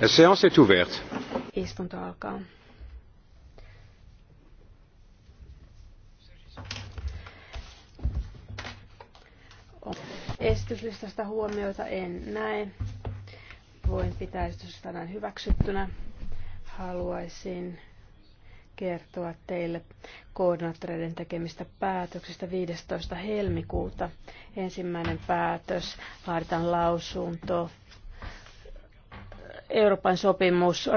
La séance est ouverte. Esityslistasta huomiota en näe. Voin pitää esitystä näin hyväksyttynä. Haluaisin kertoa teille koordinaattoreiden tekemistä päätöksistä 15. helmikuuta. Ensimmäinen päätös, laaditaan lausunto Euroopan sopimus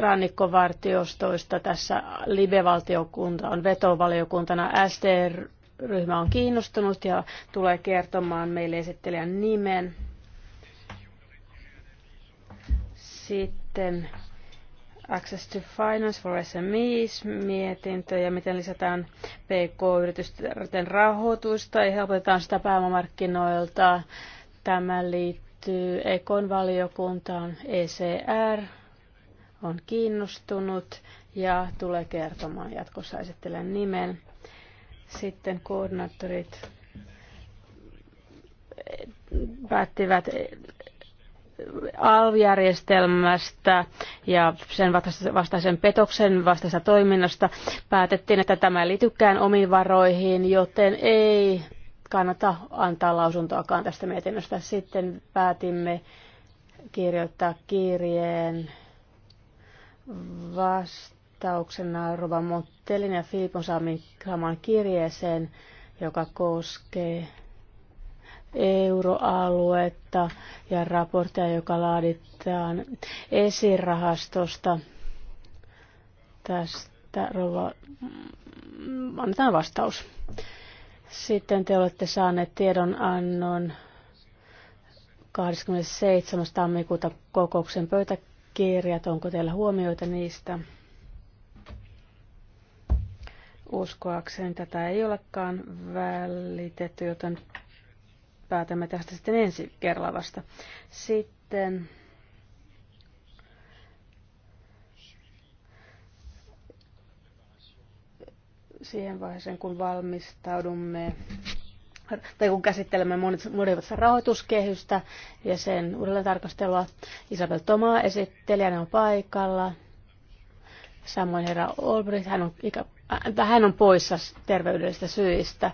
rannikkovartiostoista. Tässä Libevaltiokunta on vetovaliokuntana. ST-ryhmä on kiinnostunut ja tulee kertomaan meille esittelijän nimen. Sitten Access to Finance for SMEs mietintö ja miten lisätään PK-yritysten rahoitusta ja helpotetaan sitä pääomamarkkinoilta. Tämä liittyy liittyy Ekon valiokuntaan ECR, on kiinnostunut ja tulee kertomaan jatkossa esittelen nimen. Sitten koordinaattorit päättivät ALV-järjestelmästä ja sen vastaisen petoksen vastaisesta toiminnasta päätettiin, että tämä ei liitykään omiin varoihin, joten ei kannata antaa lausuntoakaan tästä mietinnöstä. Sitten päätimme kirjoittaa kirjeen vastauksena Rova Mottelin ja Filipon saamaan kirjeeseen, joka koskee euroaluetta ja raporttia, joka laaditaan esirahastosta. Tästä Rova, annetaan vastaus. Sitten te olette saaneet tiedonannon 27. tammikuuta kokouksen pöytäkirjat. Onko teillä huomioita niistä? Uskoakseni tätä ei olekaan välitetty, joten päätämme tästä sitten ensi kerralla vasta. Sitten siihen vaiheeseen, kun valmistaudumme tai kun käsittelemme monivuotista rahoituskehystä ja sen uudelleen tarkastelua. Isabel Tomaa esittelijänä on paikalla. Samoin herra Olbrich, hän on, ikä, äh, hän on poissa terveydellisistä syistä.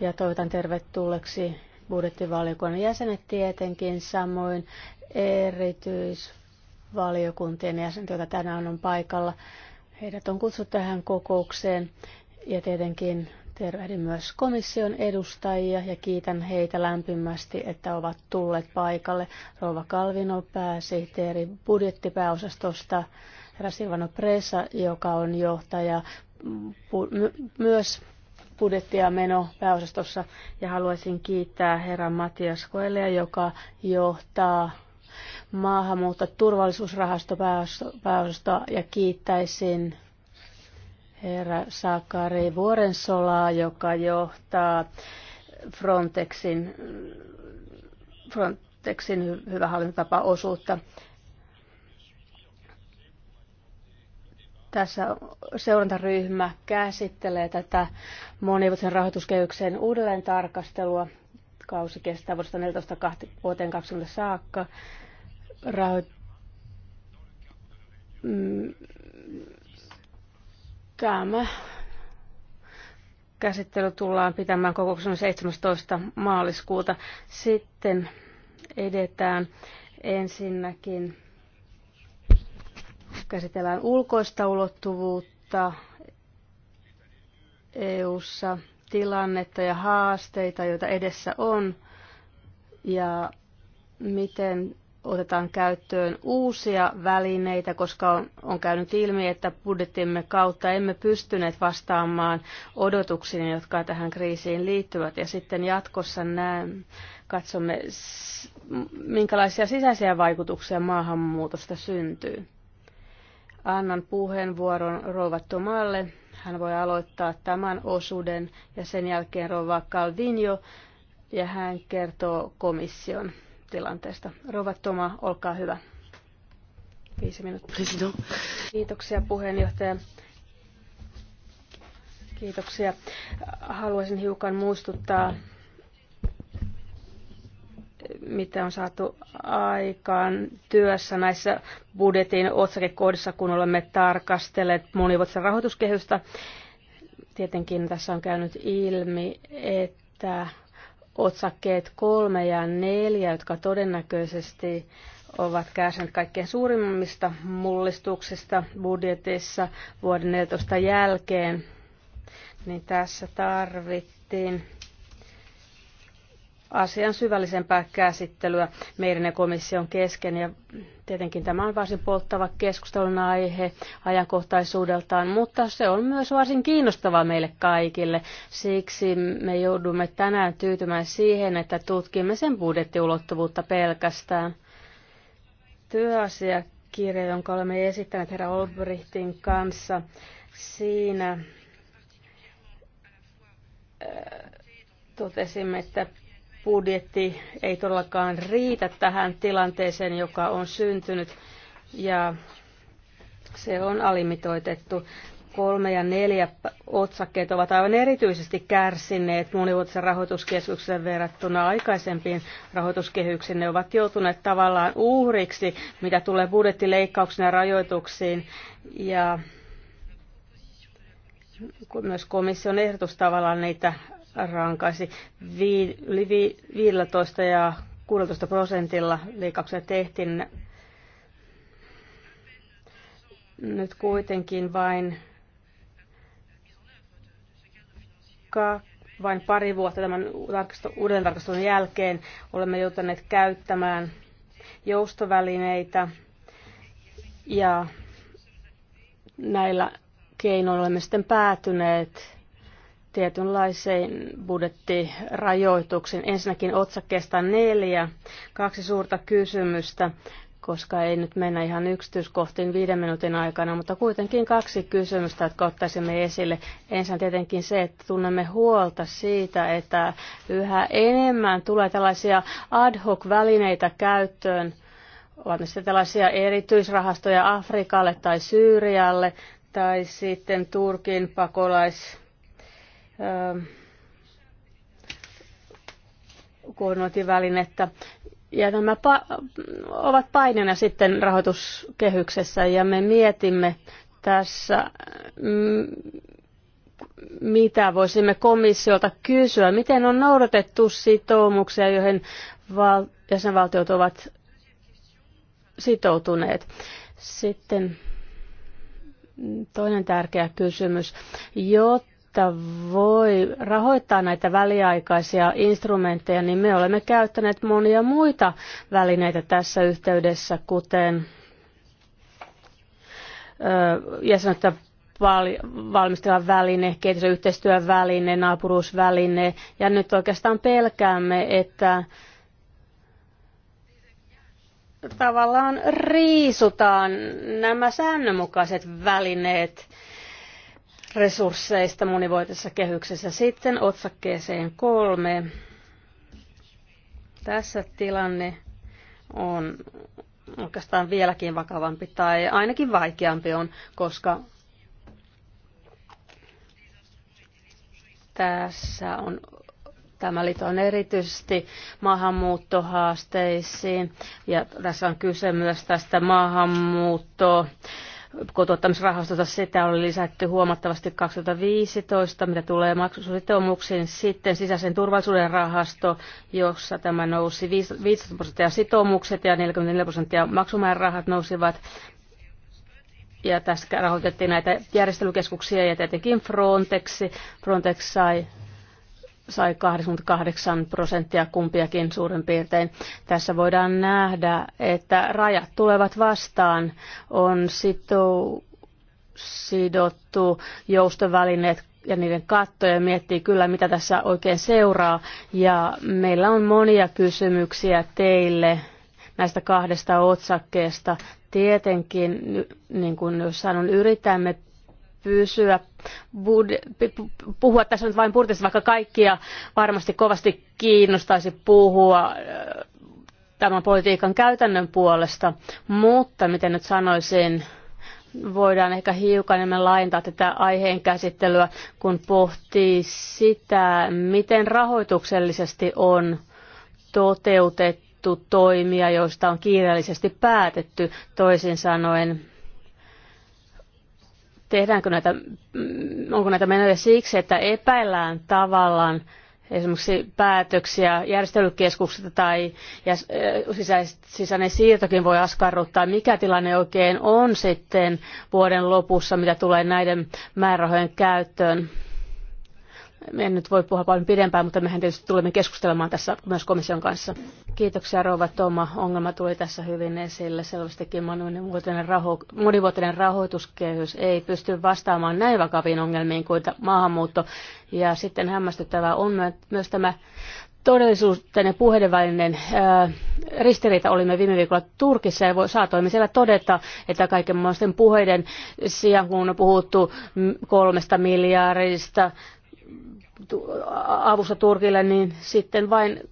Ja toivotan tervetulleeksi budjettivaliokunnan jäsenet tietenkin, samoin erityisvaliokuntien jäsenet, joita tänään on paikalla. Heidät on kutsuttu tähän kokoukseen ja tietenkin tervehdin myös komission edustajia ja kiitän heitä lämpimästi, että ovat tulleet paikalle. Rova Kalvino pääsihteeri budjettipääosastosta, herra Silvano Presa, joka on johtaja myös budjettia meno pääosastossa Ja haluaisin kiittää herra Matias Koelia, joka johtaa maahanmuutta turvallisuusrahastopääosastoa ja kiittäisin herra Sakari Vuorensolaa, joka johtaa Frontexin, Frontexin hyvä hallintotapa osuutta. Tässä seurantaryhmä käsittelee tätä monivuotisen rahoituskehyksen uudelleen tarkastelua. Kausi kestää vuodesta 14 vuoteen 20 saakka. Mm. Tämä käsittely tullaan pitämään kokouksen 17. maaliskuuta. Sitten edetään ensinnäkin käsitellään ulkoista ulottuvuutta EU:ssa tilannetta ja haasteita, joita edessä on, ja miten otetaan käyttöön uusia välineitä, koska on, on käynyt ilmi, että budjettimme kautta emme pystyneet vastaamaan odotuksiin, jotka tähän kriisiin liittyvät. Ja sitten jatkossa näen, katsomme, minkälaisia sisäisiä vaikutuksia maahanmuutosta syntyy. Annan puheenvuoron Rouva Tomalle. Hän voi aloittaa tämän osuuden ja sen jälkeen Rouva Calvinio ja hän kertoo komission tilanteesta. Rova Toma, olkaa hyvä. Viisi minuuttia. Kiitoksia puheenjohtaja. Kiitoksia. Haluaisin hiukan muistuttaa, mitä on saatu aikaan työssä näissä budjetin otsakekohdissa, kun olemme tarkastelleet monivuotista rahoituskehystä. Tietenkin tässä on käynyt ilmi, että otsakkeet kolme ja neljä, jotka todennäköisesti ovat kärsineet kaikkein suurimmista mullistuksista budjetissa vuoden 14 jälkeen, niin tässä tarvittiin asian syvällisempää käsittelyä meidän ja komission kesken. Ja tietenkin tämä on varsin polttava keskustelun aihe ajankohtaisuudeltaan, mutta se on myös varsin kiinnostava meille kaikille. Siksi me joudumme tänään tyytymään siihen, että tutkimme sen budjettiulottuvuutta pelkästään. Työasiakirja, jonka olemme esittäneet herra Olbrichtin kanssa, siinä äh, totesimme, että budjetti ei todellakaan riitä tähän tilanteeseen, joka on syntynyt ja se on alimitoitettu. Kolme ja neljä otsakkeet ovat aivan erityisesti kärsineet monivuotisen rahoituskeskuksen verrattuna aikaisempiin rahoituskehyksiin. Ne ovat joutuneet tavallaan uhriksi, mitä tulee budjettileikkauksiin ja rajoituksiin. Ja myös komission ehdotus tavallaan niitä rankaisi vii, yli vi, 15 ja 16 prosentilla liikauksia tehtiin. Nyt kuitenkin vain, ka, vain pari vuotta tämän uuden tarkastelun jälkeen olemme joutuneet käyttämään joustovälineitä ja näillä keinoilla olemme sitten päätyneet tietynlaisiin budjettirajoituksiin. Ensinnäkin otsakkeesta neljä, kaksi suurta kysymystä, koska ei nyt mennä ihan yksityiskohtiin viiden minuutin aikana, mutta kuitenkin kaksi kysymystä, jotka ottaisimme esille. Ensin tietenkin se, että tunnemme huolta siitä, että yhä enemmän tulee tällaisia ad hoc-välineitä käyttöön, ovat ne tällaisia erityisrahastoja Afrikalle tai Syyrialle, tai sitten Turkin pakolais koordinointivälinettä. Ja nämä pa- ovat paineena sitten rahoituskehyksessä ja me mietimme tässä, mm, mitä voisimme komissiolta kysyä, miten on noudatettu sitoumuksia, joihin val- jäsenvaltiot ovat sitoutuneet. Sitten toinen tärkeä kysymys. Jotta että voi rahoittaa näitä väliaikaisia instrumentteja, niin me olemme käyttäneet monia muita välineitä tässä yhteydessä, kuten jäsenyyttä valmistella väline, kehitysyhteistyön väline, naapuruusväline. Ja nyt oikeastaan pelkäämme, että tavallaan riisutaan nämä säännönmukaiset välineet resursseista monivuotisessa kehyksessä. Sitten otsakkeeseen kolme. Tässä tilanne on oikeastaan vieläkin vakavampi tai ainakin vaikeampi on, koska tässä on Tämä liittyy erityisesti maahanmuuttohaasteisiin ja tässä on kyse myös tästä maahanmuuttoa kotouttamisrahastosta. Sitä oli lisätty huomattavasti 2015, mitä tulee maksusitoumuksiin. Sitten sisäisen turvallisuuden rahasto, jossa tämä nousi 15 prosenttia sitoumukset ja 44 prosenttia maksumäärärahat nousivat. Ja tässä rahoitettiin näitä järjestelykeskuksia ja tietenkin Frontex. Frontex sai sai 88 prosenttia kumpiakin suurin piirtein. Tässä voidaan nähdä, että rajat tulevat vastaan. On sitou, sidottu joustovälineet ja niiden kattoja miettii kyllä, mitä tässä oikein seuraa. Ja meillä on monia kysymyksiä teille näistä kahdesta otsakkeesta. Tietenkin, niin kuin jos sanon, yritämme pysyä, puhua tässä nyt vain purtissa, vaikka kaikkia varmasti kovasti kiinnostaisi puhua äh, tämän politiikan käytännön puolesta, mutta miten nyt sanoisin, voidaan ehkä hiukan enemmän laajentaa tätä aiheen käsittelyä, kun pohtii sitä, miten rahoituksellisesti on toteutettu toimia, joista on kiireellisesti päätetty, toisin sanoen tehdäänkö näitä, mm, onko näitä menoja siksi, että epäillään tavallaan esimerkiksi päätöksiä järjestelykeskuksesta tai sisäinen siirtokin voi askarruttaa. Mikä tilanne oikein on sitten vuoden lopussa, mitä tulee näiden määrärahojen käyttöön? Me en nyt voi puhua paljon pidempään, mutta mehän tietysti tulemme keskustelemaan tässä myös komission kanssa. Kiitoksia Rova Toma. Ongelma tuli tässä hyvin esille. Selvästikin monivuotinen, raho- monivuotinen rahoituskehys ei pysty vastaamaan näin vakaviin ongelmiin kuin maahanmuutto. Ja sitten hämmästyttävää on myös tämä todellisuuden ja puheiden välinen ää, äh, ristiriita olimme viime viikolla Turkissa ja saatoimme siellä todeta, että kaikenlaisten puheiden sijaan kun on puhuttu kolmesta miljardista avusta Turkille, niin sitten vain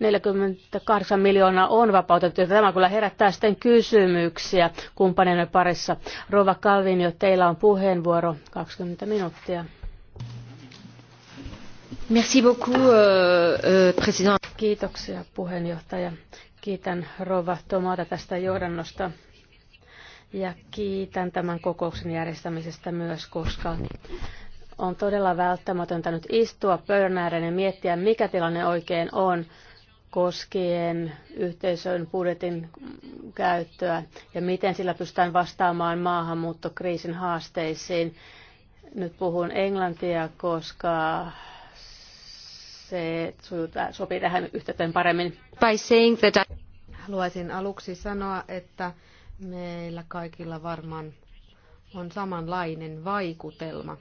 48 miljoonaa on vapautettu. Tämä kyllä herättää sitten kysymyksiä kumppaneiden parissa. Rova Kalvin, jo teillä on puheenvuoro 20 minuuttia. Merci beaucoup, euh, euh, president. Kiitoksia puheenjohtaja. Kiitän Rova Tomata tästä johdannosta ja kiitän tämän kokouksen järjestämisestä myös, koska on todella välttämätöntä nyt istua pöydän ääreen ja miettiä, mikä tilanne oikein on koskien yhteisön budjetin käyttöä ja miten sillä pystytään vastaamaan maahanmuuttokriisin haasteisiin. Nyt puhun englantia, koska se sopii tähän yhteyteen paremmin. By saying that I... Haluaisin aluksi sanoa, että meillä kaikilla varmaan on samanlainen vaikutelma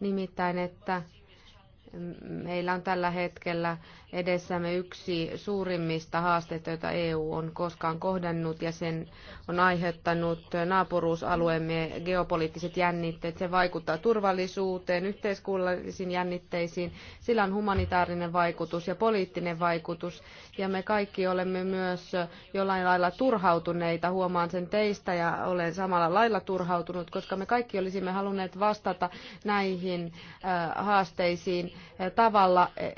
nimittäin, että Meillä on tällä hetkellä edessämme yksi suurimmista haasteista, joita EU on koskaan kohdannut, ja sen on aiheuttanut naapuruusalueemme geopoliittiset jännitteet. Se vaikuttaa turvallisuuteen, yhteiskunnallisiin jännitteisiin, sillä on humanitaarinen vaikutus ja poliittinen vaikutus, ja me kaikki olemme myös jollain lailla turhautuneita, huomaan sen teistä, ja olen samalla lailla turhautunut, koska me kaikki olisimme halunneet vastata näihin äh, haasteisiin tavalla, eh,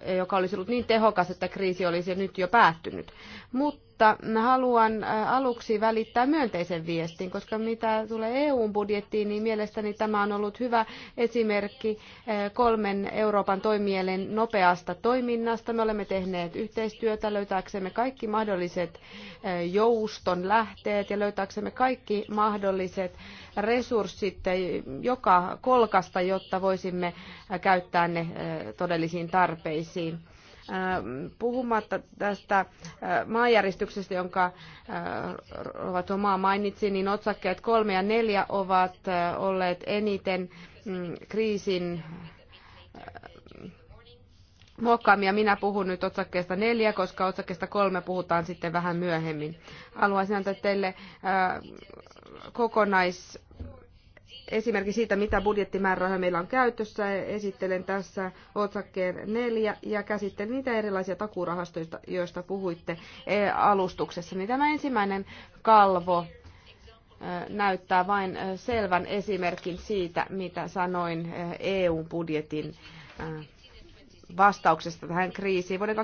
eh, joka olisi ollut niin tehokas, että kriisi olisi nyt jo päättynyt. Mutta mutta haluan aluksi välittää myönteisen viestin, koska mitä tulee EU-budjettiin, niin mielestäni tämä on ollut hyvä esimerkki kolmen Euroopan toimielen nopeasta toiminnasta. Me olemme tehneet yhteistyötä löytääksemme kaikki mahdolliset jouston lähteet ja löytääksemme kaikki mahdolliset resurssit joka kolkasta, jotta voisimme käyttää ne todellisiin tarpeisiin. Äh, puhumatta tästä äh, maanjäristyksestä, jonka äh, ovat omaa mainitsi, niin otsakkeet kolme ja neljä ovat olleet eniten mm, kriisin muokkaamia. Minä puhun nyt otsakkeesta neljä, koska otsakkeesta kolme puhutaan sitten vähän myöhemmin. Haluaisin antaa teille kokonais esimerkki siitä, mitä budjettimäärärahoja meillä on käytössä. Esittelen tässä otsakkeen neljä ja käsittelen niitä erilaisia takurahastoja, joista puhuitte e, alustuksessa. Niin tämä ensimmäinen kalvo e, näyttää vain e, selvän esimerkin siitä, mitä sanoin EU-budjetin vastauksesta tähän kriisiin. Vuoden 2015-2016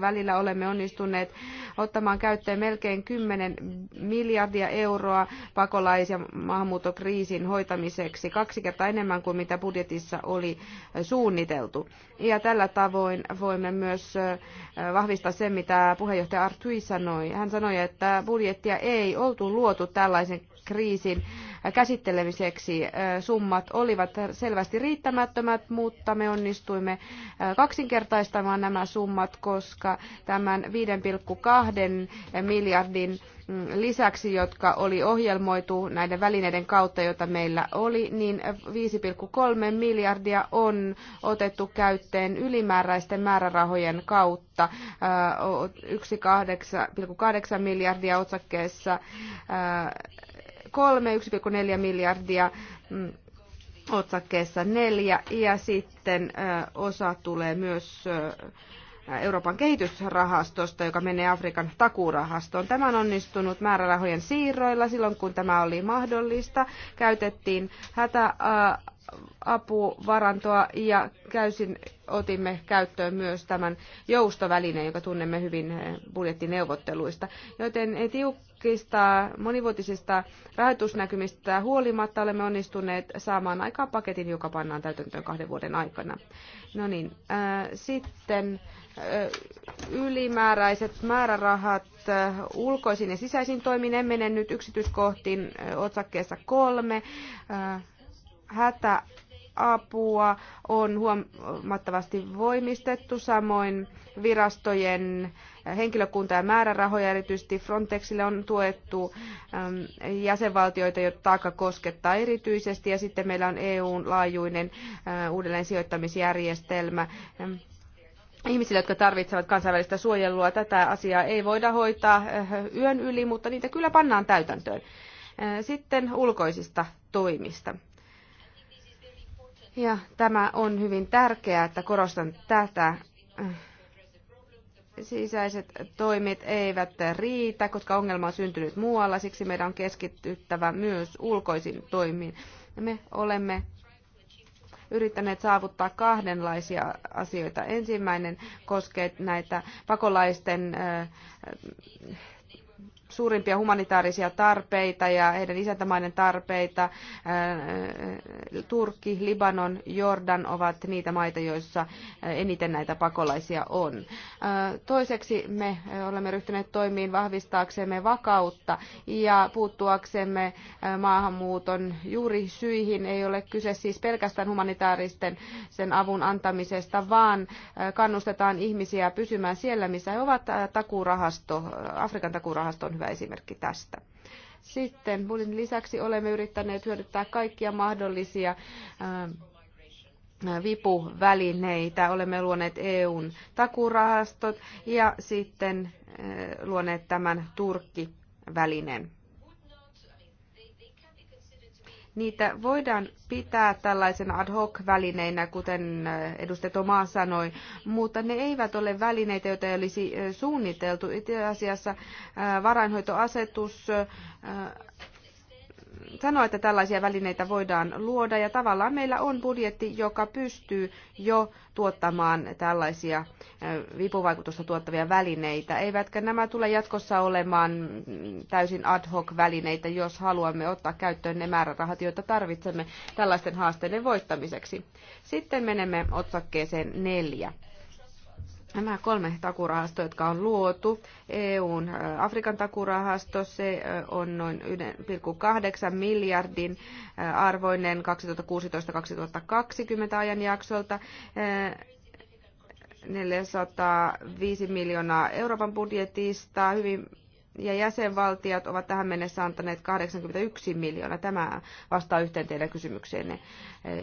välillä olemme onnistuneet ottamaan käyttöön melkein 10 miljardia euroa pakolais- ja maahanmuuttokriisin hoitamiseksi, kaksi kertaa enemmän kuin mitä budjetissa oli suunniteltu. Ja tällä tavoin voimme myös vahvistaa sen, mitä puheenjohtaja Artui sanoi. Hän sanoi, että budjettia ei oltu luotu tällaisen kriisin käsittelemiseksi summat olivat selvästi riittämättömät, mutta me onnistuimme kaksinkertaistamaan nämä summat, koska tämän 5,2 miljardin mm, lisäksi, jotka oli ohjelmoitu näiden välineiden kautta, joita meillä oli, niin 5,3 miljardia on otettu käyttöön ylimääräisten määrärahojen kautta. 1,8 miljardia otsakkeessa 1,4 miljardia mm, otsakkeessa 4 ja sitten osa tulee myös Euroopan kehitysrahastosta, joka menee Afrikan takuurahastoon. Tämä on onnistunut määrärahojen siirroilla silloin, kun tämä oli mahdollista. Käytettiin hätäapuvarantoa ja käysin otimme käyttöön myös tämän joustovälineen, joka tunnemme hyvin budjettineuvotteluista. Joten e, tiukka tiukista monivuotisista rahoitusnäkymistä huolimatta olemme onnistuneet saamaan aikaan paketin, joka pannaan täytäntöön kahden vuoden aikana. No niin, äh, sitten äh, ylimääräiset määrärahat äh, ulkoisin ja sisäisin toimin. En mene nyt yksityiskohtiin otsakkeessa kolme. Hätä apua on huomattavasti voimistettu, samoin virastojen henkilökunta ja määrärahoja erityisesti Frontexille on tuettu jäsenvaltioita, joita taakka koskettaa erityisesti, ja sitten meillä on EUn laajuinen uudelleen sijoittamisjärjestelmä ihmisille, jotka tarvitsevat kansainvälistä suojelua. Tätä asiaa ei voida hoitaa yön yli, mutta niitä kyllä pannaan täytäntöön. Sitten ulkoisista toimista. Ja tämä on hyvin tärkeää, että korostan tätä. Sisäiset toimet eivät riitä, koska ongelma on syntynyt muualla, siksi meidän on keskittyttävä myös ulkoisiin toimiin. Ja me olemme yrittäneet saavuttaa kahdenlaisia asioita. Ensimmäinen koskee näitä pakolaisten suurimpia humanitaarisia tarpeita ja heidän isäntämaiden tarpeita. Äh, äh, Turkki, Libanon, Jordan ovat niitä maita, joissa äh, eniten näitä pakolaisia on. Toiseksi me olemme ryhtyneet toimiin vahvistaaksemme vakautta ja puuttuaksemme maahanmuuton juuri syihin. Ei ole kyse siis pelkästään humanitaaristen sen avun antamisesta, vaan kannustetaan ihmisiä pysymään siellä, missä he ovat. Takuurahasto, Afrikan takuurahasto on hyvä esimerkki tästä. Sitten budjetin lisäksi olemme yrittäneet hyödyttää kaikkia mahdollisia äh, vipuvälineitä. Olemme luoneet EUn takurahastot ja sitten äh, luoneet tämän Turkki-välinen. Niitä voidaan pitää tällaisena ad hoc-välineinä, kuten edustaja Tomaa sanoi, mutta ne eivät ole välineitä, joita ei olisi suunniteltu. Itse asiassa varainhoitoasetus sanoa, että tällaisia välineitä voidaan luoda ja tavallaan meillä on budjetti, joka pystyy jo tuottamaan tällaisia vipuvaikutusta tuottavia välineitä. Eivätkä nämä tule jatkossa olemaan täysin ad hoc välineitä, jos haluamme ottaa käyttöön ne määrärahat, joita tarvitsemme tällaisten haasteiden voittamiseksi. Sitten menemme otsakkeeseen neljä. Nämä kolme takurahastoa, jotka on luotu, EUn Afrikan takurahasto, se on noin 1,8 miljardin arvoinen 2016-2020 ajanjaksolta. 405 miljoonaa Euroopan budjetista, hyvin ja jäsenvaltiot ovat tähän mennessä antaneet 81 miljoonaa. Tämä vastaa yhteen teidän kysymykseenne,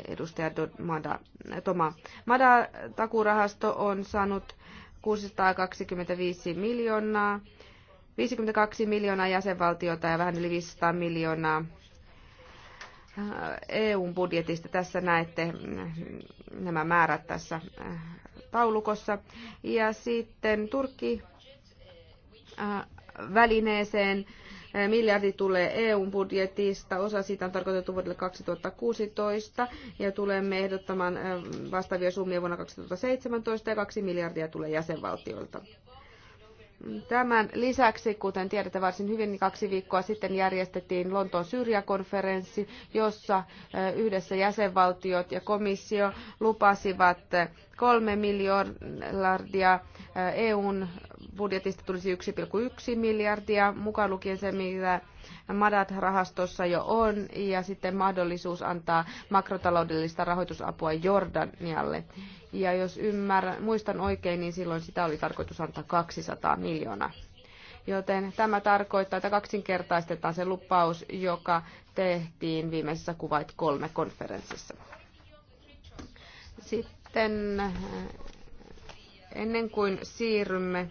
edustaja Mada, Toma. Mada-takurahasto on saanut 625 miljoonaa, 52 miljoonaa jäsenvaltiota ja vähän yli 500 miljoonaa äh, EUn budjetista. Tässä näette nämä määrät tässä äh, taulukossa. Ja sitten Turkki äh, välineeseen. Miljardi tulee eu budjetista, osa siitä on tarkoitettu vuodelle 2016 ja tulemme ehdottamaan vastaavia summia vuonna 2017 ja 2 miljardia tulee jäsenvaltioilta. Tämän lisäksi, kuten tiedätte varsin hyvin, niin kaksi viikkoa sitten järjestettiin Lontoon syrjäkonferenssi, jossa eh, yhdessä jäsenvaltiot ja komissio lupasivat eh, kolme miljardia, eh, EUn budjetista tulisi 1,1 miljardia, mukaan lukien se, mitä Madat-rahastossa jo on, ja sitten mahdollisuus antaa makrotaloudellista rahoitusapua Jordanialle. Ja jos ymmärrän, muistan oikein, niin silloin sitä oli tarkoitus antaa 200 miljoonaa. Joten tämä tarkoittaa, että kaksinkertaistetaan se lupaus, joka tehtiin viimeisessä kuvait kolme konferenssissa. Sitten eh, ennen kuin siirrymme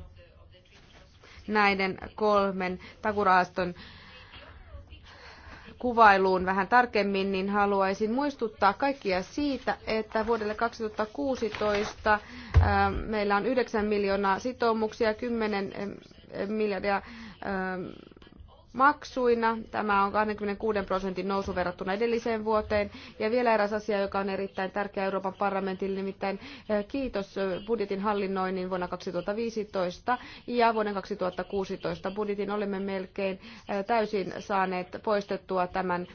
näiden kolmen takuraaston kuvailuun vähän tarkemmin, niin haluaisin muistuttaa kaikkia siitä, että vuodelle 2016 meillä on 9 miljoonaa sitoumuksia, 10 miljardia maksuina. Tämä on 26 prosentin nousu verrattuna edelliseen vuoteen. Ja vielä eräs asia, joka on erittäin tärkeä Euroopan parlamentille, nimittäin eh, kiitos eh, budjetin hallinnoinnin vuonna 2015 ja vuoden 2016 budjetin olemme melkein eh, täysin saaneet poistettua tämän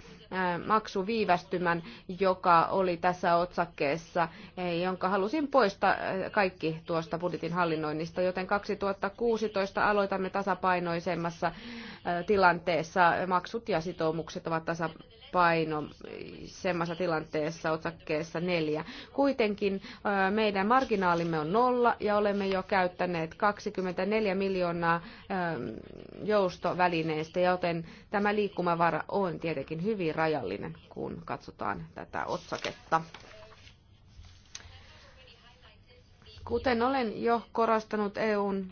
maksuviivästymän, joka oli tässä otsakkeessa, e, jonka halusin poistaa kaikki tuosta budjetin hallinnoinnista, joten 2016 aloitamme tasapainoisemmassa tilanteessa. Maksut ja sitoumukset ovat tasapainoisemmassa tilanteessa otsakkeessa neljä. Kuitenkin meidän marginaalimme on nolla ja olemme jo käyttäneet 24 miljoonaa joustovälineistä, joten tämä liikkumavara on tietenkin hyvin rajallinen, kun katsotaan tätä otsaketta. Kuten olen jo korostanut, EUn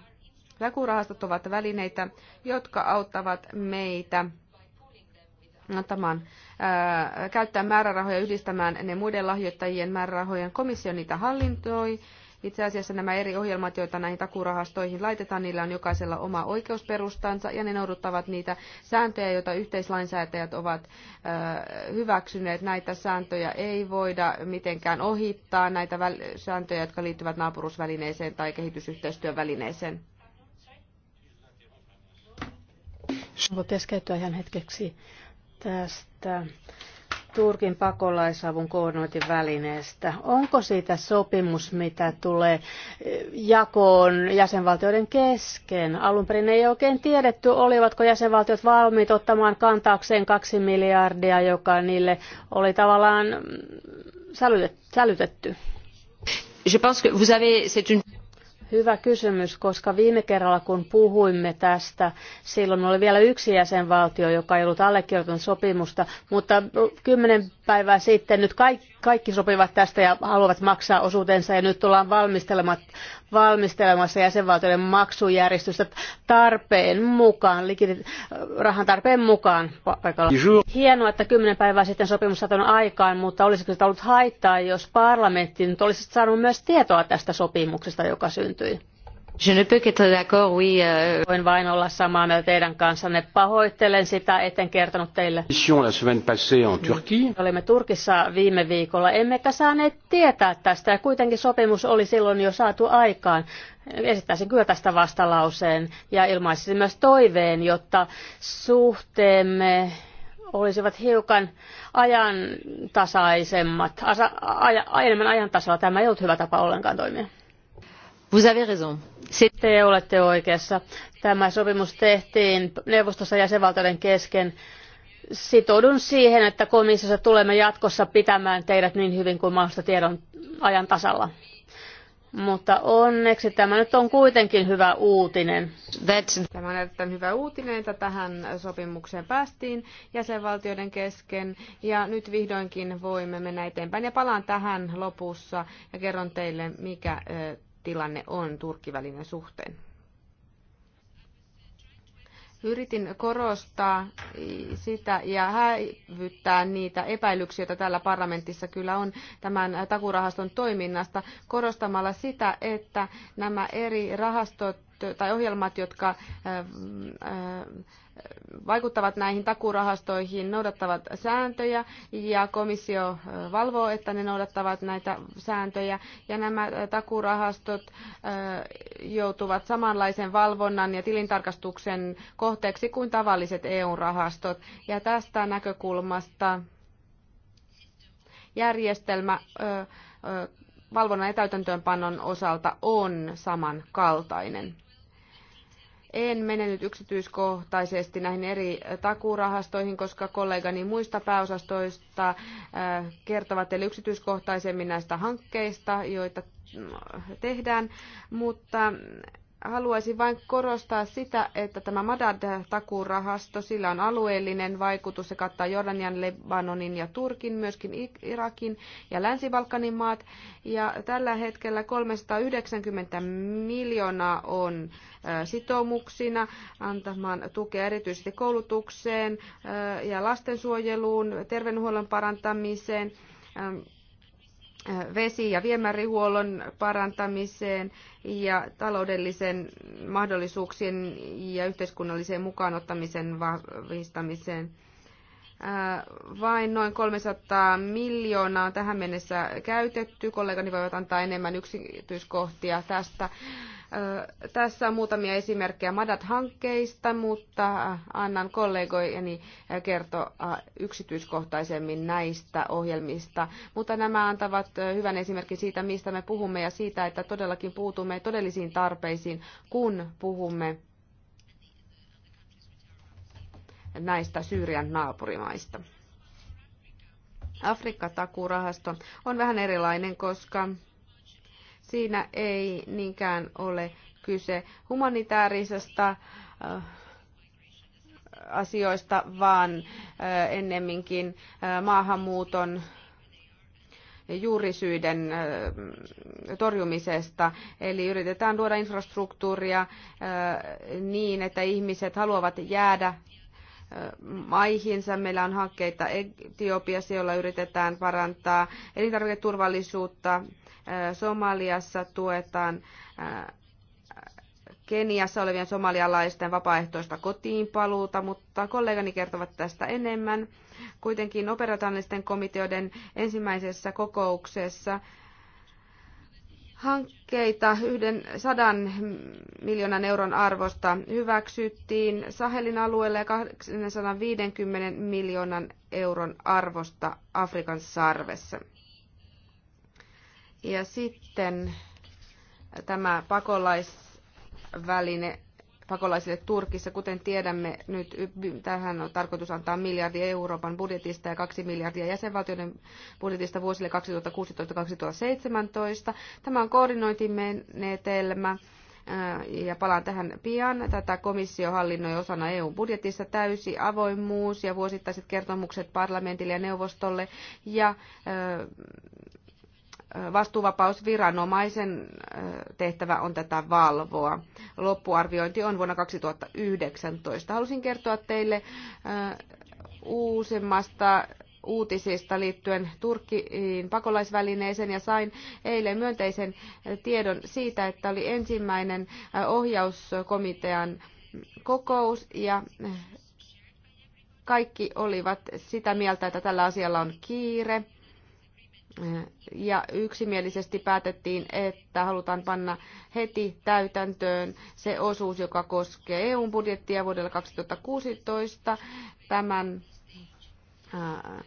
läkurahastot ovat välineitä, jotka auttavat meitä ottamaan, ää, käyttää määrärahoja yhdistämään ne muiden lahjoittajien määrärahojen. Komissio niitä hallintoi itse asiassa nämä eri ohjelmat, joita näihin takurahastoihin laitetaan, niillä on jokaisella oma oikeusperustansa ja ne noudattavat niitä sääntöjä, joita yhteislainsäätäjät ovat hyväksyneet. Näitä sääntöjä ei voida mitenkään ohittaa, näitä sääntöjä, jotka liittyvät naapurusvälineeseen tai kehitysyhteistyövälineeseen. Voit keskeytyä ihan hetkeksi tästä Turkin pakolaisavun koordinointivälineestä. Onko siitä sopimus, mitä tulee eh, jakoon jäsenvaltioiden kesken? Alun perin ei oikein tiedetty, olivatko jäsenvaltiot valmiit ottamaan kantaakseen kaksi miljardia, joka niille oli tavallaan mm, sälytetty. Je pense que vous avez, c'est une... Hyvä kysymys, koska viime kerralla kun puhuimme tästä, silloin oli vielä yksi jäsenvaltio, joka ei ollut allekirjoittanut sopimusta, mutta kymmenen päivää sitten nyt kaikki kaikki sopivat tästä ja haluavat maksaa osuutensa ja nyt ollaan valmistelemassa jäsenvaltioiden maksujärjestystä tarpeen mukaan, rahan tarpeen mukaan paikalla. Hienoa, että kymmenen päivää sitten sopimus saton aikaan, mutta olisiko sitä ollut haittaa, jos parlamentti nyt olisi saanut myös tietoa tästä sopimuksesta, joka syntyi? Je ne peux qu'être d'accord, oui. Euh... Voin vain olla samaa mieltä teidän kanssanne. Pahoittelen sitä, etten kertonut teille. Mission La semaine passée en Turquie. Mm. Olimme Turkissa viime viikolla, emmekä saaneet tietää tästä ja kuitenkin sopimus oli silloin jo saatu aikaan. Esittäisin kyllä tästä vastalauseen ja ilmaisisin myös toiveen, jotta suhteemme olisivat hiukan ajantasaisemmat, asa, aja, enemmän ajantasalla. Tämä ei ollut hyvä tapa ollenkaan toimia. Vous avez Te olette oikeassa. Tämä sopimus tehtiin neuvostossa jäsenvaltioiden kesken. Sitoudun siihen, että komissiossa tulemme jatkossa pitämään teidät niin hyvin kuin mahdollista tiedon ajan tasalla. Mutta onneksi tämä nyt on kuitenkin hyvä uutinen. Tämä on erittäin hyvä uutinen, että tähän sopimukseen päästiin jäsenvaltioiden kesken. Ja nyt vihdoinkin voimme mennä eteenpäin. Ja palaan tähän lopussa ja kerron teille, mikä tilanne on Turkkivälinen suhteen. Yritin korostaa sitä ja häivyttää niitä epäilyksiä, joita täällä parlamentissa kyllä on tämän takurahaston toiminnasta, korostamalla sitä, että nämä eri rahastot tai ohjelmat, jotka äh, äh, vaikuttavat näihin takurahastoihin, noudattavat sääntöjä ja komissio äh, valvoo, että ne noudattavat näitä sääntöjä ja nämä äh, takurahastot äh, joutuvat samanlaisen valvonnan ja tilintarkastuksen kohteeksi kuin tavalliset EU-rahastot ja tästä näkökulmasta järjestelmä valvonnan ja täytäntöönpannon osalta on samankaltainen. En mene nyt yksityiskohtaisesti näihin eri takuurahastoihin, koska kollegani muista pääosastoista äh, kertovat teille yksityiskohtaisemmin näistä hankkeista, joita mm, tehdään, mutta haluaisin vain korostaa sitä, että tämä Madad-takurahasto, sillä on alueellinen vaikutus, se kattaa Jordanian, Lebanonin ja Turkin, myöskin Irakin ja Länsi-Balkanin maat. Ja tällä hetkellä 390 miljoonaa on sitoumuksina antamaan tukea erityisesti koulutukseen ja lastensuojeluun, terveydenhuollon parantamiseen vesi- ja viemärihuollon parantamiseen ja taloudellisen mahdollisuuksien ja yhteiskunnalliseen mukaanottamisen vahvistamiseen. Äh, vain noin 300 miljoonaa on tähän mennessä käytetty. Kollegani voivat antaa enemmän yksityiskohtia tästä. Äh, tässä on muutamia esimerkkejä Madat-hankkeista, mutta äh, annan kollegojeni kertoa yksityiskohtaisemmin näistä ohjelmista. Mutta nämä antavat hyvän esimerkin siitä, mistä me puhumme ja siitä, että todellakin puutumme todellisiin tarpeisiin, kun puhumme näistä Syyrian naapurimaista. Afrikka-takuurahasto on vähän erilainen, koska siinä ei niinkään ole kyse humanitaarisesta äh, asioista, vaan äh, ennemminkin äh, maahanmuuton juurisyiden torjumisesta. Eli yritetään luoda infrastruktuuria niin, että ihmiset haluavat jäädä maihinsa. Meillä on hankkeita Etiopiassa, joilla yritetään parantaa elintarviketurvallisuutta. Somaliassa tuetaan äh, Keniassa olevien somalialaisten vapaaehtoista kotiinpaluuta, mutta kollegani kertovat tästä enemmän. Kuitenkin operationaalisten komiteoiden ensimmäisessä kokouksessa hankkeita yhden sadan miljoonan euron arvosta hyväksyttiin Sahelin alueelle ja 250 miljoonan euron arvosta Afrikan sarvessa. Ja sitten tämä pakolaisväline pakolaisille Turkissa. Kuten tiedämme, nyt tähän on tarkoitus antaa miljardi Euroopan budjetista ja kaksi miljardia jäsenvaltioiden budjetista vuosille 2016-2017. Tämä on koordinointimenetelmä äh, ja palaan tähän pian. Tätä komissio hallinnoi osana EUn budjetissa täysi avoimuus ja vuosittaiset kertomukset parlamentille ja neuvostolle ja äh, Vastuuvapausviranomaisen tehtävä on tätä valvoa. Loppuarviointi on vuonna 2019. Halusin kertoa teille uusimmasta uutisista liittyen Turkkiin pakolaisvälineeseen ja sain eilen myönteisen tiedon siitä, että oli ensimmäinen ohjauskomitean kokous ja kaikki olivat sitä mieltä, että tällä asialla on kiire ja yksimielisesti päätettiin, että halutaan panna heti täytäntöön se osuus, joka koskee eu budjettia vuodelle 2016. Tämän ää,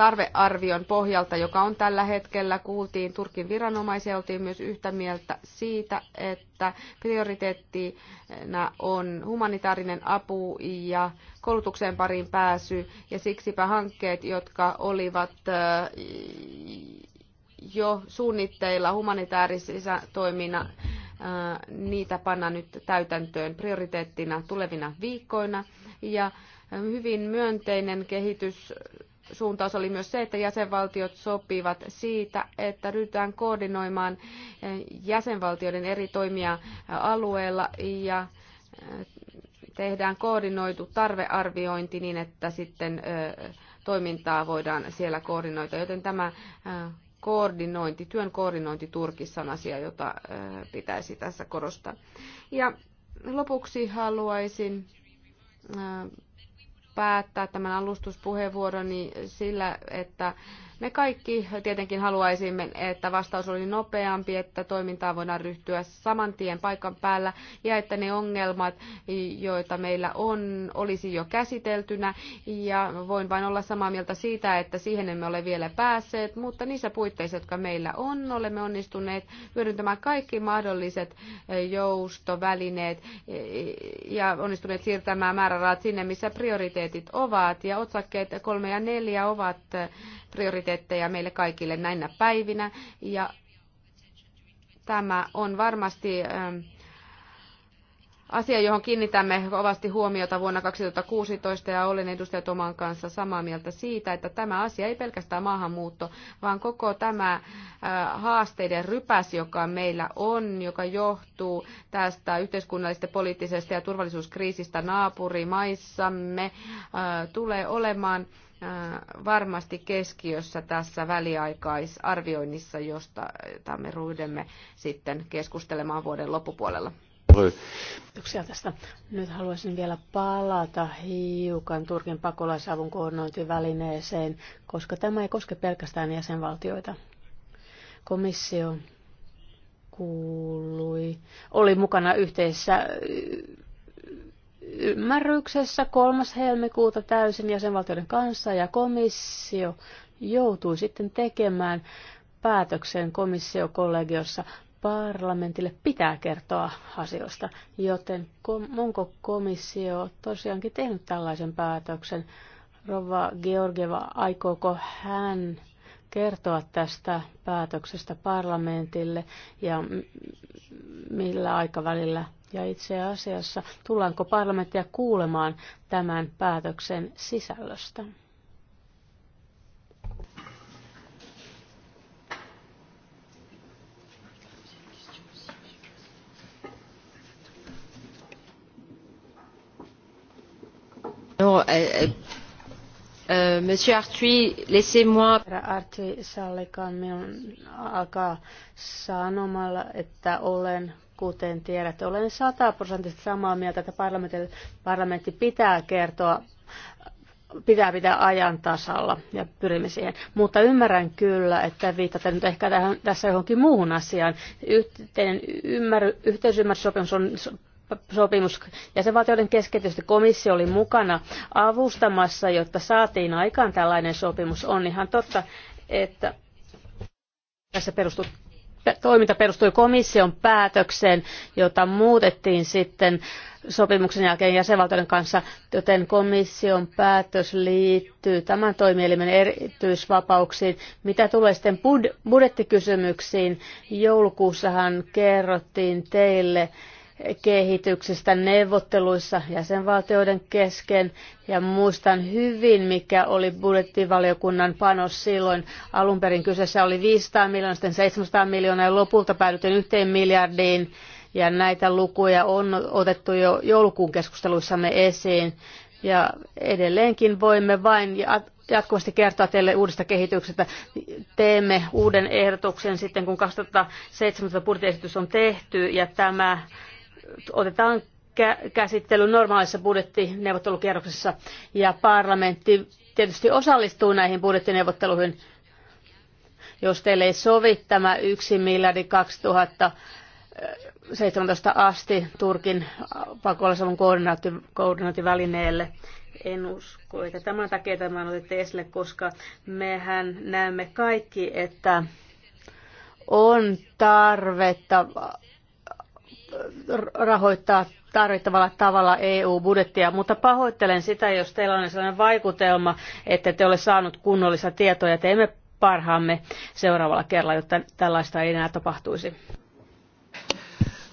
tarvearvion pohjalta, joka on tällä hetkellä. Kuultiin Turkin viranomaisia, oltiin myös yhtä mieltä siitä, että prioriteettina on humanitaarinen apu ja koulutukseen pariin pääsy, ja siksipä hankkeet, jotka olivat jo suunnitteilla humanitaarisissa toimina, niitä panna nyt täytäntöön prioriteettina tulevina viikkoina. Ja hyvin myönteinen kehitys suuntaus oli myös se, että jäsenvaltiot sopivat siitä, että ryhdytään koordinoimaan eh, jäsenvaltioiden eri toimia eh, alueella ja eh, tehdään koordinoitu tarvearviointi niin, että sitten toimintaa voidaan siellä koordinoida. Joten tämä koordinointi, työn koordinointi Turkissa on asia, jota pitäisi tässä korostaa. Ja lopuksi haluaisin päättää tämän alustuspuheenvuoroni sillä, että me kaikki tietenkin haluaisimme, että vastaus oli nopeampi, että toimintaa voidaan ryhtyä saman tien paikan päällä ja että ne ongelmat, joita meillä on, olisi jo käsiteltynä. Ja voin vain olla samaa mieltä siitä, että siihen emme ole vielä päässeet, mutta niissä puitteissa, jotka meillä on, olemme onnistuneet hyödyntämään kaikki mahdolliset eh, joustovälineet eh, ja onnistuneet siirtämään määrärahat sinne, missä prioriteetit ovat. Ja otsakkeet kolme ja neljä ovat eh, prioriteetit prioriteetteja meille kaikille näinä päivinä ja tämä on varmasti ähm, asia, johon kiinnitämme kovasti huomiota vuonna 2016 ja olen edustaja Toman kanssa samaa mieltä siitä, että tämä asia ei pelkästään maahanmuutto, vaan koko tämä äh, haasteiden rypäs, joka meillä on, joka johtuu tästä yhteiskunnallisesta, poliittisesta ja turvallisuuskriisistä naapurimaissamme, äh, tulee olemaan Äh, varmasti keskiössä tässä väliaikaisarvioinnissa, josta me ruudemme sitten keskustelemaan vuoden loppupuolella. Kiitoksia tästä. Nyt haluaisin vielä palata hiukan Turkin pakolaisavun koordinointivälineeseen, koska tämä ei koske pelkästään jäsenvaltioita. Komissio kuului, oli mukana yhteisessä ymmärryksessä 3. helmikuuta täysin jäsenvaltioiden kanssa ja komissio joutui sitten tekemään päätöksen komissiokollegiossa parlamentille pitää kertoa asioista, joten onko komissio tosiaankin tehnyt tällaisen päätöksen? Rova Georgieva, aikooko hän kertoa tästä päätöksestä parlamentille ja millä aikavälillä ja itse asiassa, tullaanko parlamenttia kuulemaan tämän päätöksen sisällöstä? No, äh, äh, Monsieur Artui, laissez-moi... Herra Artui, sallikaan minun alkaa sanomalla, että olen Kuten tiedätte, olen sataprosenttisesti samaa mieltä, että parlamentti, parlamentti pitää kertoa pitää pitää ajan tasalla ja pyrimme siihen. Mutta ymmärrän kyllä, että viitatte nyt ehkä tähän, tässä johonkin muuhun asiaan. Yhteinen ymmär, yhteisymmärryssopimus on sopimus jäsenvaltioiden kesken. Tietysti komissio oli mukana avustamassa, jotta saatiin aikaan tällainen sopimus. On ihan totta, että tässä perustuu toiminta perustui komission päätökseen, jota muutettiin sitten sopimuksen jälkeen jäsenvaltioiden kanssa, joten komission päätös liittyy tämän toimielimen erityisvapauksiin. Mitä tulee sitten budjettikysymyksiin, joulukuussahan kerrottiin teille, kehityksestä neuvotteluissa jäsenvaltioiden kesken. Ja muistan hyvin, mikä oli budjettivaliokunnan panos silloin. Alun perin kyseessä oli 500 miljoonaa, sitten 700 miljoonaa ja lopulta päädyttiin yhteen miljardiin. Ja näitä lukuja on otettu jo joulukuun keskusteluissamme esiin. Ja edelleenkin voimme vain jatkuvasti kertoa teille uudesta kehityksestä. Teemme uuden ehdotuksen sitten, kun 2017 budjettiesitys on tehty ja tämä otetaan käsittely normaalissa budjettineuvottelukierroksessa ja parlamentti tietysti osallistuu näihin budjettineuvotteluihin. Jos teille ei sovi tämä 1 miljardi 2000 17 asti Turkin pakolaisavun koordinaativälineelle En usko, että tämän takia tämän otitte esille, koska mehän näemme kaikki, että on tarvetta rahoittaa tarvittavalla tavalla EU-budjettia, mutta pahoittelen sitä, jos teillä on sellainen vaikutelma, että te ole saanut kunnollista tietoa ja teemme parhaamme seuraavalla kerralla, jotta tällaista ei enää tapahtuisi.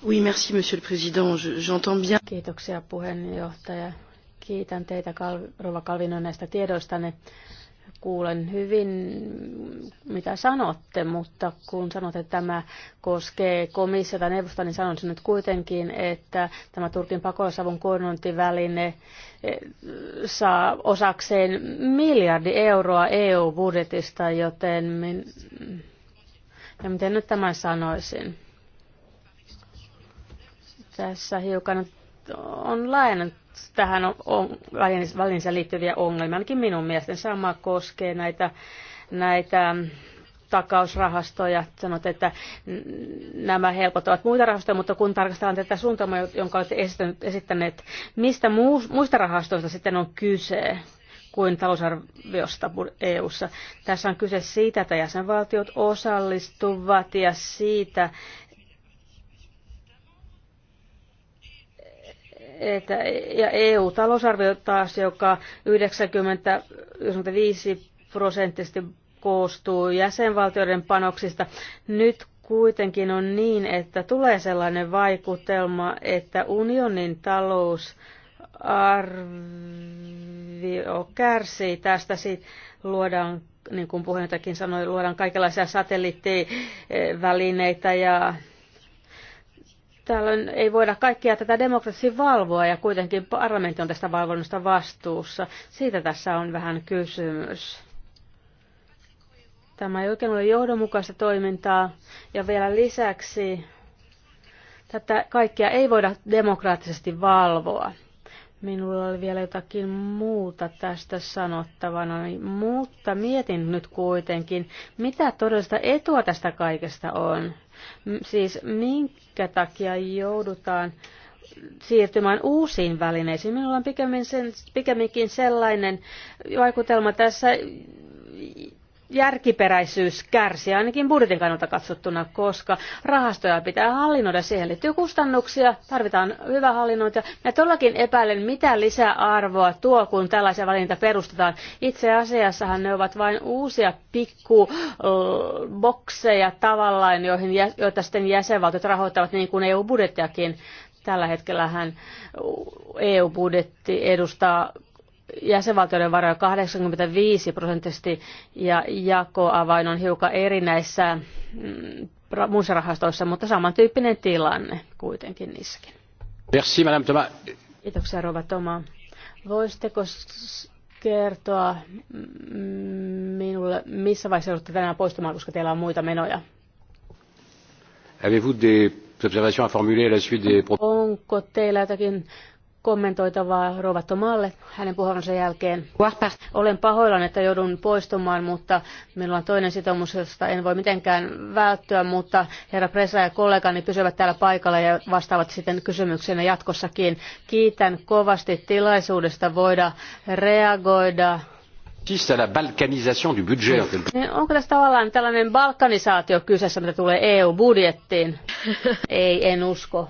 Oui, merci, monsieur le président. J'entends bien. Kiitoksia puheenjohtaja. Kiitän teitä, Kal- Rova Kalvino, näistä tiedoistanne kuulen hyvin, mitä sanotte, mutta kun sanotte, että tämä koskee komissiota neuvosta, niin sen nyt kuitenkin, että tämä Turkin pakolaisavun koordinointiväline eh, saa osakseen miljardi euroa EU-budjetista, joten min... ja miten nyt tämän sanoisin? Tässä hiukan on lainattu tähän on, on välinsä liittyviä ongelmia. Ainakin minun mielestäni sama koskee näitä, näitä takausrahastoja. Sanot, että nämä helpottavat muita rahastoja, mutta kun tarkastellaan tätä suuntaamaa, jonka olette esittäneet, mistä muista rahastoista sitten on kyse? kuin talousarviosta EU-ssa. Tässä on kyse siitä, että jäsenvaltiot osallistuvat ja siitä, että, ja EU-talousarvio taas, joka 95 prosenttisesti koostuu jäsenvaltioiden panoksista. Nyt kuitenkin on niin, että tulee sellainen vaikutelma, että unionin talousarvio kärsii tästä. Siitä luodaan, niin kuin puheenjohtajakin sanoi, luodaan kaikenlaisia satelliittivälineitä ja Täällä ei voida kaikkia tätä demokratiaa valvoa ja kuitenkin parlamentti on tästä valvonnasta vastuussa. Siitä tässä on vähän kysymys. Tämä ei oikein ole johdonmukaista toimintaa ja vielä lisäksi tätä kaikkia ei voida demokraattisesti valvoa. Minulla oli vielä jotakin muuta tästä sanottavana, mutta mietin nyt kuitenkin, mitä todellista etua tästä kaikesta on. Siis minkä takia joudutaan siirtymään uusiin välineisiin. Minulla on pikemmin sen, pikemminkin sellainen vaikutelma tässä järkiperäisyys kärsii ainakin budjetin kannalta katsottuna, koska rahastoja pitää hallinnoida. Siihen liittyy kustannuksia, tarvitaan hyvä hallinnointi. Ja todellakin epäilen, mitä lisäarvoa tuo, kun tällaisia valinta perustetaan. Itse asiassahan ne ovat vain uusia pikkubokseja tavallaan, joihin, joita sitten jäsenvaltiot rahoittavat niin kuin EU-budjettiakin tällä hetkellähän EU-budjetti edustaa jäsenvaltioiden varoja 85 prosenttisesti ja jakoavain on hiukan eri näissä mm, muissa rahastoissa, mutta samantyyppinen tilanne kuitenkin niissäkin. Merci, Madame Thomas. Kiitoksia, Rova Toma. Voisitteko kertoa mm, minulle, missä vaiheessa joudutte tänään poistumaan, koska teillä on muita menoja? Avez-vous des observations à formuler à la suite des... Onko teillä jotakin kommentoitavaa Rova Tomalle hänen puheensa jälkeen. Olen pahoillani, että joudun poistumaan, mutta minulla on toinen sitoumus, josta en voi mitenkään välttyä, mutta herra Presa ja kollegani pysyvät täällä paikalla ja vastaavat sitten kysymyksiin jatkossakin. Kiitän kovasti tilaisuudesta voida reagoida à la balkanisation du budget. Niin, onko tässä tavallaan tällainen balkanisaatio kyseessä, mitä tulee EU-budjettiin? Ei, en usko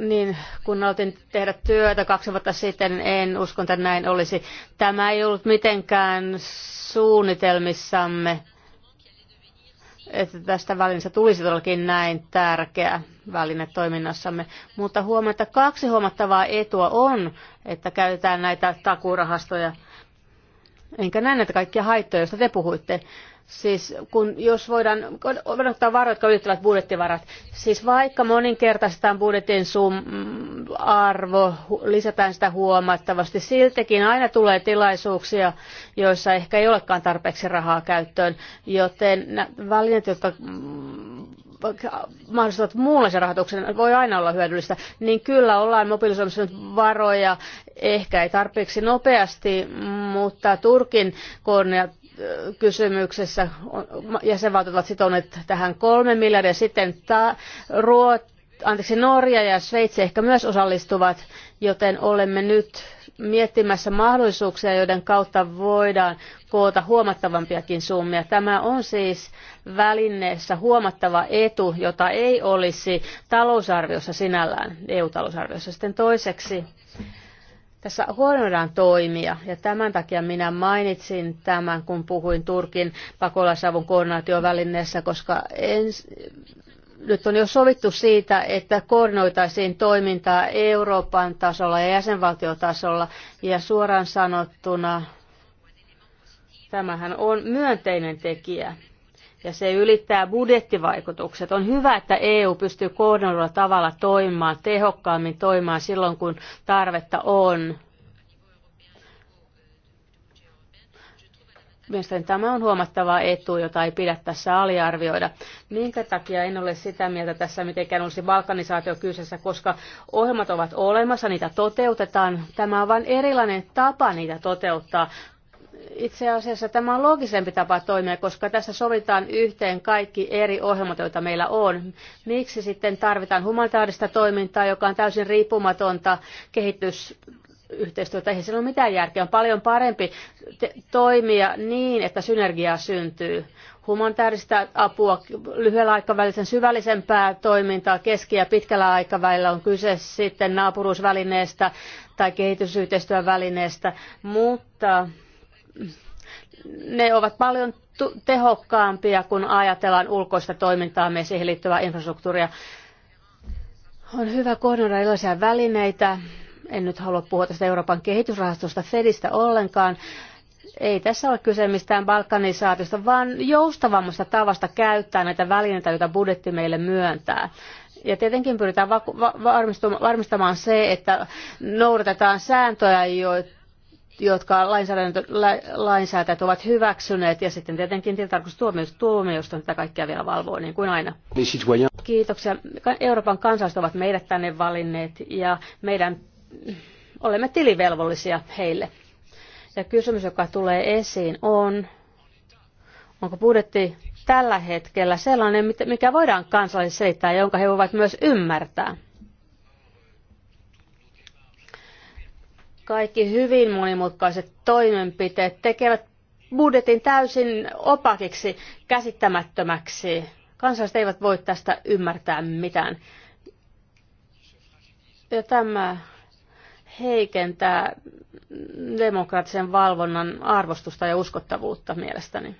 niin kun aloitin tehdä työtä kaksi vuotta sitten, en usko, että näin olisi. Tämä ei ollut mitenkään suunnitelmissamme, että tästä välinestä tulisi todellakin näin tärkeä väline toiminnassamme. Mutta huomaa, että kaksi huomattavaa etua on, että käytetään näitä takurahastoja – enkä näe näitä kaikkia haittoja, joista te puhuitte. Siis kun, jos voidaan ottaa varoja, jotka ylittävät budjettivarat, siis vaikka moninkertaistetaan budjetin sum, arvo, lisätään sitä huomattavasti, siltikin aina tulee tilaisuuksia, joissa ehkä ei olekaan tarpeeksi rahaa käyttöön, joten välineet, jotka mm, mahdollistavat muunlaisen rahoituksen, voi aina olla hyödyllistä, niin kyllä ollaan mobilisoimassa nyt varoja, ehkä ei tarpeeksi nopeasti, mutta Turkin kornea kysymyksessä jäsenvaltiot ovat sitoneet tähän kolme miljardia, sitten ta- Ruot, anteeksi, Norja ja Sveitsi ehkä myös osallistuvat, joten olemme nyt miettimässä mahdollisuuksia, joiden kautta voidaan koota huomattavampiakin summia. Tämä on siis välineessä huomattava etu, jota ei olisi talousarviossa sinällään, EU-talousarviossa. Sitten toiseksi tässä huomioidaan toimia ja tämän takia minä mainitsin tämän, kun puhuin Turkin pakolaisavun koordinaatiovälineessä, koska ens, nyt on jo sovittu siitä, että koordinoitaisiin toimintaa Euroopan tasolla ja jäsenvaltiotasolla. Ja suoraan sanottuna tämähän on myönteinen tekijä ja se ylittää budjettivaikutukset. On hyvä, että EU pystyy koordinoidulla tavalla toimimaan, tehokkaammin toimimaan silloin, kun tarvetta on. Mielestäni tämä on huomattava etu, jota ei pidä tässä aliarvioida. Minkä takia en ole sitä mieltä tässä mitenkään olisi balkanisaatio kyseessä, koska ohjelmat ovat olemassa, niitä toteutetaan. Tämä on vain erilainen tapa niitä toteuttaa. Itse asiassa tämä on logisempi tapa toimia, koska tässä sovitaan yhteen kaikki eri ohjelmat, joita meillä on. Miksi sitten tarvitaan humanitaarista toimintaa, joka on täysin riippumatonta kehitys yhteistyötä, eihän sillä ole mitään järkeä. On paljon parempi toimia niin, että synergiaa syntyy. Humanitaarista apua, lyhyellä aikavälillä syvällisempää toimintaa, keski- ja pitkällä aikavälillä on kyse sitten naapuruusvälineestä tai kehitysyhteistyövälineestä, mutta ne ovat paljon tehokkaampia, kun ajatellaan ulkoista toimintaa ja siihen liittyvää infrastruktuuria. On hyvä koordinoida erilaisia välineitä, en nyt halua puhua tästä Euroopan kehitysrahastosta Fedistä ollenkaan, ei tässä ole kyse mistään balkanisaatiosta, vaan joustavammasta tavasta käyttää näitä välineitä, joita budjetti meille myöntää. Ja tietenkin pyritään varmistamaan se, että noudatetaan sääntöjä, jotka lainsäätäjät ovat hyväksyneet, ja sitten tietenkin tilintarkastustuomioistuin tätä kaikkea vielä valvoo, niin kuin aina. Kiitoksia. Euroopan kansalaiset ovat meidät tänne valinneet, ja meidän olemme tilivelvollisia heille. Ja kysymys, joka tulee esiin, on, onko budjetti tällä hetkellä sellainen, mikä voidaan kansalaisille selittää, jonka he voivat myös ymmärtää. Kaikki hyvin monimutkaiset toimenpiteet tekevät budjetin täysin opakiksi, käsittämättömäksi. Kansalaiset eivät voi tästä ymmärtää mitään. Ja tämä heikentää demokraattisen valvonnan arvostusta ja uskottavuutta mielestäni.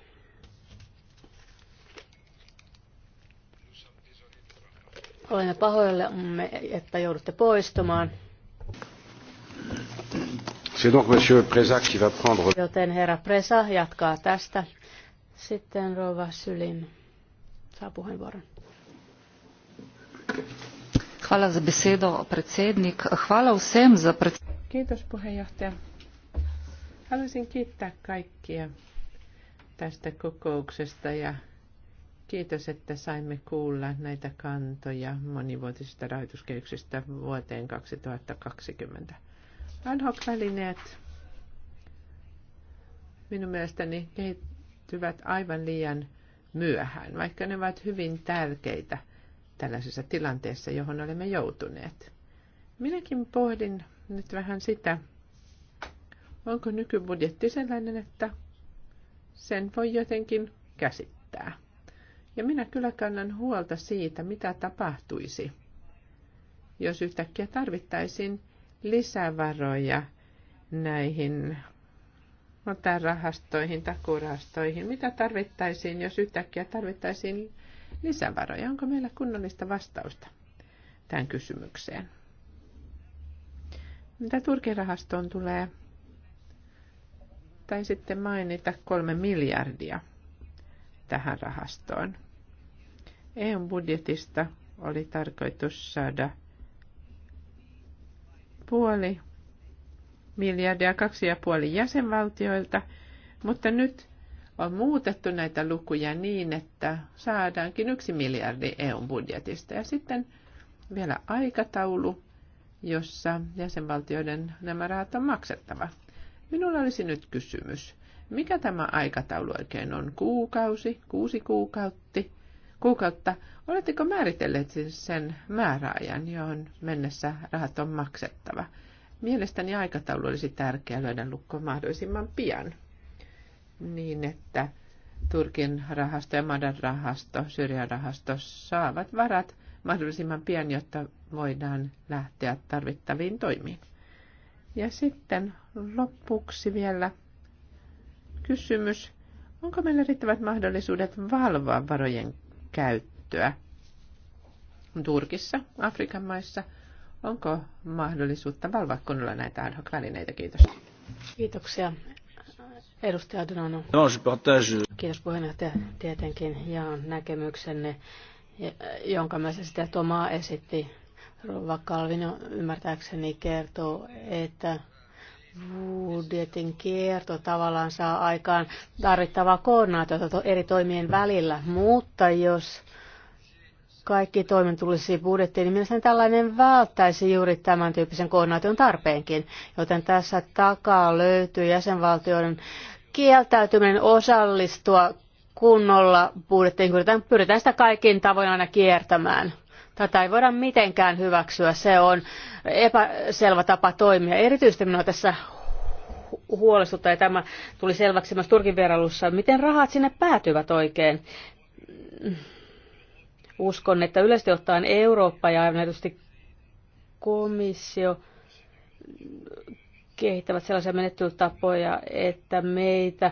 Olemme pahoille, mm, että joudutte poistumaan. Joten herra Presa jatkaa tästä. Sitten Rova Sylin saa puheenvuoron. Hvala za besedo, predsednik. Hvala vsem za Kiitos puheenjohtaja. Haluaisin kiittää kaikkia tästä kokouksesta ja kiitos, että saimme kuulla näitä kantoja monivuotisista rahoituskehyksistä vuoteen 2020. anhok välineet minun mielestäni kehittyvät aivan liian myöhään, vaikka ne ovat hyvin tärkeitä tällaisessa tilanteessa, johon olemme joutuneet. Minäkin pohdin nyt vähän sitä, onko nykybudjetti sellainen, että sen voi jotenkin käsittää. Ja minä kyllä kannan huolta siitä, mitä tapahtuisi, jos yhtäkkiä tarvittaisiin lisävaroja näihin rahastoihin, takurahastoihin. Mitä tarvittaisiin, jos yhtäkkiä tarvittaisiin lisävaroja. Onko meillä kunnollista vastausta tähän kysymykseen? Mitä Turkin rahastoon tulee? Tai sitten mainita kolme miljardia tähän rahastoon. EUn budjetista oli tarkoitus saada puoli miljardia, kaksi ja puoli jäsenvaltioilta, mutta nyt on muutettu näitä lukuja niin, että saadaankin yksi miljardi EUn budjetista. Ja sitten vielä aikataulu, jossa jäsenvaltioiden nämä rahat on maksettava. Minulla olisi nyt kysymys. Mikä tämä aikataulu oikein on? Kuukausi? Kuusi kuukautti? kuukautta? Oletteko määritelleet siis sen määräajan, johon mennessä rahat on maksettava? Mielestäni aikataulu olisi tärkeää löydä lukkoon mahdollisimman pian niin, että Turkin rahasto ja Madan rahasto, Syrian rahasto saavat varat mahdollisimman pian, jotta voidaan lähteä tarvittaviin toimiin. Ja sitten lopuksi vielä kysymys, onko meillä riittävät mahdollisuudet valvoa varojen käyttöä Turkissa, Afrikan maissa? Onko mahdollisuutta valvoa kunnolla näitä ad hoc-välineitä? Kiitos. Kiitoksia. Edustaja Donano. No, Kiitos puheenjohtaja. Tietenkin jaan näkemyksenne, jonka myös sitä Tomaa esitti. Rova Kalvino ymmärtääkseni kertoo, että budjetin kierto tavallaan saa aikaan tarvittavaa koordinaatiota eri toimien välillä, mutta jos kaikki toimen tulisi budjettiin, niin mielestäni tällainen välttäisi juuri tämän tyyppisen koordinaation tarpeenkin. Joten tässä takaa löytyy jäsenvaltioiden kieltäytyminen osallistua kunnolla budjettiin, kun pyritään sitä kaikin tavoin aina kiertämään. Tätä ei voida mitenkään hyväksyä, se on epäselvä tapa toimia. Erityisesti minua tässä huolestuttaa, ja tämä tuli selväksi myös Turkin vierailussa, miten rahat sinne päätyvät oikein Uskon, että yleisesti ottaen Eurooppa ja tietysti komissio kehittävät sellaisia menettelytapoja, että meitä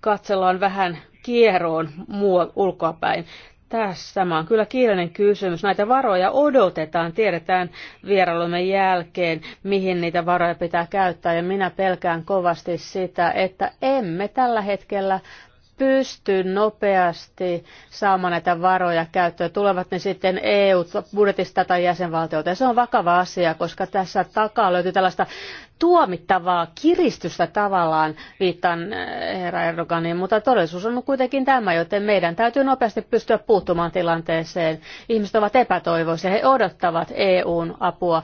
katsellaan vähän kieroon muu ulkoapäin. Tässä on kyllä kiireinen kysymys. Näitä varoja odotetaan, tiedetään vierailumme jälkeen, mihin niitä varoja pitää käyttää. Ja minä pelkään kovasti sitä, että emme tällä hetkellä pysty nopeasti saamaan näitä varoja käyttöön, tulevat ne sitten EU-budjetista tai jäsenvaltiolta. Ja se on vakava asia, koska tässä takaa löytyy tällaista tuomittavaa kiristystä tavallaan, viittaan eh, herra Erdoganiin, mutta todellisuus on kuitenkin tämä, joten meidän täytyy nopeasti pystyä puuttumaan tilanteeseen. Ihmiset ovat epätoivoisia, he odottavat EUn apua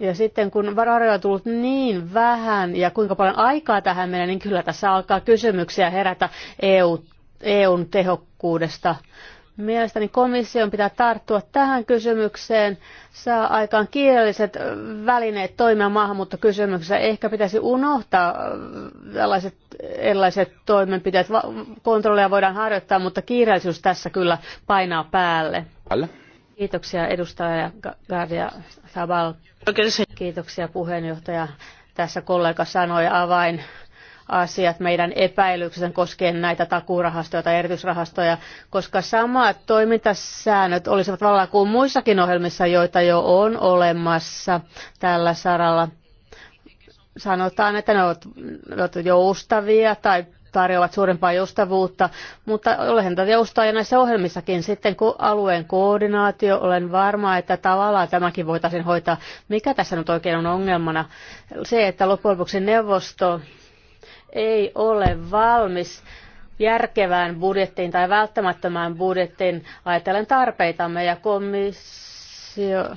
ja sitten kun varoja on tullut niin vähän ja kuinka paljon aikaa tähän menee, niin kyllä tässä alkaa kysymyksiä herätä EU, EUn tehokkuudesta. Mielestäni komission pitää tarttua tähän kysymykseen, saa aikaan kielelliset välineet toimia maahanmuuttokysymyksessä. Ehkä pitäisi unohtaa äh, tällaiset erilaiset toimenpiteet. Kontrolleja voidaan harjoittaa, mutta kiireellisyys tässä kyllä painaa päälle. Alle. Kiitoksia edustaja Gardia Sabal. Kiitoksia puheenjohtaja. Tässä kollega sanoi avain asiat meidän epäilyksen koskien näitä takuurahastoja tai erityisrahastoja, koska samat toimintasäännöt olisivat vallan kuin muissakin ohjelmissa, joita jo on olemassa tällä saralla. Sanotaan, että ne ovat joustavia tai tarjoavat suurempaa joustavuutta, mutta olen tätä joustaa ja näissä ohjelmissakin sitten kun alueen koordinaatio, olen varma, että tavallaan tämäkin voitaisiin hoitaa. Mikä tässä nyt oikein on ongelmana? Se, että loppujen lopuksi neuvosto ei ole valmis järkevään budjettiin tai välttämättömään budjettiin ajatellen tarpeitamme ja komissio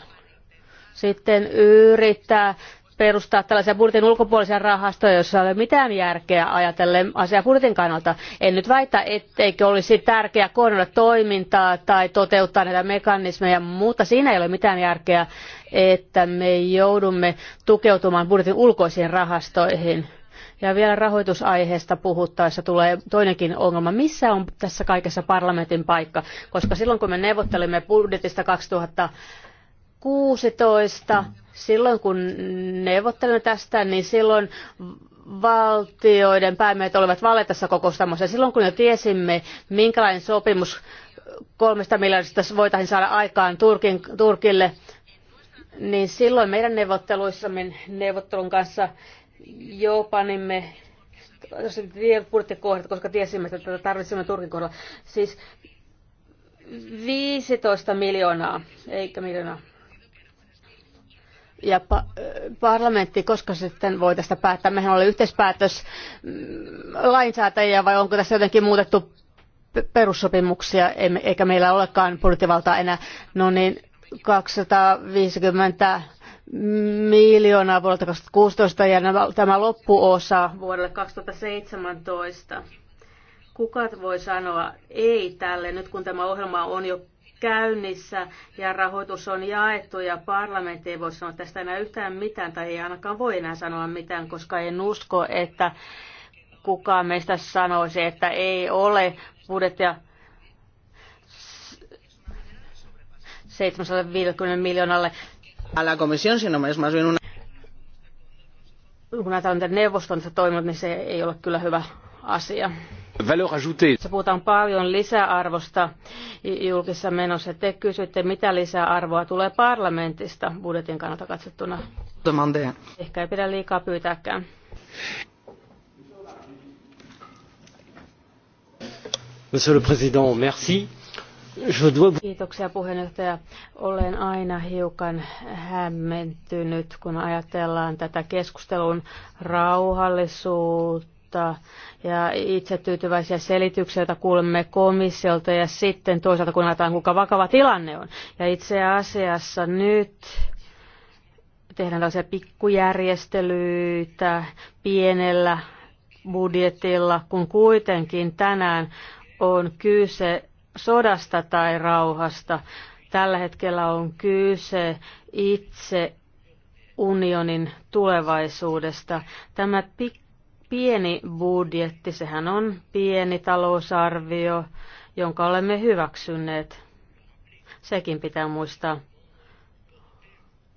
sitten yrittää perustaa tällaisia budjetin ulkopuolisia rahastoja, joissa ei ole mitään järkeä ajatellen asiaa budjetin kannalta. En nyt väitä, etteikö olisi tärkeää koordinoida toimintaa tai toteuttaa näitä mekanismeja, mutta siinä ei ole mitään järkeä, että me joudumme tukeutumaan budjetin ulkoisiin rahastoihin. Ja vielä rahoitusaiheesta puhuttaessa tulee toinenkin ongelma. Missä on tässä kaikessa parlamentin paikka? Koska silloin kun me neuvottelimme budjetista 2016, Silloin kun neuvottelimme tästä, niin silloin valtioiden päämiehet olivat valetassa kokoustamassa. Silloin kun jo tiesimme, minkälainen sopimus kolmesta miljardista voitaisiin saada aikaan Turkin, Turkille, niin silloin meidän neuvotteluissamme neuvottelun kanssa jo panimme budjettikohdat, koska tiesimme, että tätä tarvitsemme Turkin kohdalla. Siis 15 miljoonaa, eikä miljoonaa, ja pa- parlamentti, koska sitten voi tästä päättää? Mehän oli yhteispäätös mm, lainsäätäjiä vai onko tässä jotenkin muutettu perussopimuksia, eikä meillä olekaan budjettivaltaa enää. No niin, 250 miljoonaa vuodelta 2016 ja tämä loppuosa vuodelle 2017. Kuka voi sanoa ei tälle nyt, kun tämä ohjelma on jo käynnissä ja rahoitus on jaettu ja parlamentti ei voi sanoa tästä enää yhtään mitään tai ei ainakaan voi enää sanoa mitään, koska en usko, että kukaan meistä sanoisi, että ei ole budjettia 750 miljoonalle. A la comisión, sino más bien Kun näitä on neuvoston toiminut, niin se ei ole kyllä hyvä asia. Valeur ajoutée. Puhutaan paljon lisäarvosta julkisessa menossa. Te kysytte, mitä lisäarvoa tulee parlamentista budjetin kannalta katsottuna. Ehkä ei pidä liikaa pyytääkään. Monsieur le Président, merci. Kiitoksia puheenjohtaja. Olen aina hiukan hämmentynyt, kun ajatellaan tätä keskustelun rauhallisuutta odottaa. Ja itse tyytyväisiä selityksiä, joita kuulemme komissiolta ja sitten toisaalta kun ajatellaan, kuinka vakava tilanne on. Ja itse asiassa nyt tehdään tällaisia pikkujärjestelyitä pienellä budjetilla, kun kuitenkin tänään on kyse sodasta tai rauhasta. Tällä hetkellä on kyse itse unionin tulevaisuudesta. Tämä pik- pieni budjetti, sehän on pieni talousarvio, jonka olemme hyväksyneet. Sekin pitää muistaa.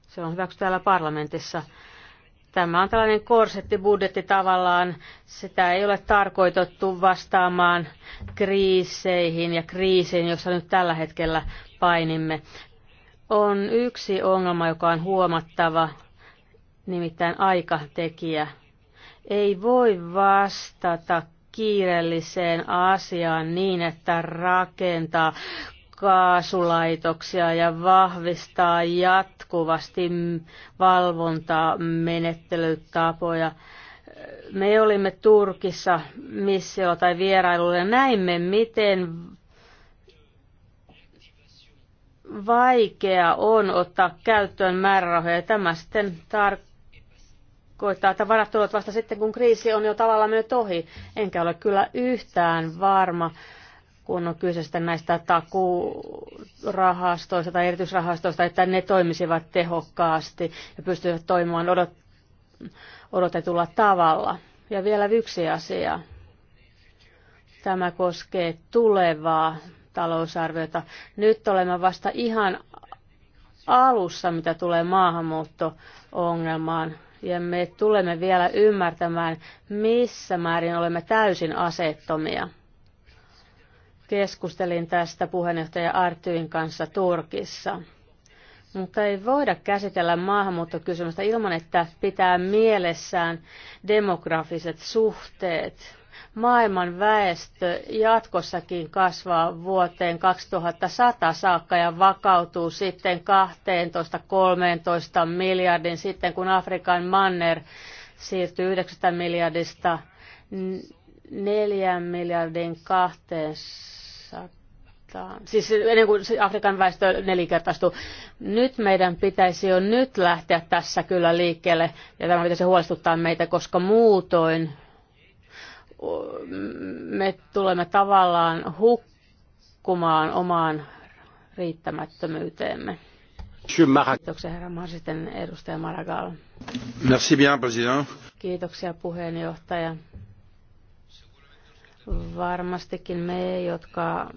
Se on hyväksytty täällä parlamentissa. Tämä on tällainen korsettibudjetti tavallaan. Sitä ei ole tarkoitettu vastaamaan kriiseihin ja kriisiin, jossa nyt tällä hetkellä painimme. On yksi ongelma, joka on huomattava, nimittäin aikatekijä ei voi vastata kiireelliseen asiaan niin, että rakentaa kaasulaitoksia ja vahvistaa jatkuvasti valvontamenettelytapoja. Me olimme Turkissa missio tai vierailulla ja näimme, miten vaikea on ottaa käyttöön määrärahoja. Tämä sitten tar- koittaa, että varat tulevat vasta sitten, kun kriisi on jo tavallaan mennyt ohi. Enkä ole kyllä yhtään varma, kun on kyse sitten näistä takurahastoista tai erityisrahastoista, että ne toimisivat tehokkaasti ja pystyvät toimimaan odot- odotetulla tavalla. Ja vielä yksi asia. Tämä koskee tulevaa talousarviota. Nyt olemme vasta ihan alussa, mitä tulee maahanmuutto-ongelmaan ja me tulemme vielä ymmärtämään, missä määrin olemme täysin asettomia. Keskustelin tästä puheenjohtaja Artyin kanssa Turkissa. Mutta ei voida käsitellä maahanmuuttokysymystä ilman, että pitää mielessään demografiset suhteet maailman väestö jatkossakin kasvaa vuoteen 2100 saakka ja vakautuu sitten 12-13 miljardin sitten, kun Afrikan manner siirtyy 9 miljardista 4 miljardin 200 Siis ennen kuin Afrikan väestö nelinkertaistuu. Nyt meidän pitäisi jo nyt lähteä tässä kyllä liikkeelle, ja tämä pitäisi huolestuttaa meitä, koska muutoin me tulemme tavallaan hukkumaan omaan riittämättömyyteemme. Kiitoksia herra Mar, edustaja Maragall. Merci bien, president. Kiitoksia puheenjohtaja. Varmastikin me, jotka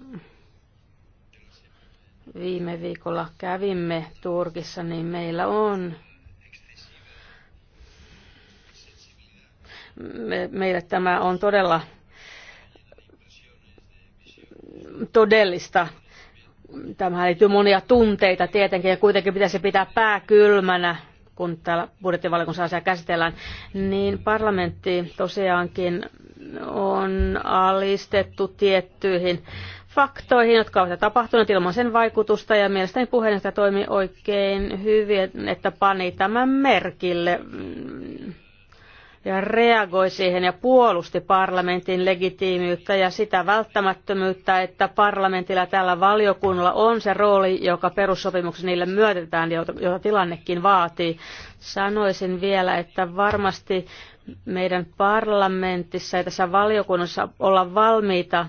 viime viikolla kävimme Turkissa, niin meillä on Me, meille tämä on todella todellista. Tämähän liittyy monia tunteita tietenkin ja kuitenkin pitäisi pitää pää kylmänä, kun täällä budjettivaliokunnassa asiaa käsitellään, niin parlamentti tosiaankin on alistettu tiettyihin faktoihin, jotka ovat tapahtuneet ilman sen vaikutusta, ja mielestäni puheenjohtaja toimi oikein hyvin, että pani tämän merkille ja reagoi siihen ja puolusti parlamentin legitiimiyttä ja sitä välttämättömyyttä, että parlamentilla tällä valiokunnalla on se rooli, joka perussopimuksessa niille myötetään, jota tilannekin vaatii. Sanoisin vielä, että varmasti meidän parlamentissa ja tässä valiokunnassa olla valmiita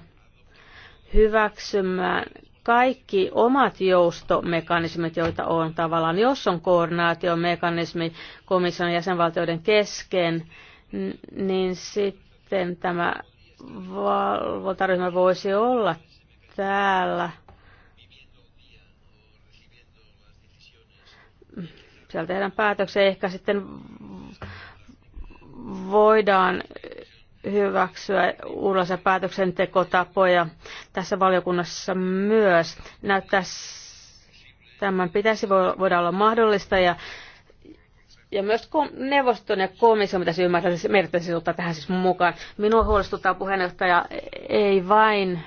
hyväksymään kaikki omat joustomekanismit, joita on tavallaan, jos on koordinaatiomekanismi komission jäsenvaltioiden kesken, niin sitten tämä valvontaryhmä voisi olla täällä. Siellä tehdään päätöksiä. Ehkä sitten voidaan hyväksyä uudenlaisia päätöksentekotapoja tässä valiokunnassa myös. Näyttää tämän pitäisi voida olla mahdollista ja ja myös neuvoston ja komission pitäisi ymmärtää, että siis meidät pitäisi ottaa tähän siis mukaan. Minua huolestuttaa puheenjohtaja ei vain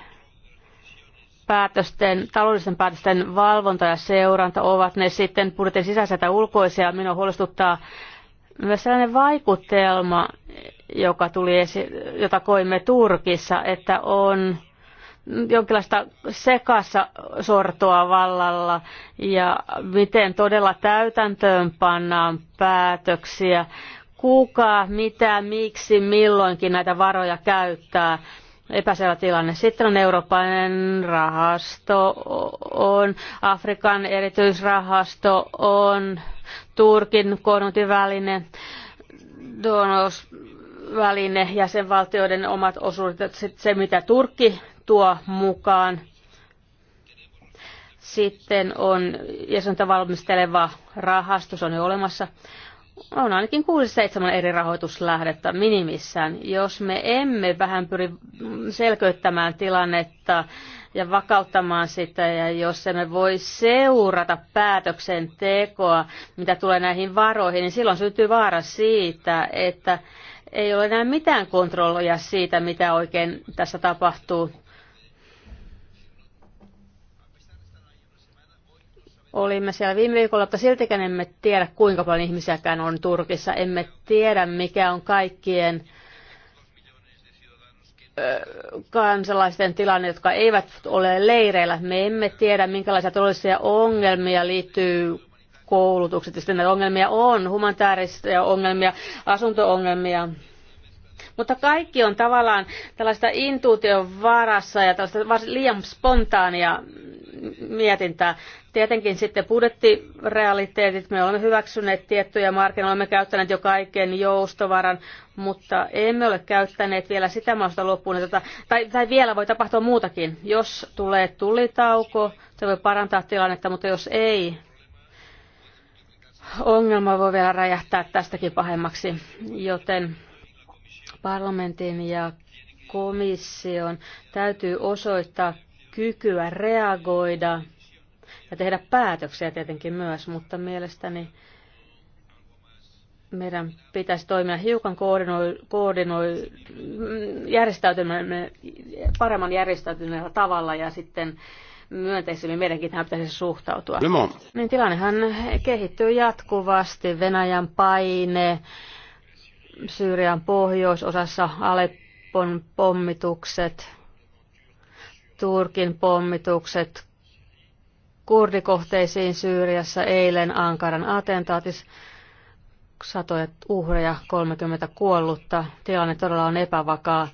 päätösten, taloudellisten päätösten valvonta ja seuranta, ovat ne sitten budjetin sisäisiä tai ulkoisia. Minua huolestuttaa myös sellainen vaikutelma, joka tuli esi- jota koimme Turkissa, että on jonkinlaista sekassa sortoa vallalla ja miten todella täytäntöön pannaan päätöksiä, kuka, mitä, miksi, milloinkin näitä varoja käyttää. Epäselvä tilanne. Sitten on Euroopan rahasto, on Afrikan erityisrahasto, on Turkin koordinointiväline, donosväline, jäsenvaltioiden omat osuudet, se mitä Turkki tuo mukaan. Sitten on jäsentä valmisteleva rahasto, se on jo olemassa on ainakin 6-7 eri rahoituslähdettä minimissään. Jos me emme vähän pyri selkeyttämään tilannetta ja vakauttamaan sitä, ja jos emme voi seurata päätöksentekoa, mitä tulee näihin varoihin, niin silloin syntyy vaara siitä, että ei ole enää mitään kontrollia siitä, mitä oikein tässä tapahtuu. Olimme siellä viime viikolla, mutta siltikään emme tiedä, kuinka paljon ihmisiäkään on Turkissa. Emme tiedä, mikä on kaikkien kansalaisten tilanne, jotka eivät ole leireillä. Me emme tiedä, minkälaisia todellisia ongelmia liittyy koulutukset. Sitten näitä ongelmia on, humanitaarisia ongelmia, asuntoongelmia. Mutta kaikki on tavallaan tällaista intuution varassa ja tällaista liian spontaania mietintää. Tietenkin sitten budjettirealiteetit, me olemme hyväksyneet tiettyjä markkinoilla, olemme käyttäneet jo kaiken joustovaran, mutta emme ole käyttäneet vielä sitä maasta loppuun, että, tota, tai, tai vielä voi tapahtua muutakin. Jos tulee tulitauko, se voi parantaa tilannetta, mutta jos ei, ongelma voi vielä räjähtää tästäkin pahemmaksi, joten parlamentin ja komission täytyy osoittaa kykyä reagoida ja tehdä päätöksiä tietenkin myös, mutta mielestäni meidän pitäisi toimia hiukan koordinoi, koordinoi, järjestäytymme paremman järjestäytyneellä tavalla ja sitten myönteisemmin meidänkin tähän pitäisi suhtautua. Limo. Niin tilannehan kehittyy jatkuvasti. Venäjän paine, Syyrian pohjoisosassa Aleppon pommitukset, Turkin pommitukset, kurdikohteisiin Syyriassa eilen Ankaran atentaatis. Satoja uhreja, 30 kuollutta. Tilanne todella on epävakaa.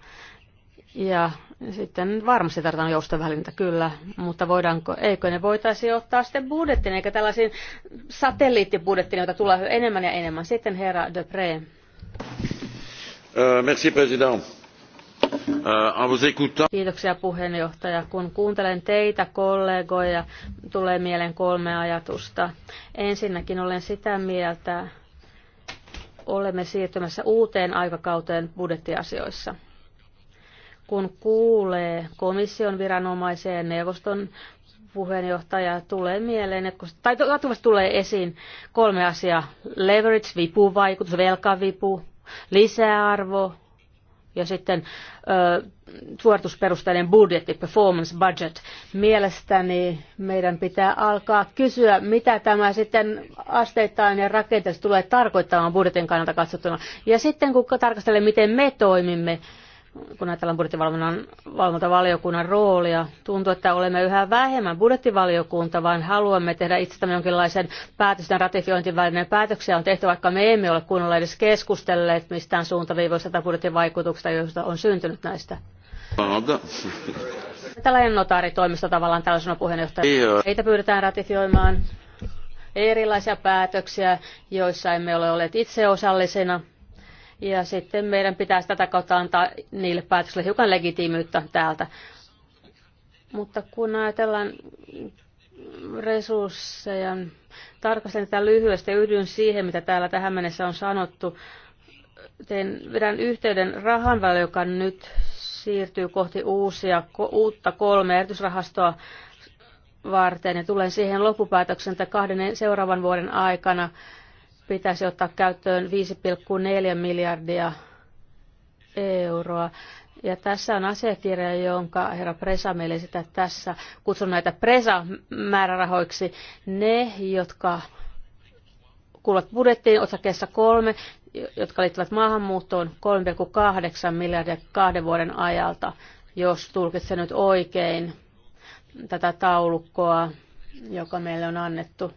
Ja sitten varmasti tarvitaan joustavälintä kyllä, mutta voidaanko, eikö ne voitaisiin ottaa sitten budjettiin, eikä tällaisiin satelliittibudjettiin, joita tulee enemmän ja enemmän. Sitten herra Depré. Uh, merci, president. Uh, Kiitoksia puheenjohtaja. Kun kuuntelen teitä kollegoja, tulee mieleen kolme ajatusta. Ensinnäkin olen sitä mieltä, olemme siirtymässä uuteen aikakauteen budjettiasioissa. Kun kuulee komission viranomaisia ja neuvoston puheenjohtaja tulee mieleen, että kun, tai jatkuvasti tulee esiin kolme asiaa, leverage, vipuvaikutus, velkavipu, lisäarvo ja sitten äh, suoritusperusteinen budjetti, performance budget. Mielestäni meidän pitää alkaa kysyä, mitä tämä sitten asteittain ja rakenteessa tulee tarkoittamaan budjetin kannalta katsottuna. Ja sitten kun tarkastelee, miten me toimimme, kun ajatellaan budjettivalvonnan valvontavaliokunnan roolia, tuntuu, että olemme yhä vähemmän budjettivaliokunta, vaan haluamme tehdä itsestämme jonkinlaisen päätösten ratifiointivälineen. Päätöksiä on tehty, vaikka me emme ole kunnolla edes keskustelleet mistään suuntaviivoista tai budjettivaikutuksista, joista on syntynyt näistä. Tällainen notaaritoimisto tavallaan tällaisena puheenjohtajana. Heitä pyydetään ratifioimaan erilaisia päätöksiä, joissa emme ole olleet itse osallisena ja sitten meidän pitäisi tätä kautta antaa niille päätöksille hiukan legitiimiyttä täältä. Mutta kun ajatellaan resursseja, tarkastelen tätä lyhyesti ja yhdyn siihen, mitä täällä tähän mennessä on sanottu. Teen, vedän yhteyden rahan välillä, joka nyt siirtyy kohti uusia, uutta kolme erityisrahastoa varten ja tulen siihen loppupäätöksen, että kahden seuraavan vuoden aikana pitäisi ottaa käyttöön 5,4 miljardia euroa. Ja tässä on asiakirja, jonka herra Presa meille sitä tässä, kutsun näitä Presa-määrärahoiksi, ne, jotka kuuluvat budjettiin osakeessa kolme, jotka liittyvät maahanmuuttoon 3,8 miljardia kahden vuoden ajalta, jos tulkitsen nyt oikein tätä taulukkoa, joka meille on annettu.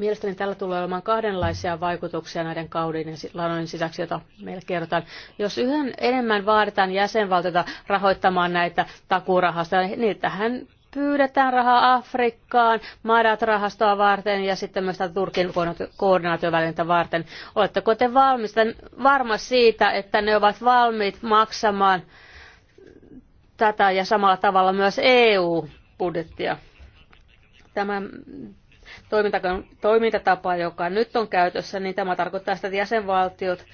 Mielestäni tällä tulee olemaan kahdenlaisia vaikutuksia näiden ja lanojen sisäksi, joita meillä kerrotaan. Jos yhä enemmän vaaditaan jäsenvaltiota rahoittamaan näitä takurahastoja, niin tähän pyydetään rahaa Afrikkaan, maadat rahastoa varten ja sitten myös tätä Turkin koordinaatiovälintä varten. Oletteko te valmis, varma siitä, että ne ovat valmiit maksamaan tätä ja samalla tavalla myös EU-budjettia? Tämä toimintatapa, joka nyt on käytössä, niin tämä tarkoittaa sitä, että jäsenvaltiot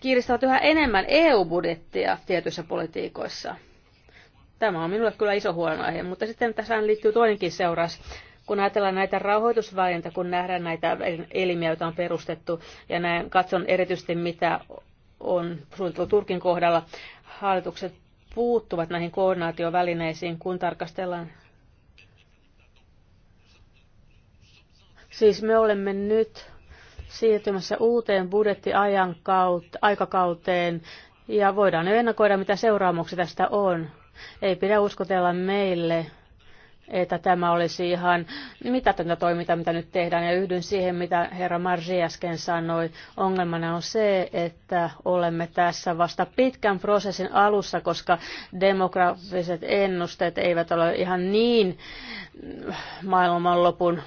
kiristävät yhä enemmän EU-budjettia tietyissä politiikoissa. Tämä on minulle kyllä iso huolenaihe, mutta sitten tässä liittyy toinenkin seuraus. Kun ajatellaan näitä rahoitusvälineitä, kun nähdään näitä elimiä, joita on perustettu, ja näin katson erityisesti, mitä on suunniteltu Turkin kohdalla, hallitukset puuttuvat näihin koordinaatiovälineisiin, kun tarkastellaan Siis me olemme nyt siirtymässä uuteen aikakauteen ja voidaan ennakoida, mitä seuraamuksia tästä on. Ei pidä uskotella meille, että tämä olisi ihan mitätöntä toiminta, mitä nyt tehdään. Ja yhdyn siihen, mitä herra Marsi äsken sanoi. Ongelmana on se, että olemme tässä vasta pitkän prosessin alussa, koska demografiset ennusteet eivät ole ihan niin maailmanlopun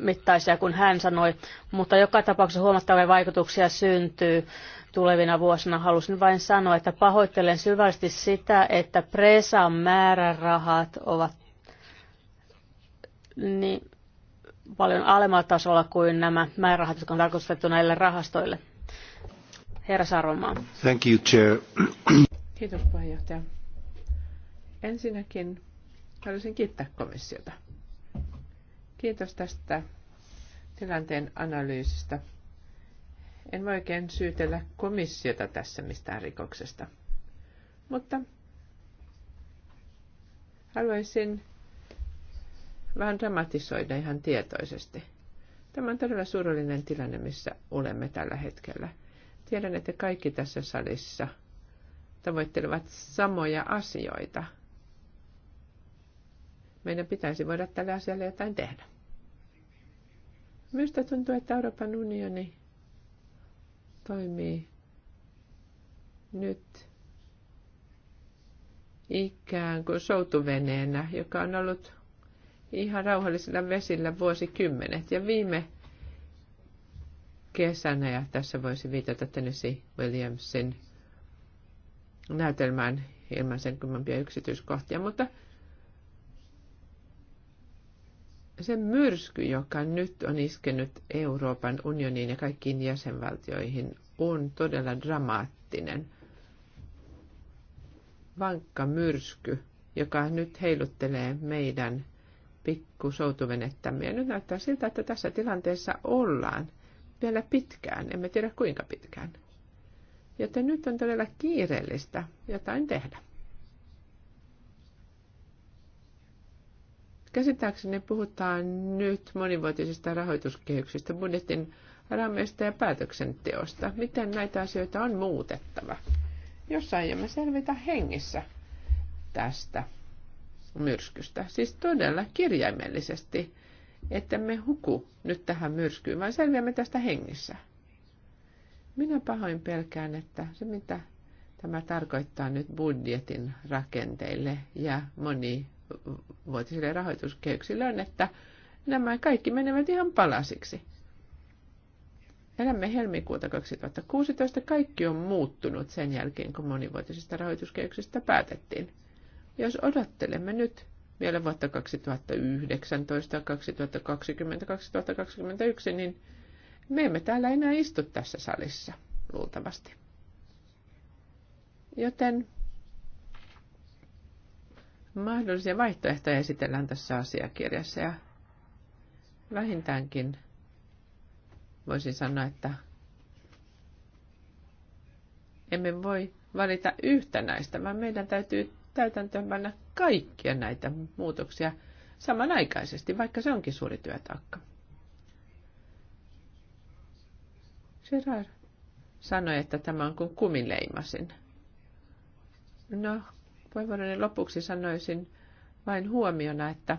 mittaisia kuin hän sanoi, mutta joka tapauksessa huomattavia vaikutuksia syntyy tulevina vuosina. Halusin vain sanoa, että pahoittelen syvästi sitä, että Presan määrärahat ovat niin paljon alemmalla tasolla kuin nämä määrärahat, jotka on tarkoitettu näille rahastoille. Herra Sarvomaa. Thank you, Chair. Kiitos puheenjohtaja. Ensinnäkin haluaisin kiittää komissiota Kiitos tästä tilanteen analyysistä. En voi oikein syytellä komissiota tässä mistään rikoksesta. Mutta haluaisin vähän dramatisoida ihan tietoisesti. Tämä on todella surullinen tilanne, missä olemme tällä hetkellä. Tiedän, että kaikki tässä salissa tavoittelevat samoja asioita – meidän pitäisi voida tälle asialle jotain tehdä. Minusta tuntuu, että Euroopan unioni toimii nyt ikään kuin soutuveneenä, joka on ollut ihan rauhallisilla vesillä vuosikymmenet. Ja viime kesänä, ja tässä voisi viitata Tennessee Williamsin näytelmään ilman sen kummempia yksityiskohtia, mutta se myrsky, joka nyt on iskenyt Euroopan unioniin ja kaikkiin jäsenvaltioihin, on todella dramaattinen. Vankka myrsky, joka nyt heiluttelee meidän pikkusoutuvenettämme. Ja nyt näyttää siltä, että tässä tilanteessa ollaan vielä pitkään, emme tiedä kuinka pitkään. Joten nyt on todella kiireellistä jotain tehdä. Käsittääkseni puhutaan nyt monivuotisista rahoituskehyksistä, budjetin rameista ja päätöksenteosta. Miten näitä asioita on muutettava, jos aiemme selvitä hengissä tästä myrskystä? Siis todella kirjaimellisesti, että me huku nyt tähän myrskyyn, vaan selviämme tästä hengissä. Minä pahoin pelkään, että se mitä tämä tarkoittaa nyt budjetin rakenteille ja moni vuotisille rahoituskehyksille on, että nämä kaikki menevät ihan palasiksi. Elämme helmikuuta 2016. Kaikki on muuttunut sen jälkeen, kun monivuotisista rahoituskehyksestä päätettiin. Jos odottelemme nyt vielä vuotta 2019, 2020, 2021, niin me emme täällä enää istu tässä salissa, luultavasti. Joten mahdollisia vaihtoehtoja esitellään tässä asiakirjassa ja vähintäänkin voisin sanoa, että emme voi valita yhtä näistä, vaan meidän täytyy täytäntöönpanna kaikkia näitä muutoksia samanaikaisesti, vaikka se onkin suuri työtaakka. Gerard sanoi, että tämä on kuin kumileimasin. No, Puheenvuoroni lopuksi sanoisin vain huomiona, että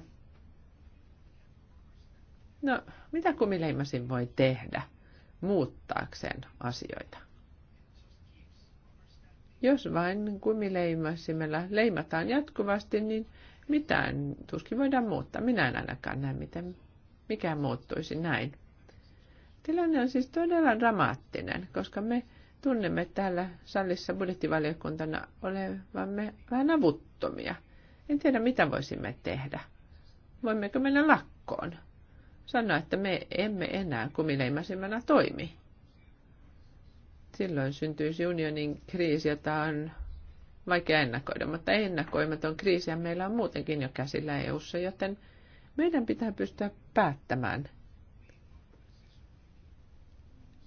no, mitä kumileimasin voi tehdä muuttaakseen asioita? Jos vain kumileimasimella leimataan jatkuvasti, niin mitään tuskin voidaan muuttaa. Minä en ainakaan näe, miten mikään muuttuisi näin. Tilanne on siis todella dramaattinen, koska me tunnemme täällä salissa budjettivaliokuntana olevamme vähän avuttomia. En tiedä, mitä voisimme tehdä. Voimmeko mennä lakkoon? Sanoa, että me emme enää kumileimasimmana toimi. Silloin syntyisi unionin kriisi, jota on vaikea ennakoida, mutta ennakoimaton kriisiä meillä on muutenkin jo käsillä EU:ssa, joten meidän pitää pystyä päättämään –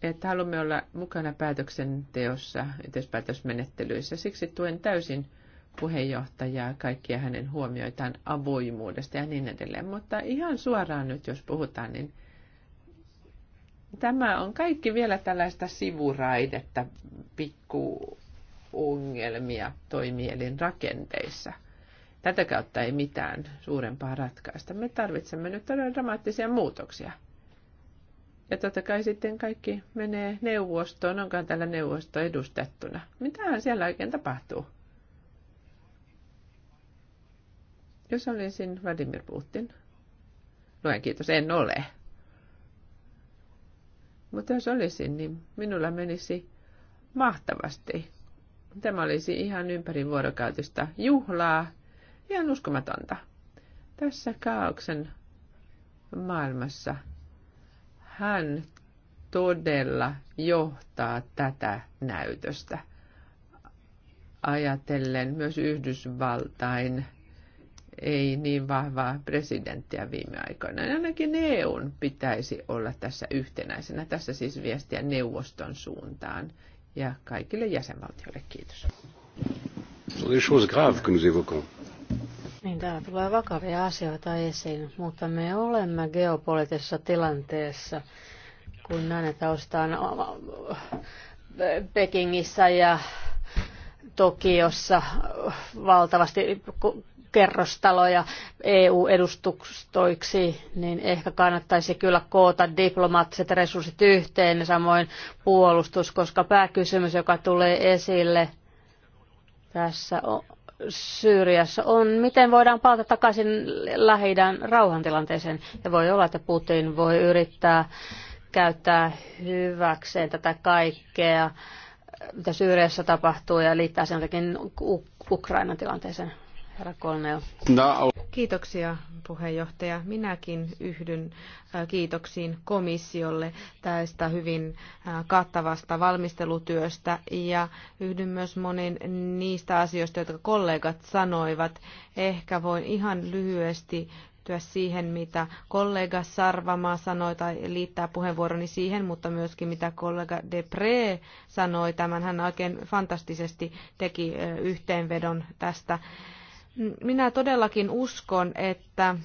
että haluamme olla mukana päätöksenteossa, yhteispäätösmenettelyissä. Siksi tuen täysin puheenjohtajaa, kaikkia hänen huomioitaan avoimuudesta ja niin edelleen. Mutta ihan suoraan nyt, jos puhutaan, niin tämä on kaikki vielä tällaista sivuraidetta, pikkuongelmia toimielin rakenteissa. Tätä kautta ei mitään suurempaa ratkaista. Me tarvitsemme nyt todella dramaattisia muutoksia. Ja totta kai sitten kaikki menee neuvostoon, onkaan täällä neuvosto edustettuna. Mitähän siellä oikein tapahtuu? Jos olisin Vladimir Putin. Luen no kiitos, en ole. Mutta jos olisin, niin minulla menisi mahtavasti. Tämä olisi ihan vuorokautista juhlaa, ihan uskomatonta. Tässä kaauksen maailmassa – hän todella johtaa tätä näytöstä. Ajatellen myös Yhdysvaltain ei niin vahvaa presidenttiä viime aikoina. Ainakin EUn pitäisi olla tässä yhtenäisenä. Tässä siis viestiä neuvoston suuntaan ja kaikille jäsenvaltioille. Kiitos. sont des choses graves que nous évoquons. Niin, täällä tulee vakavia asioita esiin, mutta me olemme geopoliittisessa tilanteessa, kun näin, että ostaan Pekingissä ja Tokiossa valtavasti kerrostaloja EU-edustustoiksi, niin ehkä kannattaisi kyllä koota diplomaattiset resurssit yhteen ja samoin puolustus, koska pääkysymys, joka tulee esille tässä on Syyriassa on, miten voidaan palata takaisin lähi rauhantilanteeseen. Ja voi olla, että Putin voi yrittää käyttää hyväkseen tätä kaikkea, mitä Syyriassa tapahtuu, ja liittää sen jotenkin Ukrainan tilanteeseen herra Kolneo. No, Kiitoksia puheenjohtaja. Minäkin yhdyn äh, kiitoksiin komissiolle tästä hyvin äh, kattavasta valmistelutyöstä ja yhdyn myös moniin niistä asioista, jotka kollegat sanoivat. Ehkä voin ihan lyhyesti liittyä siihen, mitä kollega Sarvamaa sanoi tai liittää puheenvuoroni siihen, mutta myöskin mitä kollega Depre sanoi. Tämän hän oikein fantastisesti teki äh, yhteenvedon tästä minä todellakin uskon, että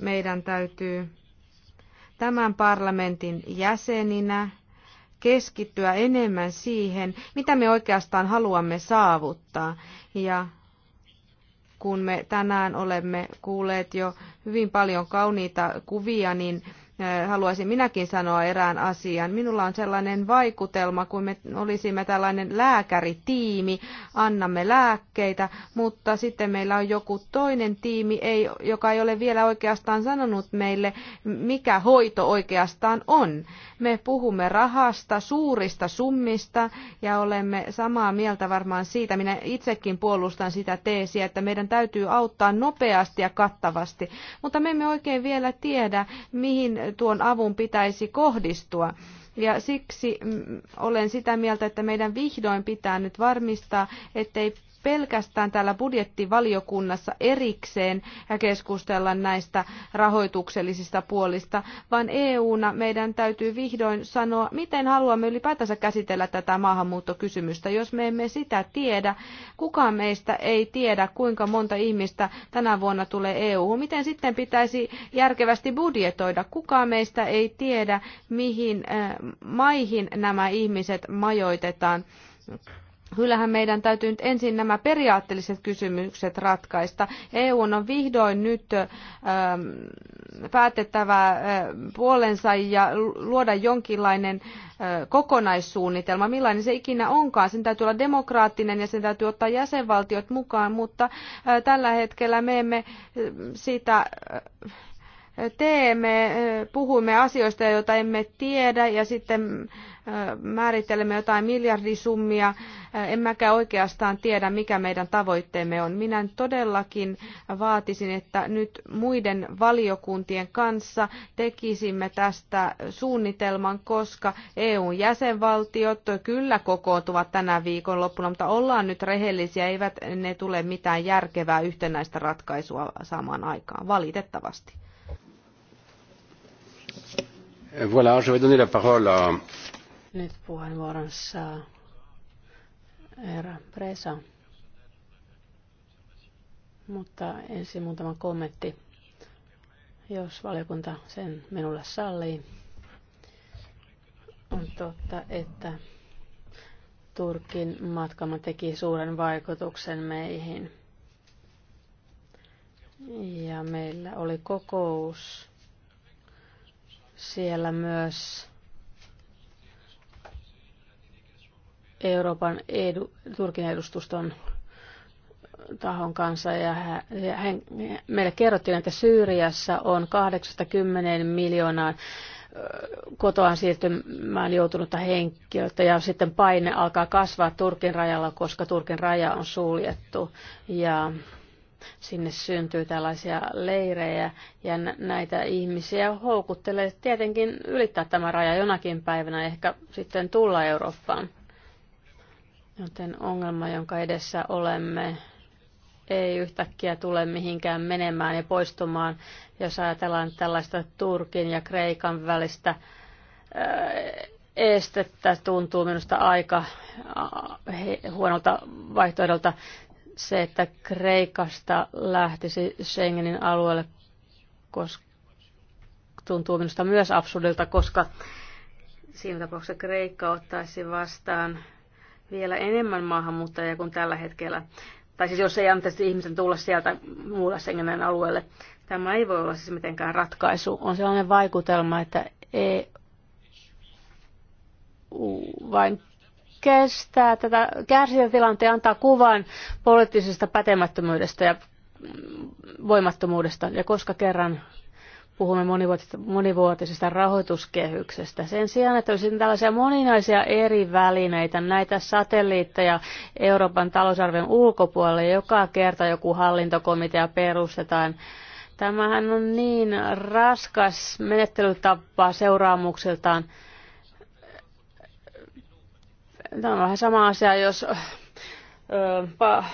meidän täytyy tämän parlamentin jäseninä keskittyä enemmän siihen, mitä me oikeastaan haluamme saavuttaa. Ja kun me tänään olemme kuulleet jo hyvin paljon kauniita kuvia, niin Äh, haluaisin minäkin sanoa erään asian. Minulla on sellainen vaikutelma, kuin me olisimme tällainen lääkäritiimi, annamme lääkkeitä, mutta sitten meillä on joku toinen tiimi, ei, joka ei ole vielä oikeastaan sanonut meille, mikä hoito oikeastaan on. Me puhumme rahasta, suurista summista ja olemme samaa mieltä varmaan siitä. Minä itsekin puolustan sitä teesiä, että meidän täytyy auttaa nopeasti ja kattavasti, mutta me emme oikein vielä tiedä, mihin tuon avun pitäisi kohdistua. Ja siksi mm, olen sitä mieltä, että meidän vihdoin pitää nyt varmistaa, ettei pelkästään täällä budjettivaliokunnassa erikseen keskustella näistä rahoituksellisista puolista, vaan EU-na meidän täytyy vihdoin sanoa, miten haluamme ylipäätänsä käsitellä tätä maahanmuuttokysymystä. Jos me emme sitä tiedä, kukaan meistä ei tiedä, kuinka monta ihmistä tänä vuonna tulee EU. -hun. Miten sitten pitäisi järkevästi budjetoida? Kukaan meistä ei tiedä, mihin eh, maihin nämä ihmiset majoitetaan Kyllähän meidän täytyy nyt ensin nämä periaatteelliset kysymykset ratkaista. EU on vihdoin nyt ähm, päätettävä äh, puolensa ja luoda jonkinlainen äh, kokonaissuunnitelma, millainen se ikinä onkaan. Sen täytyy olla demokraattinen ja sen täytyy ottaa jäsenvaltiot mukaan, mutta äh, tällä hetkellä me emme äh, sitä teemme, puhumme asioista, joita emme tiedä ja sitten määrittelemme jotain miljardisummia, emmekä oikeastaan tiedä, mikä meidän tavoitteemme on. Minä todellakin vaatisin, että nyt muiden valiokuntien kanssa tekisimme tästä suunnitelman, koska EUn jäsenvaltiot kyllä kokoontuvat tänä viikon loppuna, mutta ollaan nyt rehellisiä, eivät ne tule mitään järkevää yhtenäistä ratkaisua samaan aikaan, valitettavasti. Voilà, je vais donner la parole à... Nyt puheenvuoron herra Presa. Mutta ensin muutama kommentti, jos valiokunta sen minulle sallii. On totta, että Turkin matkamme teki suuren vaikutuksen meihin. Ja meillä oli kokous siellä myös Euroopan edu, Turkin edustuston tahon kanssa ja, hän, meille kerrottiin, että Syyriassa on 80 miljoonaa kotoaan siirtymään joutunutta henkilöä ja sitten paine alkaa kasvaa Turkin rajalla, koska Turkin raja on suljettu ja Sinne syntyy tällaisia leirejä ja näitä ihmisiä houkuttelee tietenkin ylittää tämä raja jonakin päivänä, ehkä sitten tulla Eurooppaan. Joten ongelma, jonka edessä olemme, ei yhtäkkiä tule mihinkään menemään ja poistumaan, jos ajatellaan tällaista Turkin ja Kreikan välistä estettä tuntuu minusta aika huonolta vaihtoehdolta se, että Kreikasta lähtisi Schengenin alueelle, koska tuntuu minusta myös absurdilta, koska siinä tapauksessa Kreikka ottaisi vastaan vielä enemmän maahanmuuttajia kuin tällä hetkellä. Tai siis jos ei antaisi ihmisen tulla sieltä muulla Schengenin alueelle. Tämä ei voi olla siis mitenkään ratkaisu. On sellainen vaikutelma, että EU vain kestää tätä kärsijätilanteen antaa kuvan poliittisesta pätemättömyydestä ja voimattomuudesta. Ja koska kerran puhumme monivuotisesta, monivuotisesta rahoituskehyksestä. Sen sijaan, että olisi tällaisia moninaisia eri välineitä, näitä satelliitteja Euroopan talousarvion ulkopuolelle, joka kerta joku hallintokomitea perustetaan, Tämähän on niin raskas menettelytapa seuraamuksiltaan Tämä on vähän sama asia, jos öö, pa,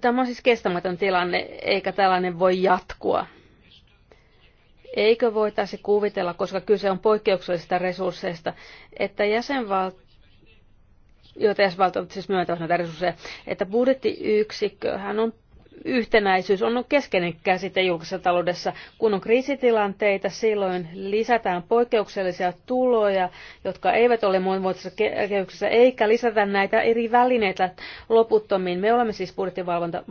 Tämä on siis kestämätön tilanne, eikä tällainen voi jatkua. Eikö voitaisi kuvitella, koska kyse on poikkeuksellisista resursseista, että jäsenvaltio joita jäsenvaltiot siis myöntävät näitä resursseja, että budjettiyksikköhän on yhtenäisyys on keskeinen käsite julkisessa taloudessa. Kun on kriisitilanteita, silloin lisätään poikkeuksellisia tuloja, jotka eivät ole monivuotisessa kehyksessä, eikä lisätä näitä eri välineitä loputtomiin. Me olemme siis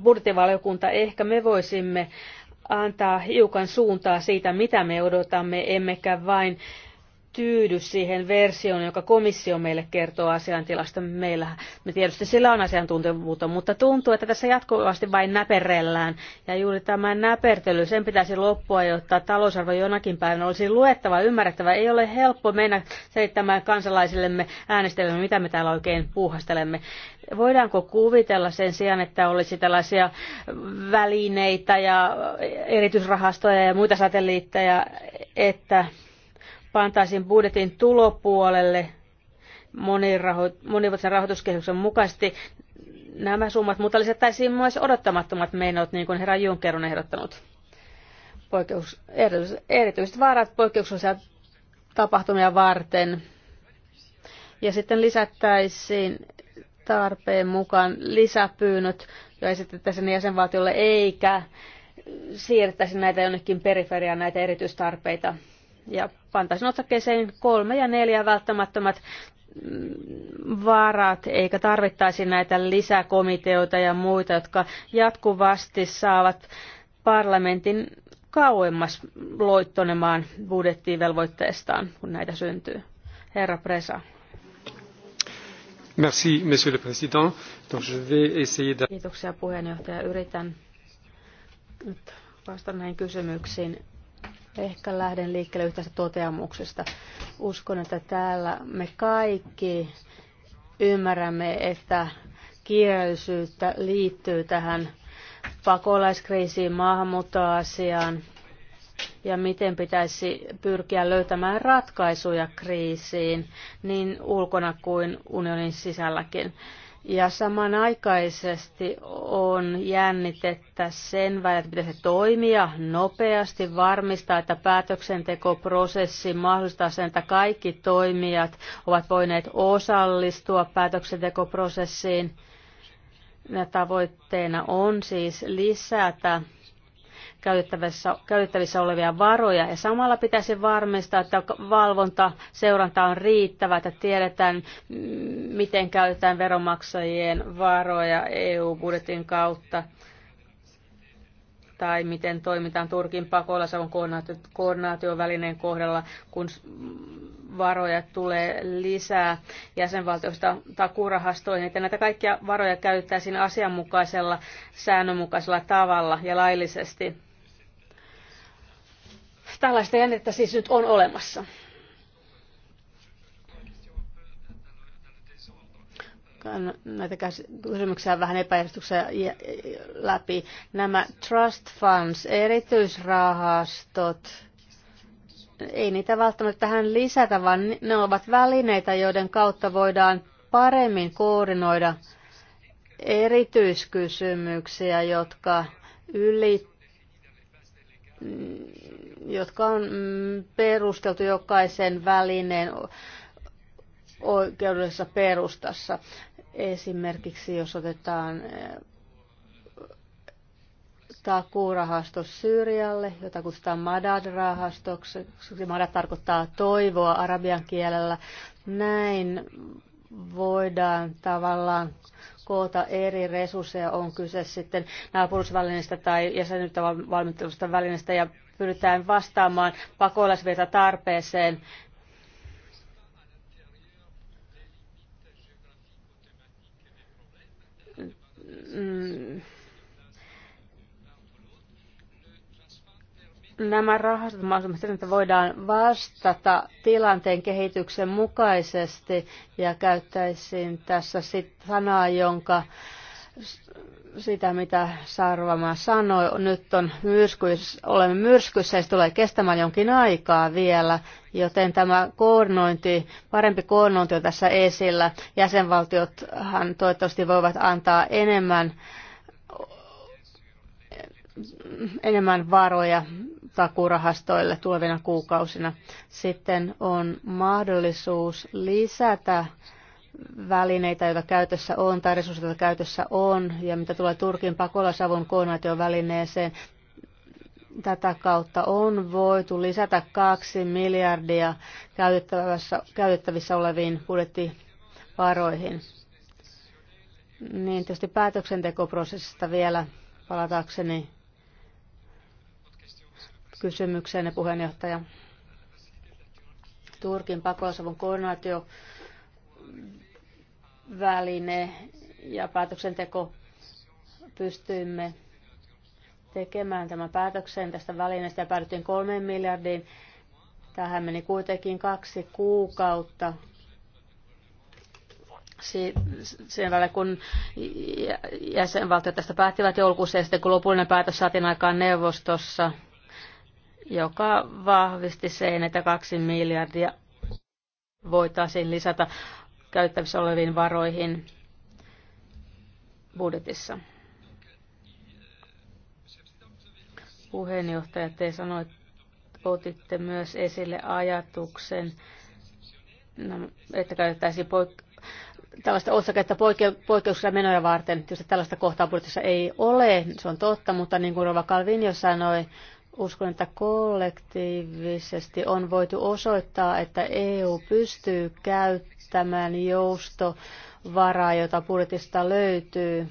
budjettivaliokunta, ehkä me voisimme antaa hiukan suuntaa siitä, mitä me odotamme, emmekä vain tyydy siihen versioon, joka komissio meille kertoo asiantilasta. Meillä, me tietysti sillä on asiantuntevuutta, mutta tuntuu, että tässä jatkuvasti vain näperellään. Ja juuri tämä näpertely, sen pitäisi loppua, jotta talousarvo jonakin päivänä olisi luettava, ymmärrettävä. Ei ole helppo mennä selittämään kansalaisillemme äänestelemme, mitä me täällä oikein puuhastelemme. Voidaanko kuvitella sen sijaan, että olisi tällaisia välineitä ja erityisrahastoja ja muita satelliitteja, että pantaisiin budjetin tulopuolelle monivuotisen rahoituskehyksen mukaisesti nämä summat, mutta lisättäisiin myös odottamattomat menot, niin kuin herra Juncker on ehdottanut. Poikkeus, erityiset vaarat poikkeuksellisia tapahtumia varten. Ja sitten lisättäisiin tarpeen mukaan lisäpyynnöt jo esitettäisiin jäsenvaltiolle, eikä siirtäisi näitä jonnekin periferiaan näitä erityistarpeita ja pantaisin otsakkeeseen kolme ja neljä välttämättömät mm, vaarat eikä tarvittaisi näitä lisäkomiteoita ja muita, jotka jatkuvasti saavat parlamentin kauemmas loittonemaan budjettiin velvoitteestaan, kun näitä syntyy. Herra Presa. Merci, monsieur le président. Donc, je vais de... Kiitoksia puheenjohtaja. Yritän nyt vastata näihin kysymyksiin Ehkä lähden liikkeelle yhtästä toteamuksesta. Uskon, että täällä me kaikki ymmärrämme, että kiireellisyyttä liittyy tähän pakolaiskriisiin, maahanmuuttoasiaan ja miten pitäisi pyrkiä löytämään ratkaisuja kriisiin niin ulkona kuin unionin sisälläkin. Ja samanaikaisesti on jännitettä sen välillä, että pitäisi toimia nopeasti, varmistaa, että päätöksentekoprosessi mahdollistaa sen, että kaikki toimijat ovat voineet osallistua päätöksentekoprosessiin. Ja tavoitteena on siis lisätä käytettävissä, käytettävissä olevia varoja ja samalla pitäisi varmistaa, että valvonta, seuranta on riittävää, että tiedetään, miten käytetään veronmaksajien varoja EU-budjetin kautta tai miten toimitaan Turkin pakolaisavun koordinaatiovälineen kohdalla, kun varoja tulee lisää jäsenvaltioista takurahastoihin, että näitä kaikkia varoja käytettäisiin asianmukaisella, säännönmukaisella tavalla ja laillisesti. Tällaista jännettä siis nyt on olemassa. näitä kysymyksiä vähän epäjärjestyksessä läpi. Nämä trust funds, erityisrahastot, ei niitä välttämättä tähän lisätä, vaan ne ovat välineitä, joiden kautta voidaan paremmin koordinoida erityiskysymyksiä, jotka ylittävät jotka on mm, perusteltu jokaisen välineen oikeudellisessa perustassa. Esimerkiksi jos otetaan eh, takuurahasto Syyrialle, jota kutsutaan Madad-rahastoksi. Madad tarkoittaa toivoa arabian kielellä. Näin voidaan tavallaan koota eri resursseja, on kyse sitten naapurusvälineistä tai jäsenyyttä valmistelusta välineistä ja pyritään vastaamaan pakolaisvirta tarpeeseen. Mm. nämä rahastot mahdollisimman että voidaan vastata tilanteen kehityksen mukaisesti ja käyttäisin tässä sit sanaa, jonka sitä, mitä Sarvama sanoi. Nyt on myrskys, olemme myrskyssä ja se tulee kestämään jonkin aikaa vielä, joten tämä koordinointi, parempi koordinointi on tässä esillä. Jäsenvaltiothan toivottavasti voivat antaa enemmän enemmän varoja takurahastoille tulevina kuukausina. Sitten on mahdollisuus lisätä välineitä, joita käytössä on, tai resursseja, joita käytössä on, ja mitä tulee Turkin pakolaisavun välineeseen, tätä kautta on voitu lisätä kaksi miljardia käytettävissä, käytettävissä oleviin budjettivaroihin. Niin tietysti päätöksentekoprosessista vielä palatakseni kysymykseen, puheenjohtaja. Turkin pakolaisavun koordinaatio väline ja päätöksenteko pystyimme tekemään tämän päätöksen tästä välineestä ja päädyttiin kolmeen miljardiin. Tähän meni kuitenkin kaksi kuukautta sen välillä, kun jäsenvaltiot tästä päättivät joulukuussa ja sitten kun lopullinen päätös saatiin aikaan neuvostossa, joka vahvisti sen, että kaksi miljardia voitaisiin lisätä käyttävissä oleviin varoihin budjetissa. Puheenjohtaja, te sanoitte, otitte myös esille ajatuksen, no, että käytettäisiin poik- tällaista osaketta poike- poikkeuksella menoja varten. Tietysti tällaista kohtaa budjetissa ei ole, se on totta, mutta niin kuin Rova Kalvin jo sanoi, uskon, että kollektiivisesti on voitu osoittaa, että EU pystyy käyttämään tämän joustovaraa, jota budjetista löytyy.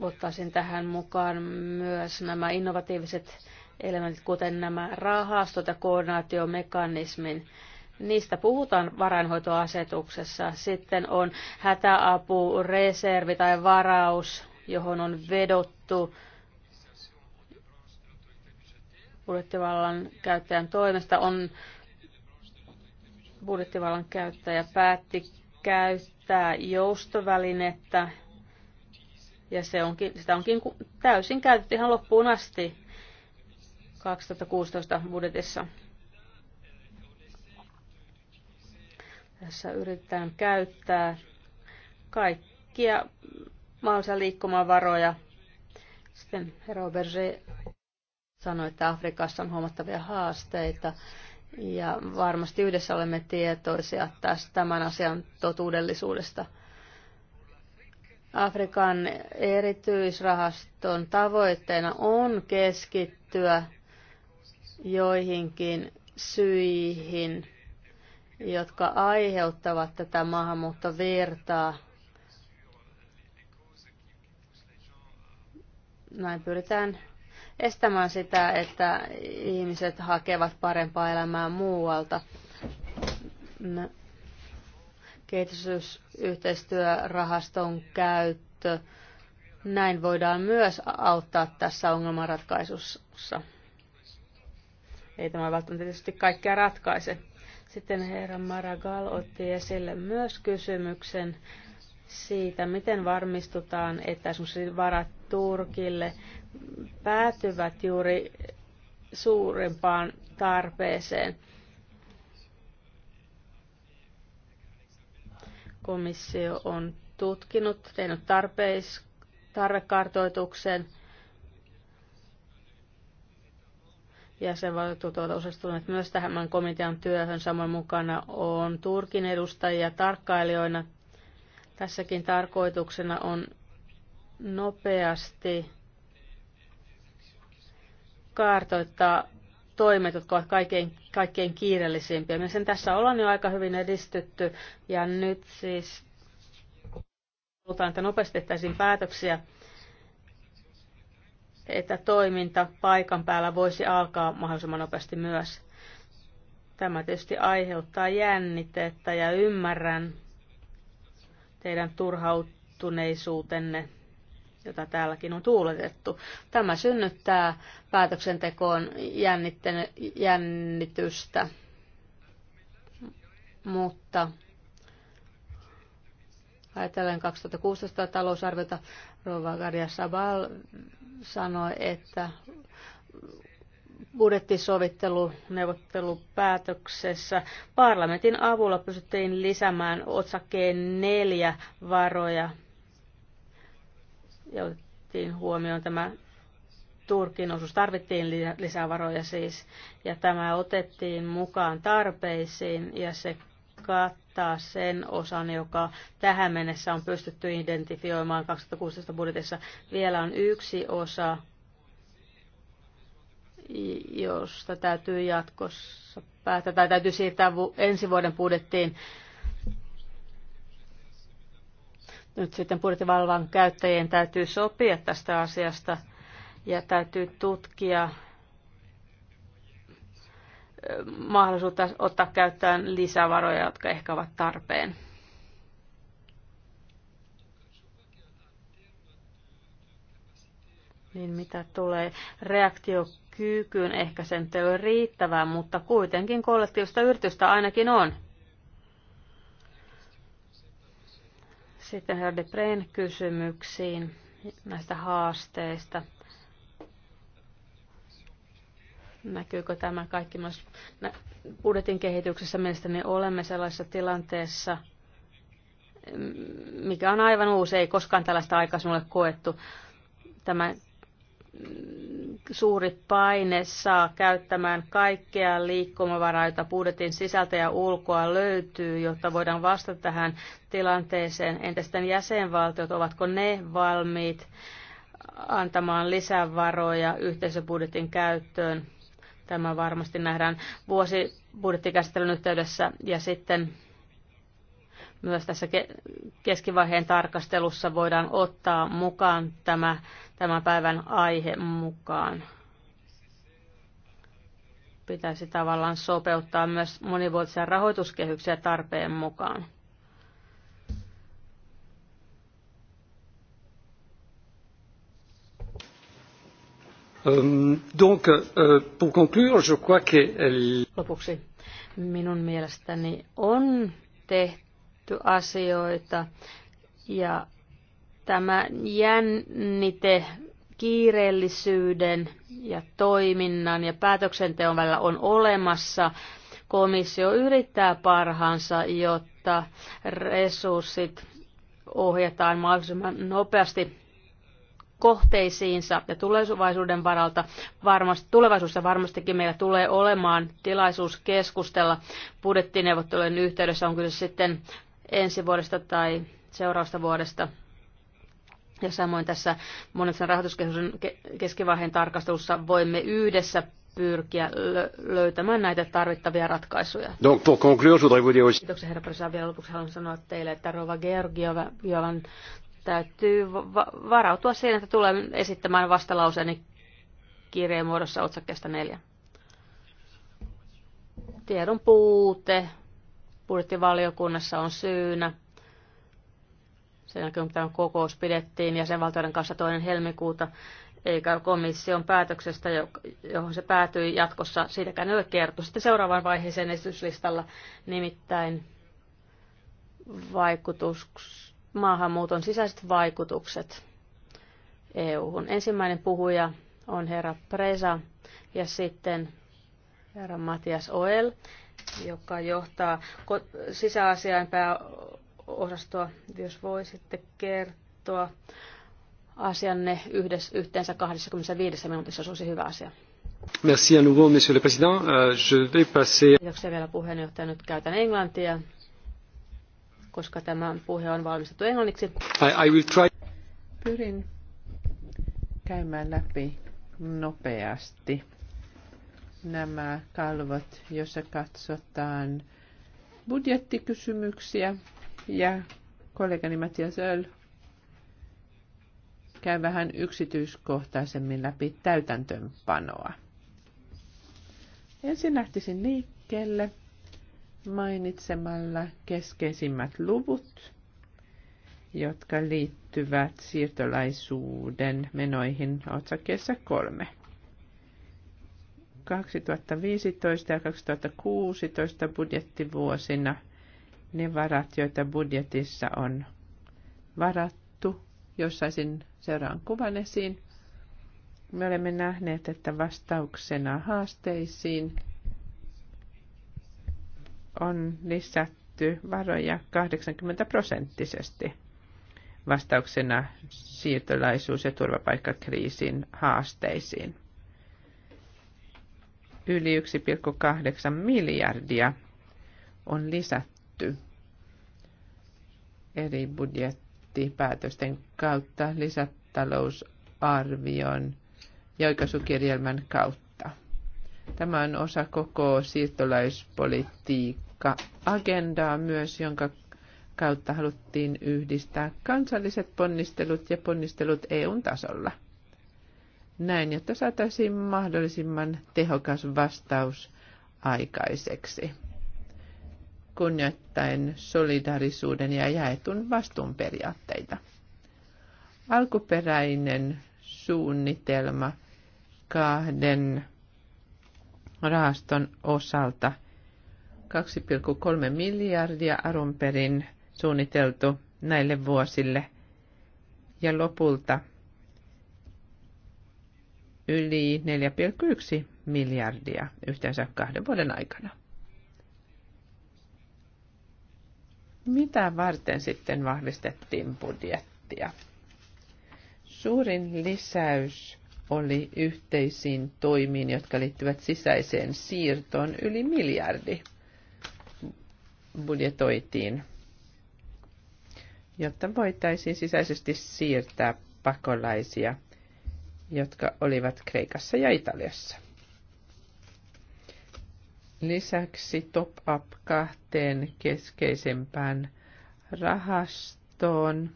Ottaisin tähän mukaan myös nämä innovatiiviset elementit, kuten nämä rahastot ja koordinaatiomekanismin. Niistä puhutaan varainhoitoasetuksessa. Sitten on hätäapu, reservi tai varaus, johon on vedottu budjettivallan käyttäjän toimesta. On budjettivallan käyttäjä päätti käyttää joustovälinettä ja se onkin, sitä onkin täysin käytetty ihan loppuun asti 2016 budjetissa. Tässä yritetään käyttää kaikkia mahdollisia liikkumavaroja. Sitten Herro Berger sanoi, että Afrikassa on huomattavia haasteita ja varmasti yhdessä olemme tietoisia tästä tämän asian totuudellisuudesta. Afrikan erityisrahaston tavoitteena on keskittyä joihinkin syihin, jotka aiheuttavat tätä maahanmuuttovirtaa. Näin pyritään estämään sitä, että ihmiset hakevat parempaa elämää muualta. Kehitysyhteistyörahaston käyttö. Näin voidaan myös auttaa tässä ongelmanratkaisussa. Ei tämä välttämättä tietysti kaikkea ratkaise. Sitten herra Maragall otti esille myös kysymyksen siitä, miten varmistutaan, että esimerkiksi varat Turkille päätyvät juuri suurempaan tarpeeseen. Komissio on tutkinut, tehnyt tarpeis, tarvekartoituksen jäsenvaltiot ovat osallistuneet myös tähän komitean työhön. Samoin mukana on Turkin edustajia tarkkailijoina. Tässäkin tarkoituksena on nopeasti kartoittaa toimet, jotka ovat kaikkein, kaikkein kiireellisimpiä. sen tässä ollaan jo aika hyvin edistytty ja nyt siis halutaan, että nopeasti tehtäisiin päätöksiä, että toiminta paikan päällä voisi alkaa mahdollisimman nopeasti myös. Tämä tietysti aiheuttaa jännitettä ja ymmärrän teidän turhautuneisuutenne jota täälläkin on tuuletettu. Tämä synnyttää päätöksentekoon jännitystä, mutta ajatellen 2016 talousarviota, Rova Garja Sabal sanoi, että budjettisovitteluneuvottelupäätöksessä parlamentin avulla pystyttiin lisäämään otsakkeen neljä varoja ja otettiin huomioon tämä Turkin osuus. Tarvittiin lisävaroja siis, ja tämä otettiin mukaan tarpeisiin, ja se kattaa sen osan, joka tähän mennessä on pystytty identifioimaan 2016 budjetissa. Vielä on yksi osa, josta täytyy jatkossa päättää, tai täytyy siirtää ensi vuoden budjettiin Nyt sitten budjettivalvan käyttäjien täytyy sopia tästä asiasta ja täytyy tutkia mahdollisuutta ottaa käyttöön lisävaroja, jotka ehkä ovat tarpeen. Niin mitä tulee reaktiokykyyn, ehkä sen ei ole riittävää, mutta kuitenkin kollektiivista yritystä ainakin on. Sitten herra Depreen kysymyksiin näistä haasteista. Näkyykö tämä kaikki myös budjetin kehityksessä? Mielestäni olemme sellaisessa tilanteessa, mikä on aivan uusi, ei koskaan tällaista aikaisemmin ole koettu. Tämä suuri paine saa käyttämään kaikkea liikkumavaraa, jota budjetin sisältä ja ulkoa löytyy, jotta voidaan vastata tähän tilanteeseen. Entä sitten jäsenvaltiot, ovatko ne valmiit antamaan lisävaroja yhteisöbudjetin käyttöön? Tämä varmasti nähdään vuosibudjettikäsittelyn yhteydessä ja sitten myös tässä keskivaiheen tarkastelussa voidaan ottaa mukaan tämä tämän päivän aihe mukaan. Pitäisi tavallaan sopeuttaa myös monivuotisia rahoituskehyksiä tarpeen mukaan. Donc, pour conclure, je crois que... Euh, Lopuksi minun mielestäni on tehty asioita ja Tämä jännite kiireellisyyden ja toiminnan ja päätöksenteon välillä on olemassa. Komissio yrittää parhaansa, jotta resurssit ohjataan mahdollisimman nopeasti kohteisiinsa ja tulevaisuuden varalta varmasti, tulevaisuudessa varmastikin meillä tulee olemaan tilaisuus keskustella budjettineuvottelujen yhteydessä, on kyse sitten ensi vuodesta tai seuraavasta vuodesta ja samoin tässä monessa rahoituskeskuksen keskivaiheen tarkastelussa voimme yhdessä pyrkiä löytämään näitä tarvittavia ratkaisuja. Donc, pour conclure, je voudrais vous dire aussi... Kiitoksia herra Presa. Vielä lopuksi haluan sanoa teille, että Rova Georgiovan täytyy va- varautua siihen, että tulee esittämään vastalauseeni kirjeen muodossa otsakkeesta neljä. Tiedon puute budjettivaliokunnassa on syynä sen jälkeen, kun tämä kokous pidettiin jäsenvaltioiden kanssa toinen helmikuuta, eikä komission päätöksestä, johon se päätyi jatkossa, siitäkään ei ole kerrottu. Sitten seuraavaan vaiheeseen esityslistalla nimittäin vaikutus, maahanmuuton sisäiset vaikutukset EU-hun. Ensimmäinen puhuja on herra Presa ja sitten herra Matias Oel, joka johtaa sisäasiain pää osastoa, jos voisitte kertoa asianne yhdessä, yhteensä 25 minuutissa, se olisi hyvä asia. Merci à nouveau, monsieur le président. Euh, je vais passer... Kiitoksia vielä puheenjohtaja. Nyt käytän englantia, koska tämä puhe on valmistettu englanniksi. I, I will try... Pyrin käymään läpi nopeasti nämä kalvot, joissa katsotaan budjettikysymyksiä, ja kollegani Mattias Öl käy vähän yksityiskohtaisemmin läpi täytäntöönpanoa. Ensin lähtisin liikkeelle mainitsemalla keskeisimmät luvut, jotka liittyvät siirtolaisuuden menoihin otsakkeessa kolme. 2015 ja 2016 budjettivuosina – ne varat, joita budjetissa on varattu. Jos saisin seuraavan kuvan esiin. Me olemme nähneet, että vastauksena haasteisiin on lisätty varoja 80 prosenttisesti vastauksena siirtolaisuus- ja turvapaikkakriisin haasteisiin. Yli 1,8 miljardia on lisätty tehty eri budjettipäätösten kautta, lisätalousarvion ja oikaisukirjelmän kautta. Tämä on osa koko siirtolaispolitiikka-agendaa myös, jonka kautta haluttiin yhdistää kansalliset ponnistelut ja ponnistelut EUn tasolla. Näin, jotta saataisiin mahdollisimman tehokas vastaus aikaiseksi kunnioittaen solidarisuuden ja jaetun vastuun periaatteita. Alkuperäinen suunnitelma kahden rahaston osalta 2,3 miljardia arun perin suunniteltu näille vuosille ja lopulta yli 4,1 miljardia yhteensä kahden vuoden aikana. Mitä varten sitten vahvistettiin budjettia? Suurin lisäys oli yhteisiin toimiin, jotka liittyvät sisäiseen siirtoon yli miljardi budjetoitiin, jotta voitaisiin sisäisesti siirtää pakolaisia, jotka olivat Kreikassa ja Italiassa. Lisäksi top up kahteen keskeisempään rahastoon,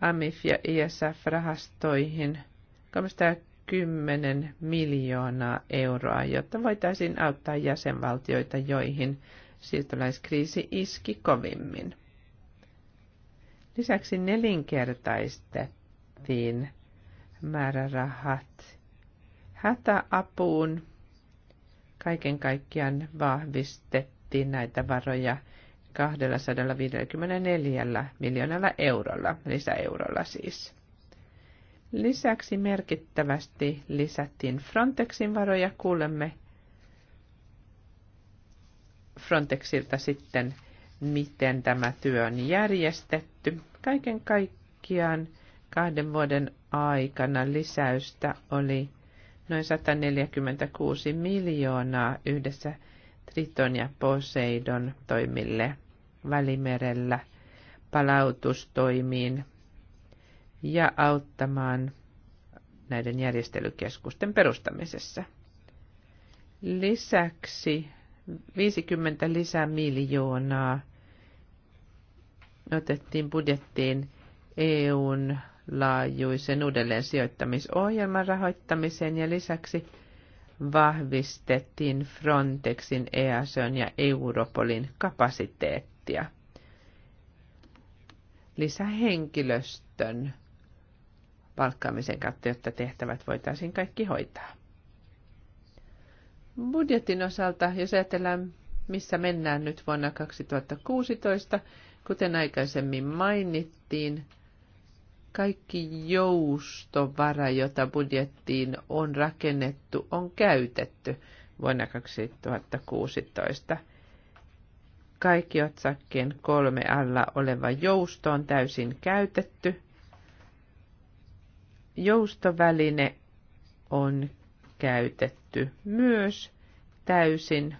AMIF ja ISF-rahastoihin 310 miljoonaa euroa, jotta voitaisiin auttaa jäsenvaltioita, joihin siirtolaiskriisi iski kovimmin. Lisäksi nelinkertaistettiin määrärahat hätäapuun Kaiken kaikkiaan vahvistettiin näitä varoja 254 miljoonalla eurolla, lisäeurolla siis. Lisäksi merkittävästi lisättiin Frontexin varoja, kuulemme Frontexilta sitten, miten tämä työ on järjestetty. Kaiken kaikkiaan kahden vuoden aikana lisäystä oli noin 146 miljoonaa yhdessä Triton ja Poseidon toimille Välimerellä palautustoimiin ja auttamaan näiden järjestelykeskusten perustamisessa. Lisäksi 50 lisää miljoonaa otettiin budjettiin EUn laajuisen uudelleen sijoittamisohjelman rahoittamiseen ja lisäksi vahvistettiin Frontexin, EASön ja Europolin kapasiteettia. Lisähenkilöstön palkkaamisen kautta, jotta tehtävät voitaisiin kaikki hoitaa. Budjetin osalta, jos ajatellaan, missä mennään nyt vuonna 2016, kuten aikaisemmin mainittiin, kaikki joustovara, jota budjettiin on rakennettu, on käytetty vuonna 2016. Kaikki otsakkeen kolme alla oleva jousto on täysin käytetty. Joustoväline on käytetty myös täysin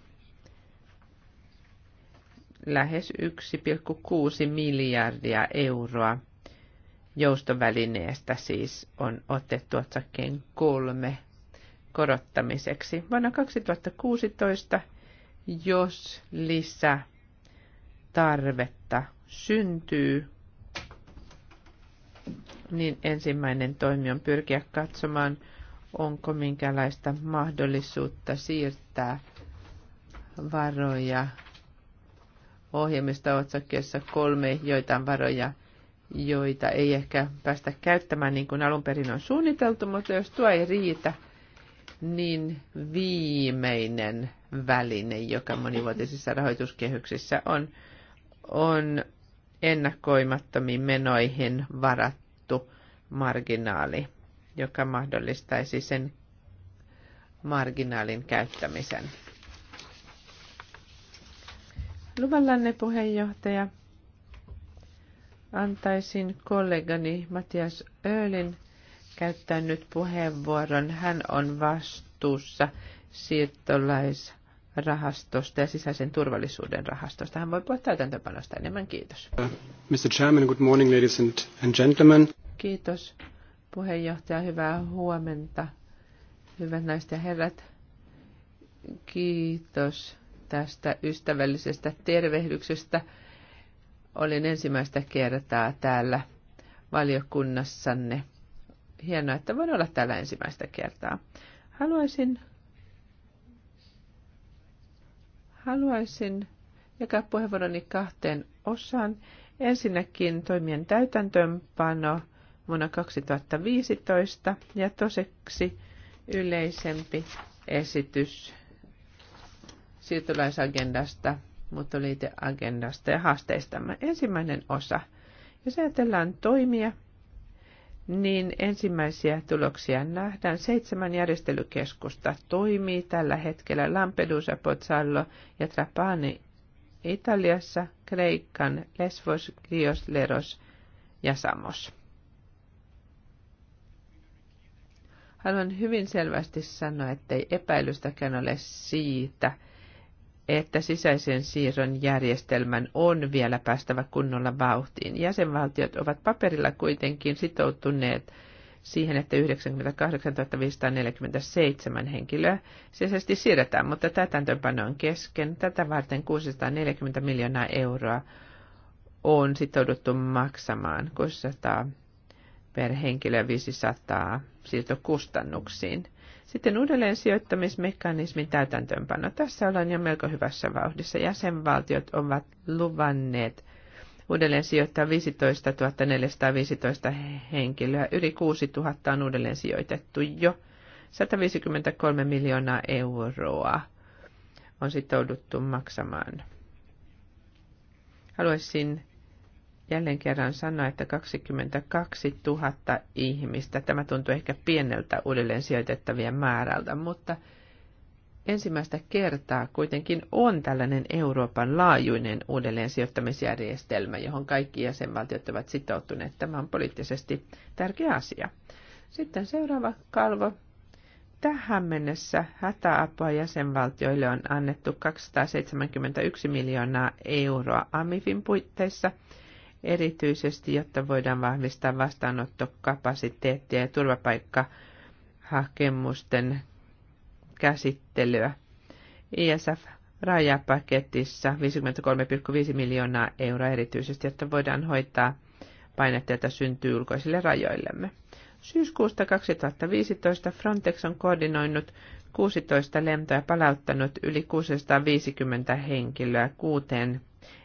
lähes 1,6 miljardia euroa joustovälineestä siis on otettu otsakkeen kolme korottamiseksi. Vuonna 2016, jos lisää tarvetta syntyy, niin ensimmäinen toimi on pyrkiä katsomaan, onko minkälaista mahdollisuutta siirtää varoja ohjelmista otsakkeessa kolme, joitain varoja – joita ei ehkä päästä käyttämään niin kuin alun perin on suunniteltu, mutta jos tuo ei riitä, niin viimeinen väline, joka monivuotisissa rahoituskehyksissä on, on ennakoimattomiin menoihin varattu marginaali, joka mahdollistaisi sen marginaalin käyttämisen. Luvallanne puheenjohtaja antaisin kollegani Matias Öölin käyttää nyt puheenvuoron. Hän on vastuussa siirtolaisrahastosta ja sisäisen turvallisuuden rahastosta. Hän voi puhua täytäntöpanosta enemmän. Kiitos. Uh, Mr. Chairman, good morning ladies and gentlemen. Kiitos puheenjohtaja. Hyvää huomenta. Hyvät naiset ja herrat. Kiitos tästä ystävällisestä tervehdyksestä Olin ensimmäistä kertaa täällä valiokunnassanne. Hienoa, että voin olla täällä ensimmäistä kertaa. Haluaisin, haluaisin jakaa puheenvuoroni kahteen osaan. Ensinnäkin toimien täytäntöönpano vuonna 2015 ja toiseksi yleisempi esitys siirtolaisagendasta liite-agendasta ja haasteistamme. Ensimmäinen osa. Jos ajatellaan toimia, niin ensimmäisiä tuloksia nähdään. Seitsemän järjestelykeskusta toimii tällä hetkellä Lampedusa, Pozzallo ja Trapani Italiassa, Kreikan, Lesvos, Grios, Leros ja Samos. Haluan hyvin selvästi sanoa, ettei epäilystäkään ole siitä, että sisäisen siirron järjestelmän on vielä päästävä kunnolla vauhtiin. Jäsenvaltiot ovat paperilla kuitenkin sitoutuneet siihen, että 98 547 henkilöä sisäisesti siirretään, mutta täytäntöönpano on kesken. Tätä varten 640 miljoonaa euroa on sitouduttu maksamaan 600 per henkilö 500 siirtokustannuksiin. Sitten uudelleen sijoittamismekanismin täytäntöönpano. Tässä ollaan jo melko hyvässä vauhdissa. Jäsenvaltiot ovat luvanneet uudelleen sijoittaa 15 415 henkilöä. Yli 6 000 on uudelleen sijoitettu jo. 153 miljoonaa euroa on sitouduttu maksamaan. Haluaisin jälleen kerran sanoa, että 22 000 ihmistä, tämä tuntuu ehkä pieneltä uudelleen sijoitettavien määrältä, mutta ensimmäistä kertaa kuitenkin on tällainen Euroopan laajuinen uudelleen sijoittamisjärjestelmä, johon kaikki jäsenvaltiot ovat sitoutuneet. Tämä on poliittisesti tärkeä asia. Sitten seuraava kalvo. Tähän mennessä hätäapua jäsenvaltioille on annettu 271 miljoonaa euroa AMIFin puitteissa – erityisesti, jotta voidaan vahvistaa vastaanottokapasiteettia ja turvapaikkahakemusten käsittelyä. ISF rajapaketissa 53,5 miljoonaa euroa erityisesti, jotta voidaan hoitaa painetta, jota syntyy ulkoisille rajoillemme. Syyskuusta 2015 Frontex on koordinoinut 16 lentoja palauttanut yli 650 henkilöä kuuteen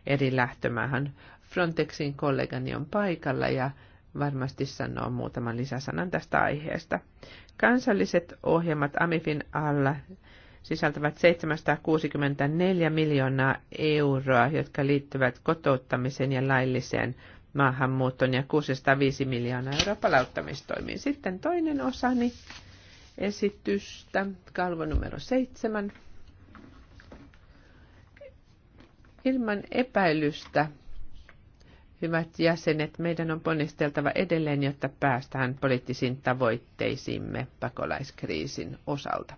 eri lähtömaahan. Frontexin kollegani on paikalla ja varmasti sanoo muutaman lisäsanan tästä aiheesta. Kansalliset ohjelmat AMIFin alla sisältävät 764 miljoonaa euroa, jotka liittyvät kotouttamiseen ja lailliseen maahanmuuttoon ja 605 miljoonaa euroa palauttamistoimiin. Sitten toinen osani esitystä, kalvo numero 7. Ilman epäilystä Hyvät jäsenet, meidän on ponnisteltava edelleen, jotta päästään poliittisiin tavoitteisiimme pakolaiskriisin osalta.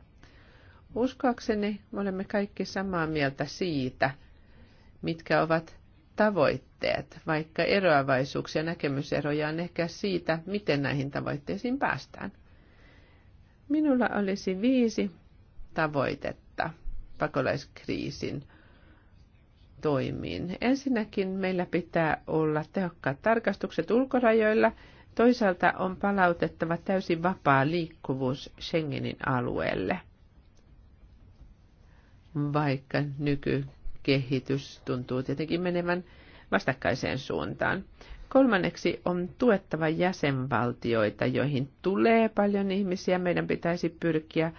Uskoakseni olemme kaikki samaa mieltä siitä, mitkä ovat tavoitteet, vaikka eroavaisuuksia ja näkemyseroja on ehkä siitä, miten näihin tavoitteisiin päästään. Minulla olisi viisi tavoitetta pakolaiskriisin toimiin. Ensinnäkin meillä pitää olla tehokkaat tarkastukset ulkorajoilla, toisaalta on palautettava täysin vapaa liikkuvuus Schengenin alueelle, vaikka nykykehitys tuntuu tietenkin menevän vastakkaiseen suuntaan. Kolmanneksi on tuettava jäsenvaltioita, joihin tulee paljon ihmisiä. Meidän pitäisi pyrkiä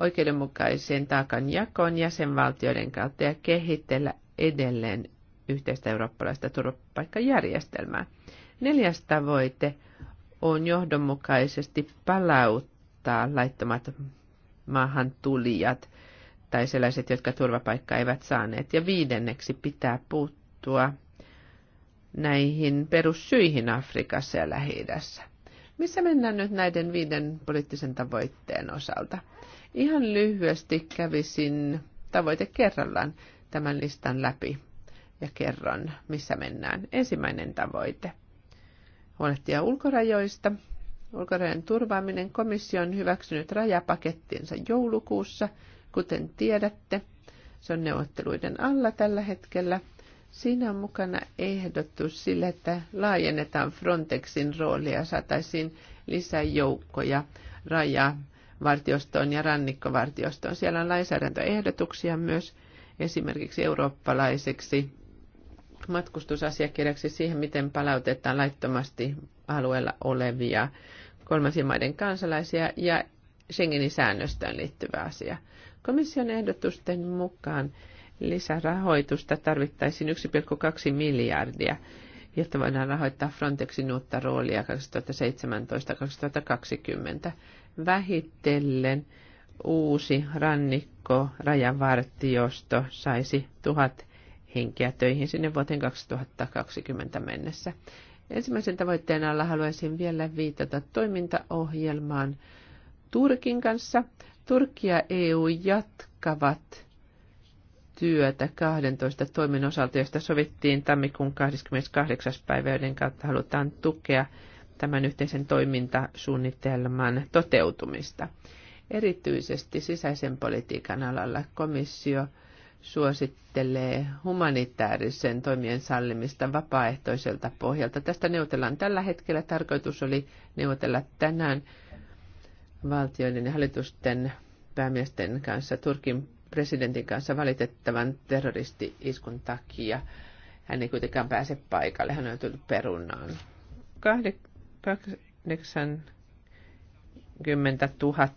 oikeudenmukaiseen taakan jakoon jäsenvaltioiden kautta ja kehitellä edelleen yhteistä eurooppalaista turvapaikkajärjestelmää. Neljäs tavoite on johdonmukaisesti palauttaa laittomat maahan tulijat tai sellaiset, jotka turvapaikkaa eivät saaneet. Ja viidenneksi pitää puuttua näihin perussyihin Afrikassa ja lähi -idässä. Missä mennään nyt näiden viiden poliittisen tavoitteen osalta? Ihan lyhyesti kävisin tavoite kerrallaan tämän listan läpi ja kerron, missä mennään. Ensimmäinen tavoite. Huolehtia ulkorajoista. Ulkorajan turvaaminen komissio on hyväksynyt rajapakettinsa joulukuussa, kuten tiedätte. Se on neuvotteluiden alla tällä hetkellä. Siinä on mukana ehdotus sille, että laajennetaan Frontexin roolia, saataisiin lisää joukkoja rajavartiostoon ja rannikkovartiostoon. Siellä on lainsäädäntöehdotuksia myös esimerkiksi eurooppalaiseksi matkustusasiakirjaksi siihen, miten palautetaan laittomasti alueella olevia kolmansien maiden kansalaisia ja Schengenin säännöstöön liittyvä asia. Komission ehdotusten mukaan lisärahoitusta tarvittaisiin 1,2 miljardia, jotta voidaan rahoittaa Frontexin uutta roolia 2017-2020. Vähitellen uusi rannikko rajavartiosto saisi tuhat henkeä töihin sinne vuoteen 2020 mennessä. Ensimmäisen tavoitteen alla haluaisin vielä viitata toimintaohjelmaan Turkin kanssa. Turkki ja EU jatkavat työtä 12 toimin osalta, josta sovittiin tammikuun 28. päivä, joiden kautta halutaan tukea tämän yhteisen toimintasuunnitelman toteutumista. Erityisesti sisäisen politiikan alalla komissio suosittelee humanitaarisen toimien sallimista vapaaehtoiselta pohjalta. Tästä neuvotellaan tällä hetkellä. Tarkoitus oli neuvotella tänään valtioiden ja hallitusten päämiesten kanssa Turkin presidentin kanssa valitettavan terroristi-iskun takia. Hän ei kuitenkaan pääse paikalle, hän on tullut perunaan. 80 000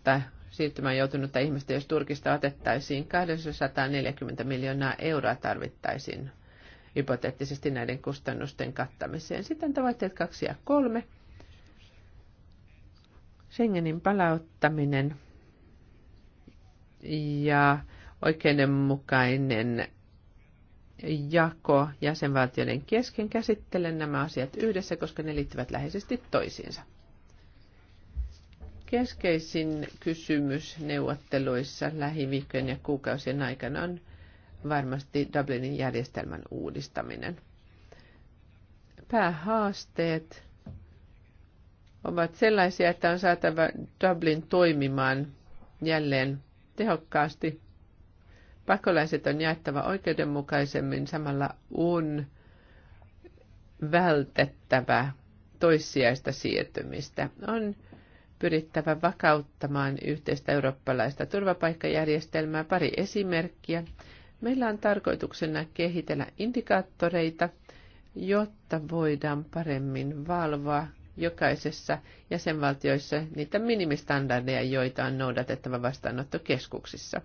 siirtymään joutunutta ihmistä, jos Turkista otettaisiin 240 miljoonaa euroa tarvittaisiin hypoteettisesti näiden kustannusten kattamiseen. Sitten tavoitteet kaksi ja kolme. Schengenin palauttaminen ja oikeudenmukainen jako jäsenvaltioiden kesken. Käsittelen nämä asiat yhdessä, koska ne liittyvät läheisesti toisiinsa. Keskeisin kysymys neuvotteluissa lähiviikkojen ja kuukausien aikana on varmasti Dublinin järjestelmän uudistaminen. Päähaasteet ovat sellaisia, että on saatava Dublin toimimaan jälleen tehokkaasti. Pakolaiset on jaettava oikeudenmukaisemmin, samalla on vältettävä toissijaista siirtymistä. On pyrittävä vakauttamaan yhteistä eurooppalaista turvapaikkajärjestelmää. Pari esimerkkiä. Meillä on tarkoituksena kehitellä indikaattoreita, jotta voidaan paremmin valvoa jokaisessa jäsenvaltioissa niitä minimistandardeja, joita on noudatettava vastaanottokeskuksissa.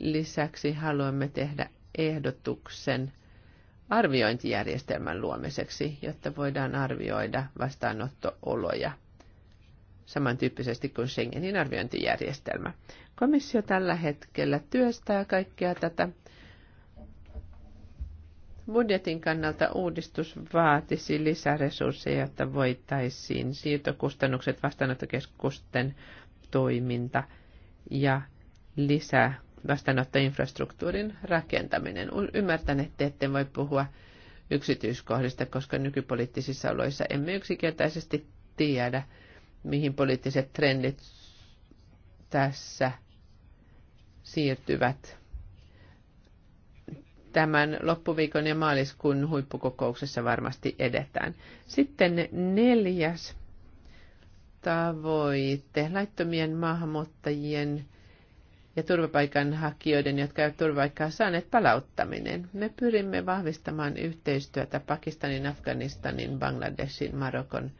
Lisäksi haluamme tehdä ehdotuksen arviointijärjestelmän luomiseksi, jotta voidaan arvioida vastaanottooloja samantyyppisesti kuin Schengenin arviointijärjestelmä. Komissio tällä hetkellä työstää kaikkea tätä. Budjetin kannalta uudistus vaatisi lisäresursseja, jotta voitaisiin siirtokustannukset, vastaanottokeskusten toiminta ja lisää vastaanottoinfrastruktuurin rakentaminen. Ymmärtän, että ette voi puhua yksityiskohdista, koska nykypoliittisissa oloissa emme yksinkertaisesti tiedä, mihin poliittiset trendit tässä siirtyvät. Tämän loppuviikon ja maaliskuun huippukokouksessa varmasti edetään. Sitten neljäs tavoite laittomien maahanmuuttajien ja turvapaikanhakijoiden, jotka eivät turvapaikkaa saaneet, palauttaminen. Me pyrimme vahvistamaan yhteistyötä Pakistanin, Afganistanin, Bangladeshin, Marokon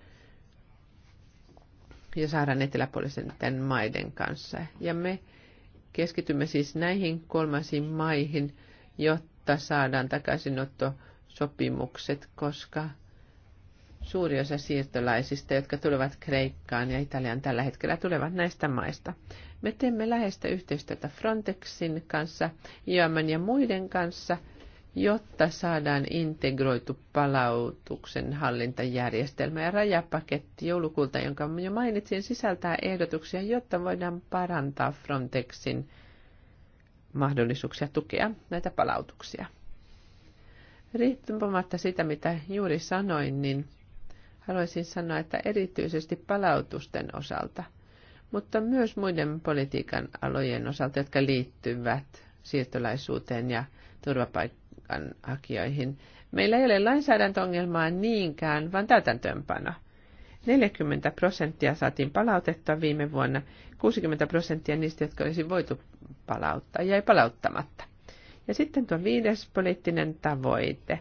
ja Saharan eteläpuolisten maiden kanssa. Ja me keskitymme siis näihin kolmansiin maihin, jotta saadaan takaisinottosopimukset, koska suuri osa siirtolaisista, jotka tulevat Kreikkaan ja Italian tällä hetkellä, tulevat näistä maista. Me teemme läheistä yhteistyötä Frontexin kanssa, IOMn ja muiden kanssa – jotta saadaan integroitu palautuksen hallintajärjestelmä ja rajapaketti joulukuulta, jonka jo mainitsin, sisältää ehdotuksia, jotta voidaan parantaa Frontexin mahdollisuuksia tukea näitä palautuksia. Riippumatta sitä, mitä juuri sanoin, niin haluaisin sanoa, että erityisesti palautusten osalta, mutta myös muiden politiikan alojen osalta, jotka liittyvät siirtolaisuuteen ja turvapaikkaan, turvapaikanhakijoihin. Meillä ei ole lainsäädäntöongelmaa niinkään, vaan täytäntöönpano. 40 prosenttia saatiin palautettua viime vuonna, 60 prosenttia niistä, jotka olisi voitu palauttaa, jäi palauttamatta. Ja sitten tuo viides poliittinen tavoite,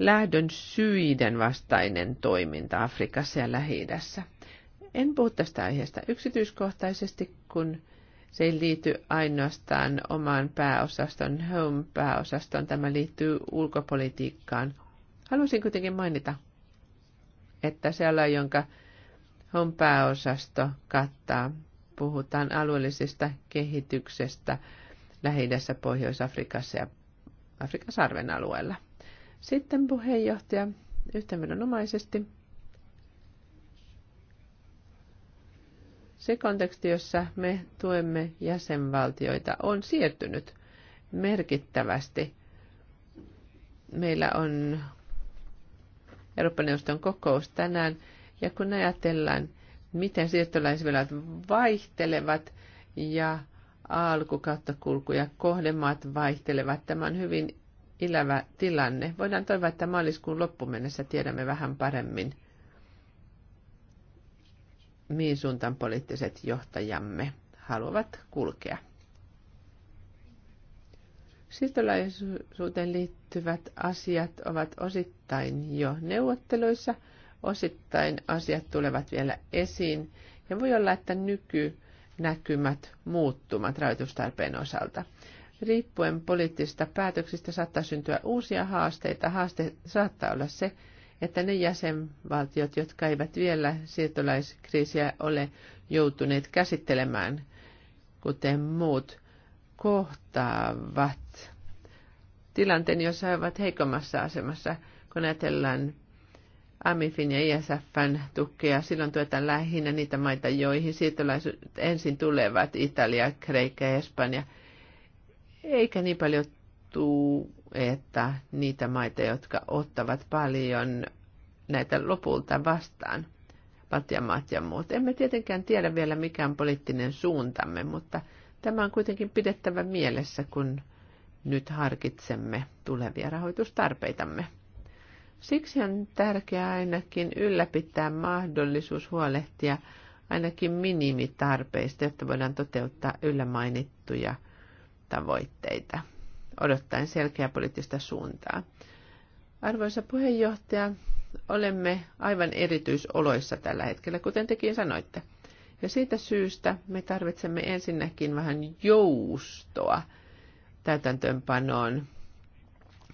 lähdön syiden vastainen toiminta Afrikassa ja lähi En puhu tästä aiheesta yksityiskohtaisesti, kun se ei liity ainoastaan omaan pääosaston, home pääosaston, tämä liittyy ulkopolitiikkaan. Haluaisin kuitenkin mainita, että se ala, jonka home pääosasto kattaa, puhutaan alueellisesta kehityksestä lähi Pohjois-Afrikassa ja Afrikan sarven alueella. Sitten puheenjohtaja yhteenvedonomaisesti Se konteksti, jossa me tuemme jäsenvaltioita, on siirtynyt merkittävästi. Meillä on Euroopan neuvoston kokous tänään, ja kun ajatellaan, miten siirtolaisvilat vaihtelevat ja alkukattakulku ja kohdemaat vaihtelevat, tämä on hyvin ilävä tilanne. Voidaan toivoa, että maaliskuun loppuun mennessä tiedämme vähän paremmin – mihin suuntaan poliittiset johtajamme haluavat kulkea. Siirtolaisuuteen liittyvät asiat ovat osittain jo neuvotteluissa, osittain asiat tulevat vielä esiin ja voi olla, että nykynäkymät muuttumat rajoitustarpeen osalta. Riippuen poliittisista päätöksistä saattaa syntyä uusia haasteita. Haaste saattaa olla se, että ne jäsenvaltiot, jotka eivät vielä siirtolaiskriisiä ole joutuneet käsittelemään, kuten muut, kohtaavat tilanteen, jossa he ovat heikommassa asemassa, kun ajatellaan AMIFin ja ISFn tukea. Silloin tuetaan lähinnä niitä maita, joihin siirtolaiset ensin tulevat, Italia, Kreikka ja Espanja. Eikä niin paljon tule että niitä maita, jotka ottavat paljon näitä lopulta vastaan, Baltian maat ja muut. Emme tietenkään tiedä vielä, mikä on poliittinen suuntamme, mutta tämä on kuitenkin pidettävä mielessä, kun nyt harkitsemme tulevia rahoitustarpeitamme. Siksi on tärkeää ainakin ylläpitää mahdollisuus huolehtia ainakin minimitarpeista, jotta voidaan toteuttaa yllä mainittuja tavoitteita odottaen selkeää poliittista suuntaa. Arvoisa puheenjohtaja, olemme aivan erityisoloissa tällä hetkellä, kuten tekin sanoitte. Ja siitä syystä me tarvitsemme ensinnäkin vähän joustoa täytäntöönpanoon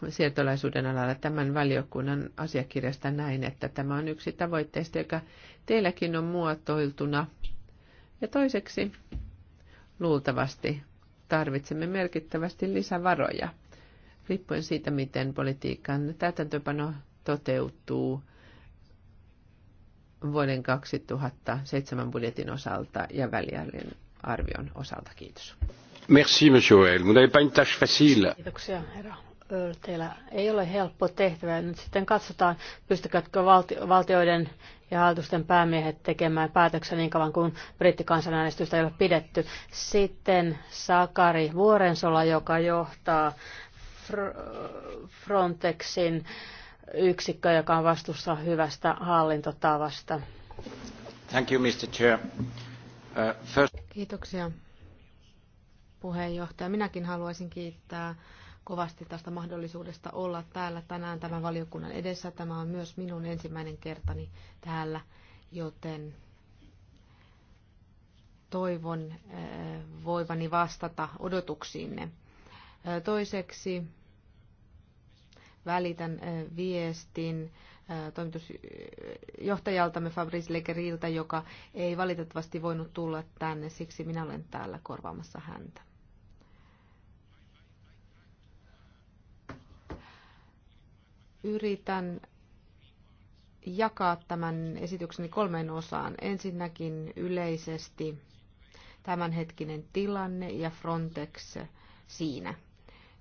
siirtolaisuuden alalla tämän valiokunnan asiakirjasta näin, että tämä on yksi tavoitteista, joka teilläkin on muotoiltuna. Ja toiseksi luultavasti tarvitsemme merkittävästi lisävaroja, riippuen siitä, miten politiikan täytäntöpano toteutuu vuoden 2007 budjetin osalta ja väliarvion arvion osalta. Kiitos. Merci, monsieur Oel. Vous n'avez pas une tâche facile. Kiitoksia, herra teillä ei ole helppo tehtävä. Nyt sitten katsotaan, valti- valtioiden ja hallitusten päämiehet tekemään päätöksen niin kauan kuin brittikansanäänestystä ei ole pidetty. Sitten Sakari Vuorensola, joka johtaa Frontexin yksikkö, joka on vastuussa hyvästä hallintotavasta. Thank you, Mr. Chair. Uh, first... Kiitoksia puheenjohtaja. Minäkin haluaisin kiittää kovasti tästä mahdollisuudesta olla täällä tänään tämän valiokunnan edessä. Tämä on myös minun ensimmäinen kertani täällä, joten toivon eh, voivani vastata odotuksiinne. Eh, toiseksi välitän eh, viestin toimitusjohtajaltamme Fabrice Legeriltä, joka ei valitettavasti voinut tulla tänne, siksi minä olen täällä korvaamassa häntä. Yritän jakaa tämän esitykseni kolmeen osaan. Ensinnäkin yleisesti tämänhetkinen tilanne ja Frontex siinä.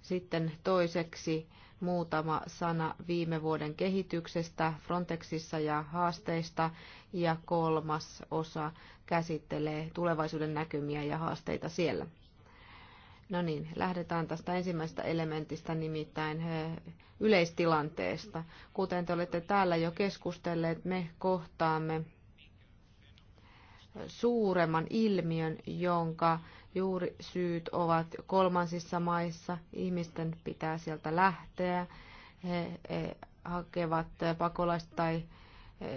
Sitten toiseksi muutama sana viime vuoden kehityksestä Frontexissa ja haasteista. Ja kolmas osa käsittelee tulevaisuuden näkymiä ja haasteita siellä. No niin, lähdetään tästä ensimmäisestä elementistä, nimittäin yleistilanteesta. Kuten te olette täällä jo keskustelleet, me kohtaamme suuremman ilmiön, jonka juuri syyt ovat kolmansissa maissa. Ihmisten pitää sieltä lähteä. He, hakevat pakolaista tai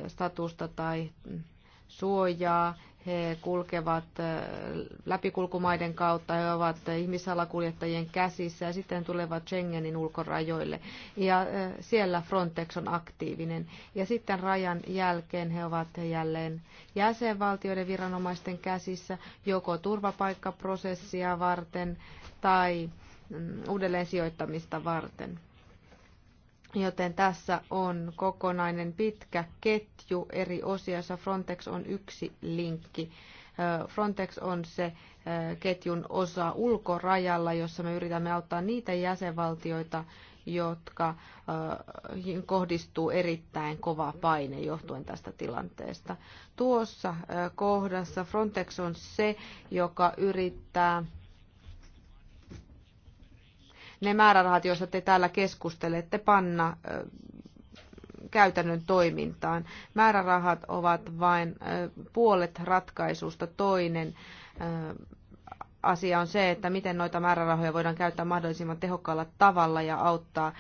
statusta tai mm, suojaa he kulkevat läpikulkumaiden kautta, he ovat ihmissalakuljettajien käsissä ja sitten tulevat Schengenin ulkorajoille. Ja siellä Frontex on aktiivinen. Ja sitten rajan jälkeen he ovat jälleen jäsenvaltioiden viranomaisten käsissä joko turvapaikkaprosessia varten tai mm, uudelleen sijoittamista varten. Joten tässä on kokonainen pitkä ketju eri osia, Frontex on yksi linkki. Frontex on se ketjun osa ulkorajalla, jossa me yritämme auttaa niitä jäsenvaltioita, jotka kohdistuu erittäin kova paine johtuen tästä tilanteesta. Tuossa kohdassa Frontex on se, joka yrittää ne määrärahat, joista te täällä keskustelette, panna käytännön toimintaan. Määrärahat ovat vain puolet ratkaisusta. Toinen asia on se, että miten noita määrärahoja voidaan käyttää mahdollisimman tehokkaalla tavalla ja auttaa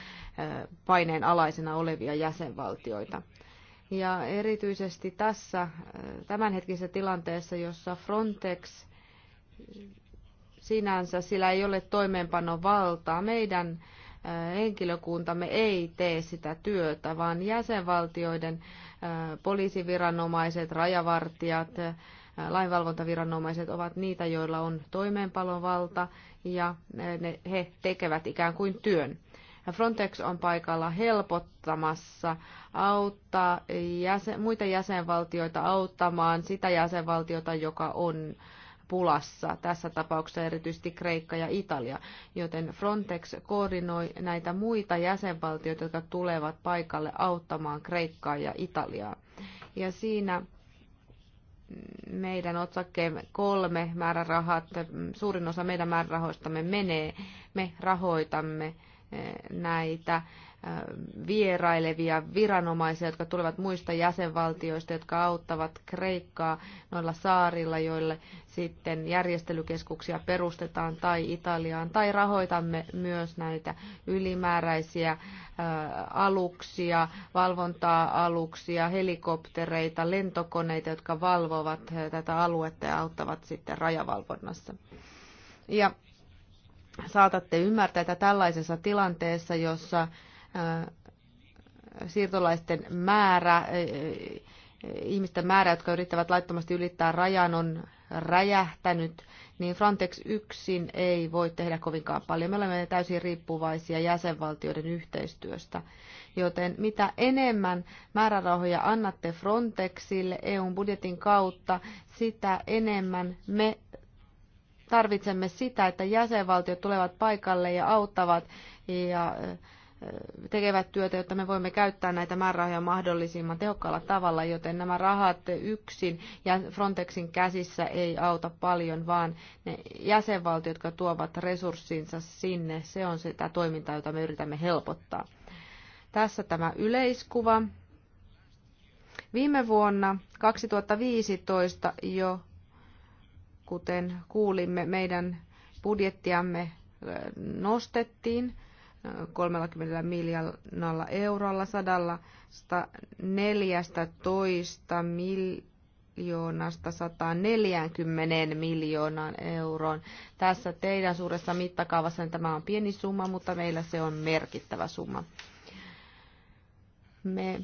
paineen alaisena olevia jäsenvaltioita. Ja erityisesti tässä tämänhetkisessä tilanteessa, jossa Frontex sinänsä, sillä ei ole toimeenpanovaltaa. Meidän äh, henkilökuntamme ei tee sitä työtä, vaan jäsenvaltioiden äh, poliisiviranomaiset, rajavartijat, äh, lainvalvontaviranomaiset ovat niitä, joilla on toimeenpanovalta ja ne, he tekevät ikään kuin työn. Frontex on paikalla helpottamassa, auttaa jäsen, muita jäsenvaltioita auttamaan sitä jäsenvaltiota, joka on äh, pulassa, tässä tapauksessa erityisesti Kreikka ja Italia, joten Frontex koordinoi näitä muita jäsenvaltioita, jotka tulevat paikalle auttamaan Kreikkaa ja Italiaa. Ja siinä meidän otsakkeen kolme määrärahat, suurin osa meidän määrärahoistamme menee, me rahoitamme eh, näitä Äh, vierailevia viranomaisia, jotka tulevat muista jäsenvaltioista, jotka auttavat Kreikkaa noilla saarilla, joille sitten järjestelykeskuksia perustetaan tai Italiaan, tai rahoitamme myös näitä ylimääräisiä äh, aluksia, valvontaa aluksia, helikoptereita, lentokoneita, jotka valvovat äh, tätä aluetta ja auttavat sitten rajavalvonnassa. Ja saatatte ymmärtää, että tällaisessa tilanteessa, jossa siirtolaisten määrä, ihmisten määrä, jotka yrittävät laittomasti ylittää rajan, on räjähtänyt, niin Frontex yksin ei voi tehdä kovinkaan paljon. Me olemme täysin riippuvaisia jäsenvaltioiden yhteistyöstä, joten mitä enemmän määrärahoja annatte Frontexille EUn budjetin kautta, sitä enemmän me tarvitsemme sitä, että jäsenvaltiot tulevat paikalle ja auttavat ja tekevät työtä, jotta me voimme käyttää näitä määrärahoja mahdollisimman tehokkaalla tavalla, joten nämä rahat yksin ja Frontexin käsissä ei auta paljon, vaan ne jäsenvaltiot, jotka tuovat resurssinsa sinne, se on sitä toimintaa, jota me yritämme helpottaa. Tässä tämä yleiskuva. Viime vuonna 2015 jo, kuten kuulimme, meidän budjettiamme nostettiin 30 miljoonalla eurolla, 114 miljoonasta 140 miljoonaan euroon. Tässä teidän suuressa mittakaavassa niin tämä on pieni summa, mutta meillä se on merkittävä summa. Me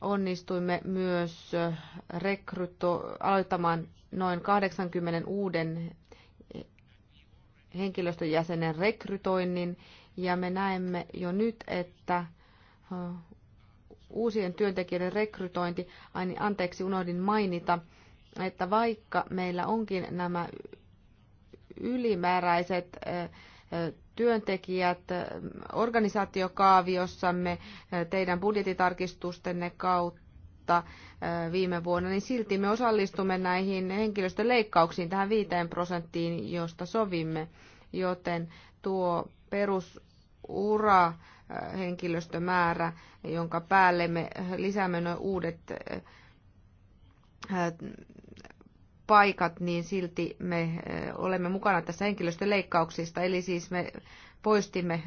onnistuimme myös rekryto- aloittamaan noin 80 uuden henkilöstön jäsenen rekrytoinnin ja me näemme jo nyt, että uusien työntekijöiden rekrytointi, niin, anteeksi unohdin mainita, että vaikka meillä onkin nämä ylimääräiset työntekijät organisaatiokaaviossamme teidän budjetitarkistustenne kautta, vuotta viime vuonna, niin silti me osallistumme näihin leikkauksiin tähän viiteen prosenttiin, josta sovimme, joten tuo perusura henkilöstömäärä, jonka päälle me lisäämme noin uudet paikat, niin silti me olemme mukana tässä henkilöstöleikkauksista. Eli siis me poistimme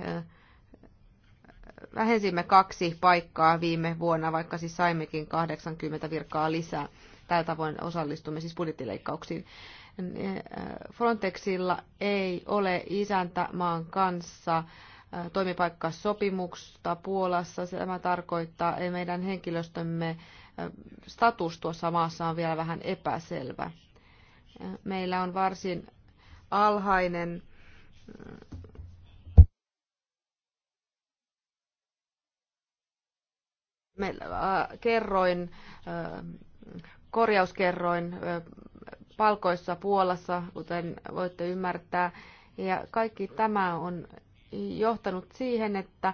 vähensimme kaksi paikkaa viime vuonna, vaikka siis saimmekin 80 virkaa lisää. Tällä tavoin osallistumme siis budjettileikkauksiin. Frontexilla ei ole isäntämaan kanssa toimipaikkasopimusta Puolassa. Tämä tarkoittaa, että meidän henkilöstömme status tuossa maassa on vielä vähän epäselvä. Meillä on varsin alhainen Meillä, äh, kerroin, äh, korjauskerroin äh, palkoissa Puolassa, kuten voitte ymmärtää. Ja kaikki tämä on johtanut siihen, että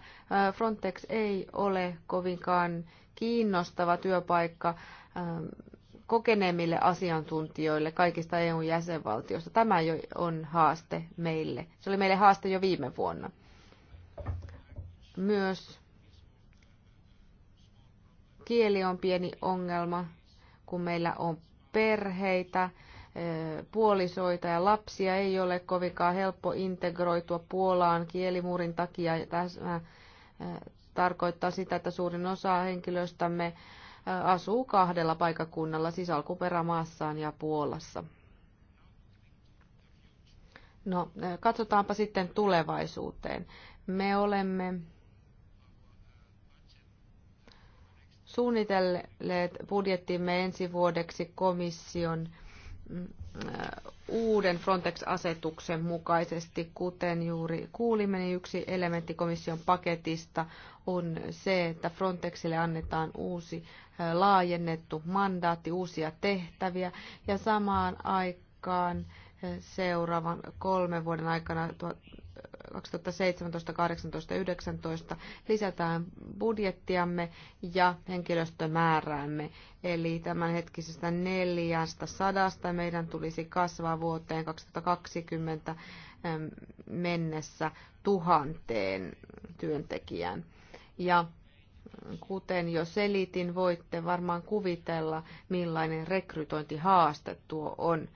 Frontex ei ole kovinkaan kiinnostava työpaikka kokeneemmille asiantuntijoille kaikista EU-jäsenvaltioista. Tämä jo on haaste meille. Se oli meille haaste jo viime vuonna. Myös Kieli on pieni ongelma, kun meillä on perheitä, puolisoita ja lapsia. Ei ole kovinkaan helppo integroitua Puolaan kielimuurin takia. Tämä tarkoittaa sitä, että suurin osa henkilöstämme asuu kahdella paikakunnalla, siis alkuperämaassaan ja Puolassa. No, katsotaanpa sitten tulevaisuuteen. Me olemme suunnitelleet budjettimme ensi vuodeksi komission mm, äh, uuden Frontex-asetuksen mukaisesti, kuten juuri kuulimme, niin yksi elementti komission paketista on se, että Frontexille annetaan uusi äh, laajennettu mandaatti, uusia tehtäviä ja samaan aikaan äh, seuraavan kolmen vuoden aikana 2017, 18, 19 lisätään budjettiamme ja henkilöstömääräämme. Eli tämänhetkisestä 400 meidän tulisi kasvaa vuoteen 2020 mennessä tuhanteen työntekijään. Ja kuten jo selitin, voitte varmaan kuvitella, millainen rekrytointihaaste tuo on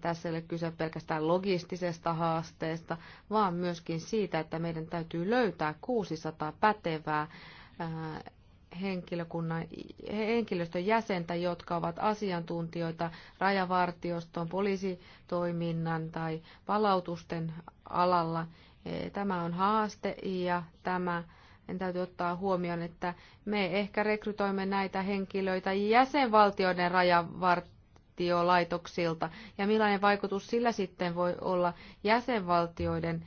tässä ei ole kyse pelkästään logistisesta haasteesta, vaan myöskin siitä, että meidän täytyy löytää 600 pätevää henkilökunnan, henkilöstön jäsentä, jotka ovat asiantuntijoita rajavartioston, poliisitoiminnan tai palautusten alalla. Tämä on haaste ja tämä en täytyy ottaa huomioon, että me ehkä rekrytoimme näitä henkilöitä jäsenvaltioiden rajavart rajavartiolaitoksilta ja millainen vaikutus sillä sitten voi olla jäsenvaltioiden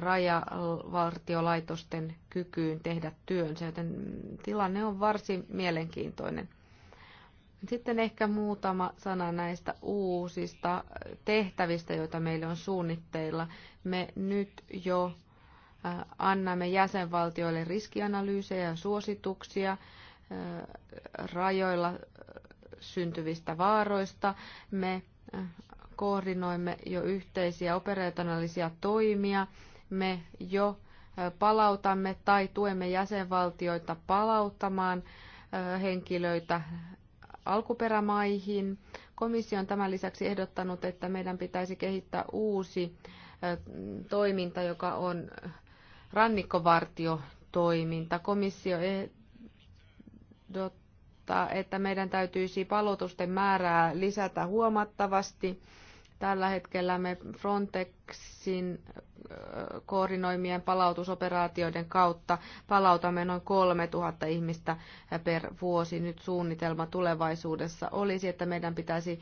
rajavartiolaitosten kykyyn tehdä työnsä, joten tilanne on varsin mielenkiintoinen. Sitten ehkä muutama sana näistä uusista tehtävistä, joita meillä on suunnitteilla. Me nyt jo annamme jäsenvaltioille riskianalyysejä ja suosituksia rajoilla syntyvistä vaaroista. Me äh, koordinoimme jo yhteisiä operationaalisia toimia. Me jo äh, palautamme tai tuemme jäsenvaltioita palauttamaan äh, henkilöitä alkuperämaihin. Komissio on tämän lisäksi ehdottanut, että meidän pitäisi kehittää uusi toiminta, joka on rannikkovartiotoiminta. Komissio ehdottaa tarkoittaa, että meidän täytyisi palautusten määrää lisätä huomattavasti. Tällä hetkellä me Frontexin koordinoimien palautusoperaatioiden kautta palautamme noin 3000 ihmistä per vuosi. Nyt suunnitelma tulevaisuudessa olisi, että meidän pitäisi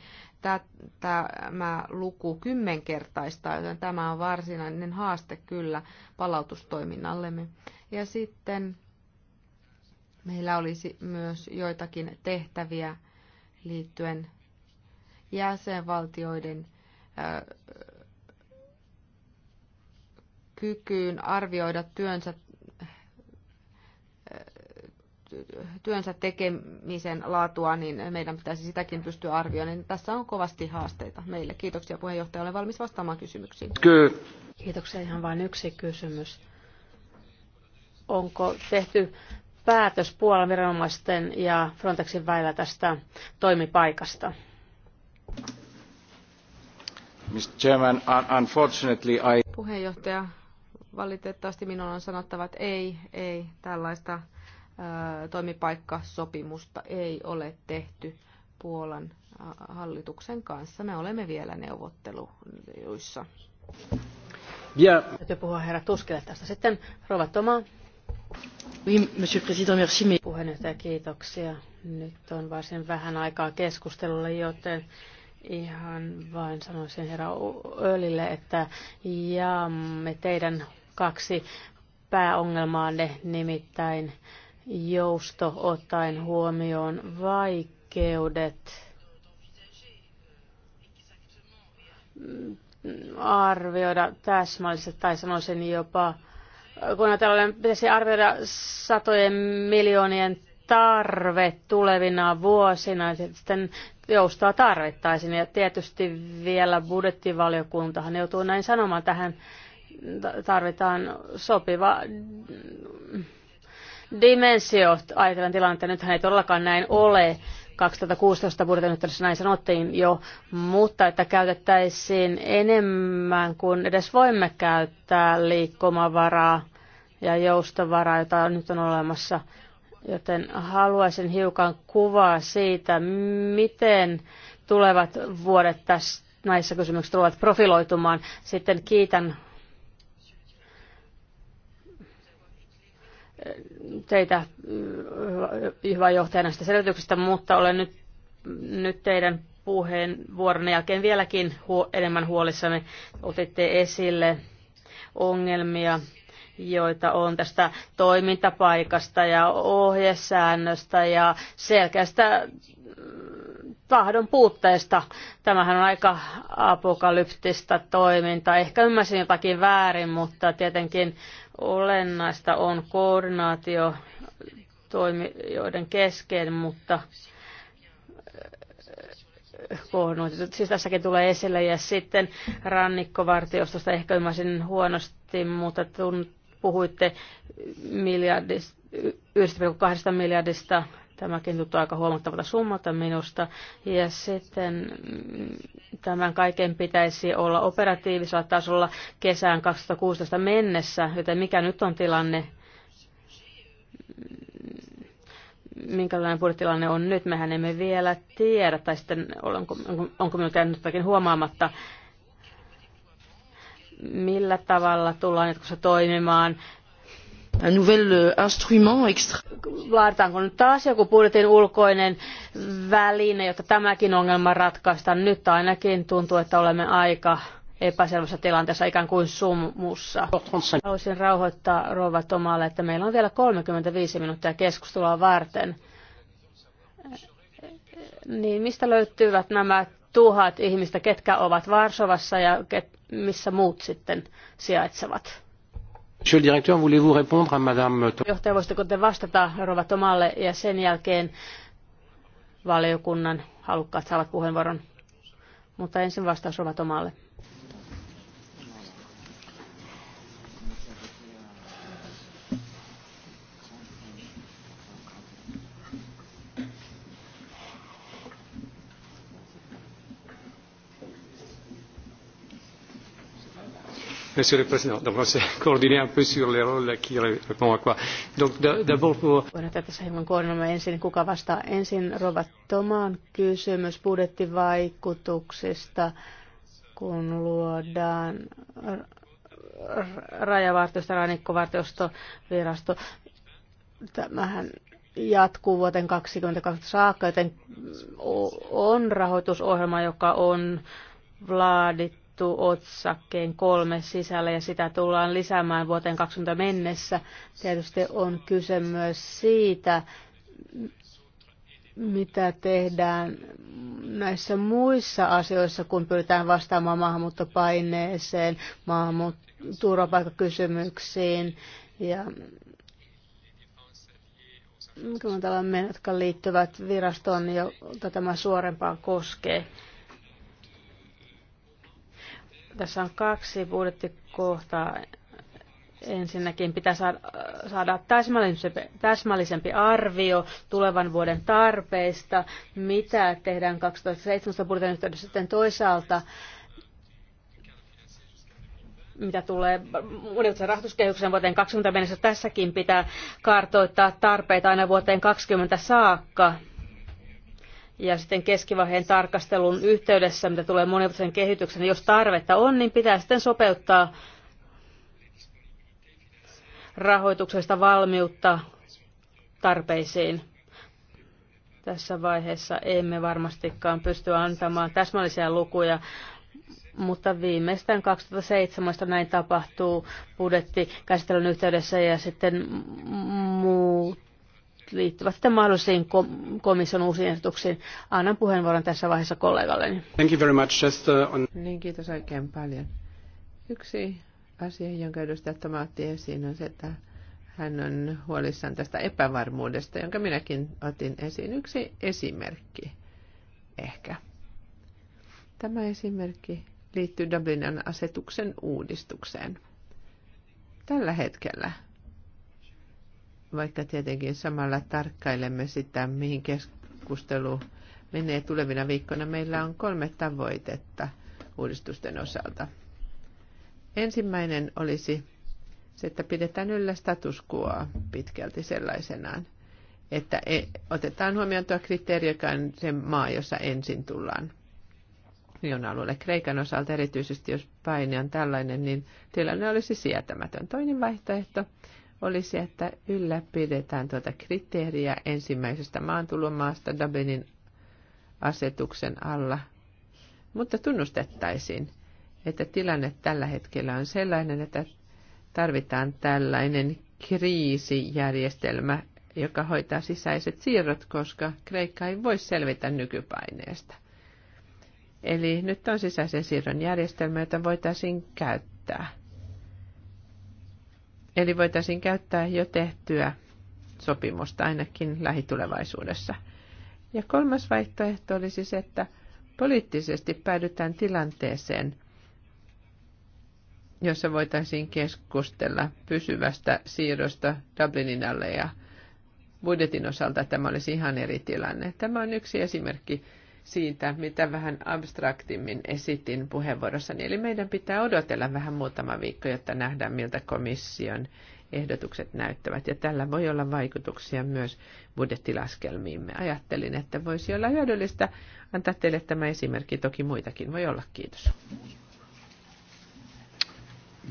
tämä luku kymmenkertaistaa, joten tämä on varsinainen haaste kyllä palautustoiminnallemme. Ja sitten meillä olisi myös joitakin tehtäviä liittyen jäsenvaltioiden äh, kykyyn arvioida työnsä, äh, työnsä tekemisen laatua, niin meidän pitäisi sitäkin pystyä arvioimaan. Tässä on kovasti haasteita meille. Kiitoksia puheenjohtaja. Olen valmis vastaamaan kysymyksiin. Kyllä. Kiitoksia. Ihan vain yksi kysymys onko tehty päätös Puolan viranomaisten ja Frontexin välillä tästä toimipaikasta? Mr. Chairman, unfortunately I... Puheenjohtaja, valitettavasti minun on sanottava, että ei, ei, tällaista ö, toimipaikkasopimusta ei ole tehty Puolan hallituksen kanssa. Me olemme vielä neuvotteluissa. Ja... Täytyy puhua herra Tuskille tästä. Sitten Rova Tomaa. Oui, monsieur le président, merci. Puheenjohtaja, kiitoksia. Nyt on varsin vähän aikaa keskustelulle, joten ihan vain sanoisin herra Öölille, että jaamme teidän kaksi pääongelmaanne, nimittäin jousto ottaen huomioon vaikeudet mm, arvioida täsmällisesti tai sanoisin jopa kun ajatellaan, pitäisi arvioida satojen miljoonien tarve tulevina vuosina, sitten joustoa tarvittaisiin. Ja tietysti vielä budjettivaliokuntahan joutuu näin sanomaan tähän, tarvitaan sopiva dimensio ajatellen tilanteen. Nythän ei todellakaan näin ole. 2016 vuoden yhteydessä näin sanottiin jo, mutta että käytettäisiin enemmän kuin edes voimme käyttää liikkumavaraa ja joustavaraa, jota nyt on olemassa. Joten haluaisin hiukan kuvaa siitä, miten tulevat vuodet tässä, näissä kysymyksissä tulevat profiloitumaan. Sitten kiitän teitä, äh, hyvä johtaja, näistä selvityksistä, mutta olen nyt, nyt teidän vuoron jälkeen vieläkin huo, enemmän huolissani Otitte esille ongelmia, joita on tästä toimintapaikasta ja ohjesäännöstä ja selkeästä äh, tahdon puutteesta. Tämähän on aika apokalyptista toimintaa. Ehkä ymmärsin jotakin väärin, mutta tietenkin Olennaista on koordinaatio toimijoiden kesken, mutta eh, koordinaatio, Siis tässäkin tulee esille ja sitten rannikkovartiostosta ehkä ymmärsin huonosti, mutta tun, puhuitte miljardista, 1,2 miljardista Tämäkin tuntuu aika huomattavalta summalta minusta. Ja sitten mm, tämän kaiken pitäisi olla operatiivisella tasolla kesään 2016 mennessä, joten mikä nyt on tilanne? Mm, minkälainen budjettilanne on nyt, mehän emme vielä tiedä, tai sitten onko, onko minulla käynyt jotakin huomaamatta, millä tavalla tullaan jatkossa toimimaan un nouvel euh, instrument Vaaditaanko nyt taas joku budjetin ulkoinen väline, jotta tämäkin ongelma ratkaistaan? Nyt ainakin tuntuu, että olemme aika epäselvässä tilanteessa, ikään kuin sumussa. Haluaisin rauhoittaa rouva Tomalle, että meillä on vielä 35 minuuttia keskustelua varten. Niin mistä löytyvät nämä tuhat ihmistä, ketkä ovat Varsovassa ja missä muut sitten sijaitsevat? Monsieur le directeur, voulez-vous répondre à madame... Johtaja, voisitteko te vastata Rova Tomalle ja sen jälkeen valiokunnan halukkaat saavat puheenvuoron. Mutta ensin vastaus Rova Tomalle. Monsieur le Président, d'abord se coordonner un peu sur les rôles qui répond à quoi. d'abord pour... Voidaan tässä hieman koordinoimaan ensin, kuka vastaa ensin Rova Toman kysymys budjettivaikutuksista, kun luodaan rajavartiosto, rannikkovartiostovirasto. Tämähän jatkuu vuoteen 2020 saakka, joten on rahoitusohjelma, joka on laadittu katettu otsakkeen kolme sisällä ja sitä tullaan lisäämään vuoteen 20 mennessä. Tietysti on kyse myös siitä, mitä tehdään näissä muissa asioissa, kun pyritään vastaamaan maahanmuuttopaineeseen, maahanmuut- turvapaikkakysymyksiin ja tällä jotka liittyvät virastoon, jota tämä suorempaan koskee. Tässä on kaksi budjettikohtaa. Ensinnäkin pitää saada täsmällisempi, täsmällisempi arvio tulevan vuoden tarpeista, mitä tehdään 2017 budjetin yhteydessä sitten toisaalta mitä tulee uudelleen rahoituskehyksen vuoteen 2020 mennessä, tässäkin pitää kartoittaa tarpeita aina vuoteen 2020 saakka ja sitten keskivaiheen tarkastelun yhteydessä, mitä tulee monivuotisen kehityksen, niin jos tarvetta on, niin pitää sitten sopeuttaa rahoituksesta valmiutta tarpeisiin. Tässä vaiheessa emme varmastikaan pysty antamaan täsmällisiä lukuja, mutta viimeistään 2017 näin tapahtuu budjettikäsittelyn yhteydessä ja sitten muut liittyvät sitten mahdollisiin komission uusiin ehdotuksiin. Annan puheenvuoron tässä vaiheessa kollegalleni. Thank you very much. Chester. on... Niin, kiitos oikein paljon. Yksi asia, jonka edustaja Toma otti esiin, on se, että hän on huolissaan tästä epävarmuudesta, jonka minäkin otin esiin. Yksi esimerkki ehkä. Tämä esimerkki liittyy Dublinin asetuksen uudistukseen. Tällä hetkellä vaikka tietenkin samalla tarkkailemme sitä, mihin keskustelu menee tulevina viikkoina. Meillä on kolme tavoitetta uudistusten osalta. Ensimmäinen olisi se, että pidetään yllä status quoa pitkälti sellaisenaan, että e- otetaan huomioon tuo kriteeri, joka on se maa, jossa ensin tullaan on alueelle. Kreikan osalta erityisesti, jos paine on tällainen, niin tilanne olisi sietämätön. Toinen vaihtoehto olisi, että ylläpidetään tuota kriteeriä ensimmäisestä maantulomaasta Dublinin asetuksen alla, mutta tunnustettaisiin, että tilanne tällä hetkellä on sellainen, että tarvitaan tällainen kriisijärjestelmä, joka hoitaa sisäiset siirrot, koska Kreikka ei voi selvitä nykypaineesta. Eli nyt on sisäisen siirron järjestelmä, jota voitaisiin käyttää. Eli voitaisiin käyttää jo tehtyä sopimusta ainakin lähitulevaisuudessa. Ja kolmas vaihtoehto olisi siis, se, että poliittisesti päädytään tilanteeseen, jossa voitaisiin keskustella pysyvästä siirrosta Dublinin alle ja budjetin osalta tämä olisi ihan eri tilanne. Tämä on yksi esimerkki siitä, mitä vähän abstraktimmin esitin puheenvuorossani. Eli meidän pitää odotella vähän muutama viikko, jotta nähdään, miltä komission ehdotukset näyttävät. Ja tällä voi olla vaikutuksia myös budjettilaskelmiimme. Ajattelin, että voisi olla hyödyllistä antaa teille tämä esimerkki. Toki muitakin voi olla. Kiitos.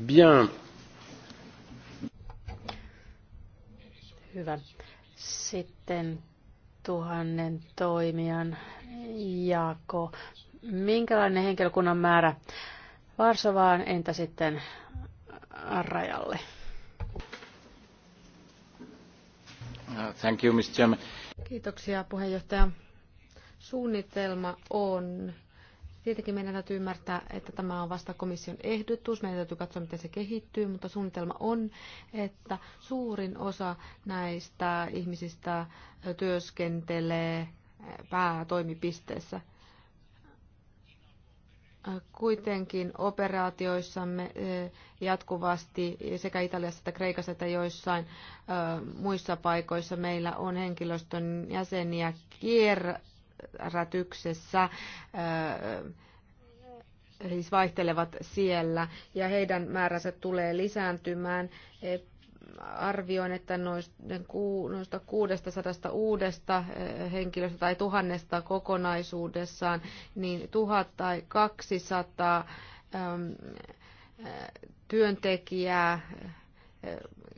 Bien. Hyvä. Sitten tuhannen toimijan jako. Minkälainen henkilökunnan määrä Varsovaan, entä sitten rajalle? Thank you, Mr. Chairman. Kiitoksia puheenjohtaja. Suunnitelma on Tietenkin meidän täytyy ymmärtää, että tämä on vasta komission ehdotus. Meidän täytyy katsoa, miten se kehittyy, mutta suunnitelma on, että suurin osa näistä ihmisistä työskentelee päätoimipisteessä. Kuitenkin operaatioissamme eh, jatkuvasti sekä Italiassa että Kreikassa että joissain eh, muissa paikoissa meillä on henkilöstön jäseniä kierrätyksessä eh, siis vaihtelevat siellä ja heidän määränsä tulee lisääntymään arvioin, että noista 600 uudesta eh, henkilöstä tai tuhannesta kokonaisuudessaan, niin 1000 tai 200 työntekijää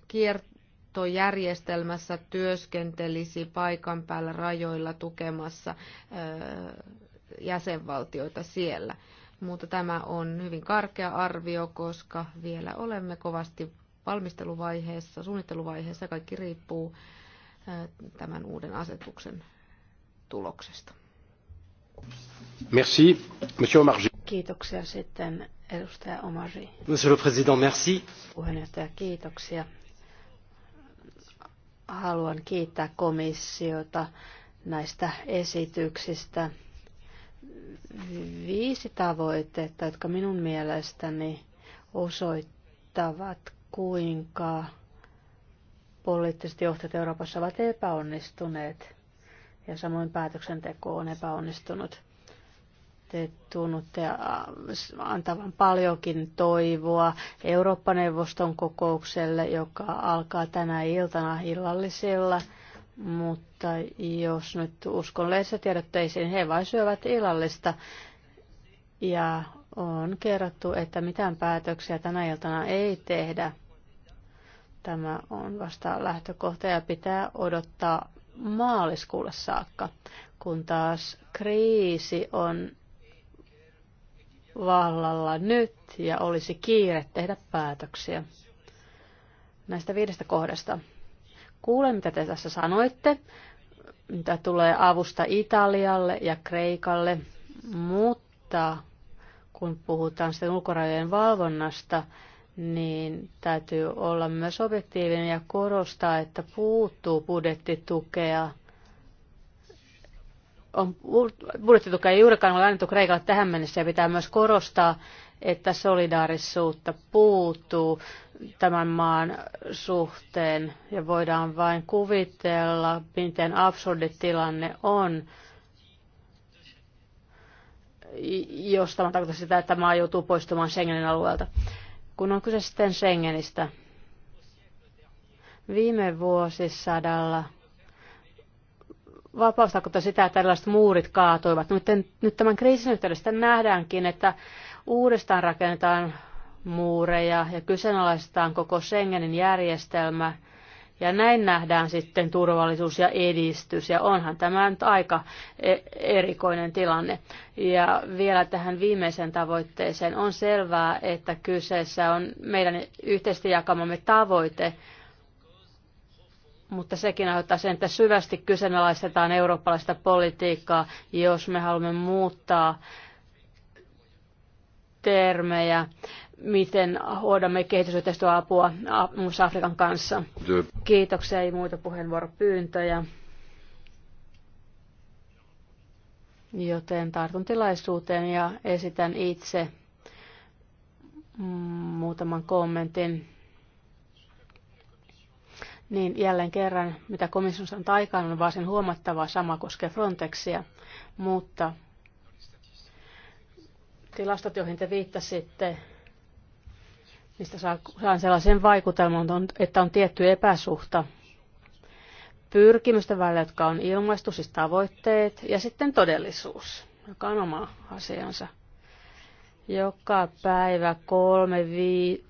kiertojärjestelmässä työskentelisi paikan päällä rajoilla tukemassa jäsenvaltioita siellä. Mutta tämä on hyvin karkea arvio, koska vielä olemme kovasti valmisteluvaiheessa, suunnitteluvaiheessa. Kaikki riippuu tämän uuden asetuksen tuloksesta. Merci, Monsieur Omarji. Kiitoksia sitten edustaja Omarji. Monsieur le Président, merci. Puheenjohtaja, kiitoksia. Haluan kiittää komissiota näistä esityksistä. Viisi tavoitetta, jotka minun mielestäni osoittavat kuinka poliittiset johtajat Euroopassa ovat epäonnistuneet ja samoin päätöksenteko on epäonnistunut. Te tunnutte äh, antavan paljonkin toivoa Eurooppa-neuvoston kokoukselle, joka alkaa tänä iltana illallisilla. Mutta jos nyt uskon lehdistötiedotteisiin, he vain syövät illallista. Ja on kerrottu, että mitään päätöksiä tänä iltana ei tehdä Tämä on vasta lähtökohta ja pitää odottaa maaliskuulle saakka, kun taas kriisi on vallalla nyt ja olisi kiire tehdä päätöksiä näistä viidestä kohdasta. Kuulen, mitä te tässä sanoitte, mitä tulee avusta Italialle ja Kreikalle, mutta kun puhutaan sitten ulkorajojen valvonnasta, niin täytyy olla myös objektiivinen ja korostaa, että puuttuu budjettitukea. On, budjettitukea ei juurikaan ole annettu Kreikalle tähän mennessä ja pitää myös korostaa, että solidaarisuutta puuttuu tämän maan suhteen ja voidaan vain kuvitella, miten absurdi tilanne on jos tämä tarkoittaa sitä, että maa joutuu poistumaan Schengenin alueelta kun on kyse sitten Schengenistä. Viime vuosisadalla vapaustaako sitä, että erilaiset muurit kaatuivat. Nyt, nyt tämän kriisin yhteydessä nähdäänkin, että uudestaan rakennetaan muureja ja kyseenalaistetaan koko Schengenin järjestelmä – ja näin nähdään sitten turvallisuus ja edistys, ja onhan tämä nyt aika e- erikoinen tilanne. Ja vielä tähän viimeiseen tavoitteeseen on selvää, että kyseessä on meidän yhteisesti jakamamme tavoite, mutta sekin aiheuttaa sen, että syvästi kyseenalaistetaan eurooppalaista politiikkaa, jos me haluamme muuttaa termejä, miten hoidamme kehitysyhteistyöapua muussa Afrikan kanssa. Kiitoksia, ei muita puheenvuoropyyntöjä. Joten tartun tilaisuuteen ja esitän itse muutaman kommentin. Niin jälleen kerran, mitä komissio on aikaan, on varsin huomattavaa, sama koskee Frontexia, mutta Tilastot, joihin te viittasitte, niistä saan sellaisen vaikutelman, että on tietty epäsuhta pyrkimysten välillä, jotka on ilmaistu, siis tavoitteet, ja sitten todellisuus, joka on oma asiansa. Joka päivä 3000-5000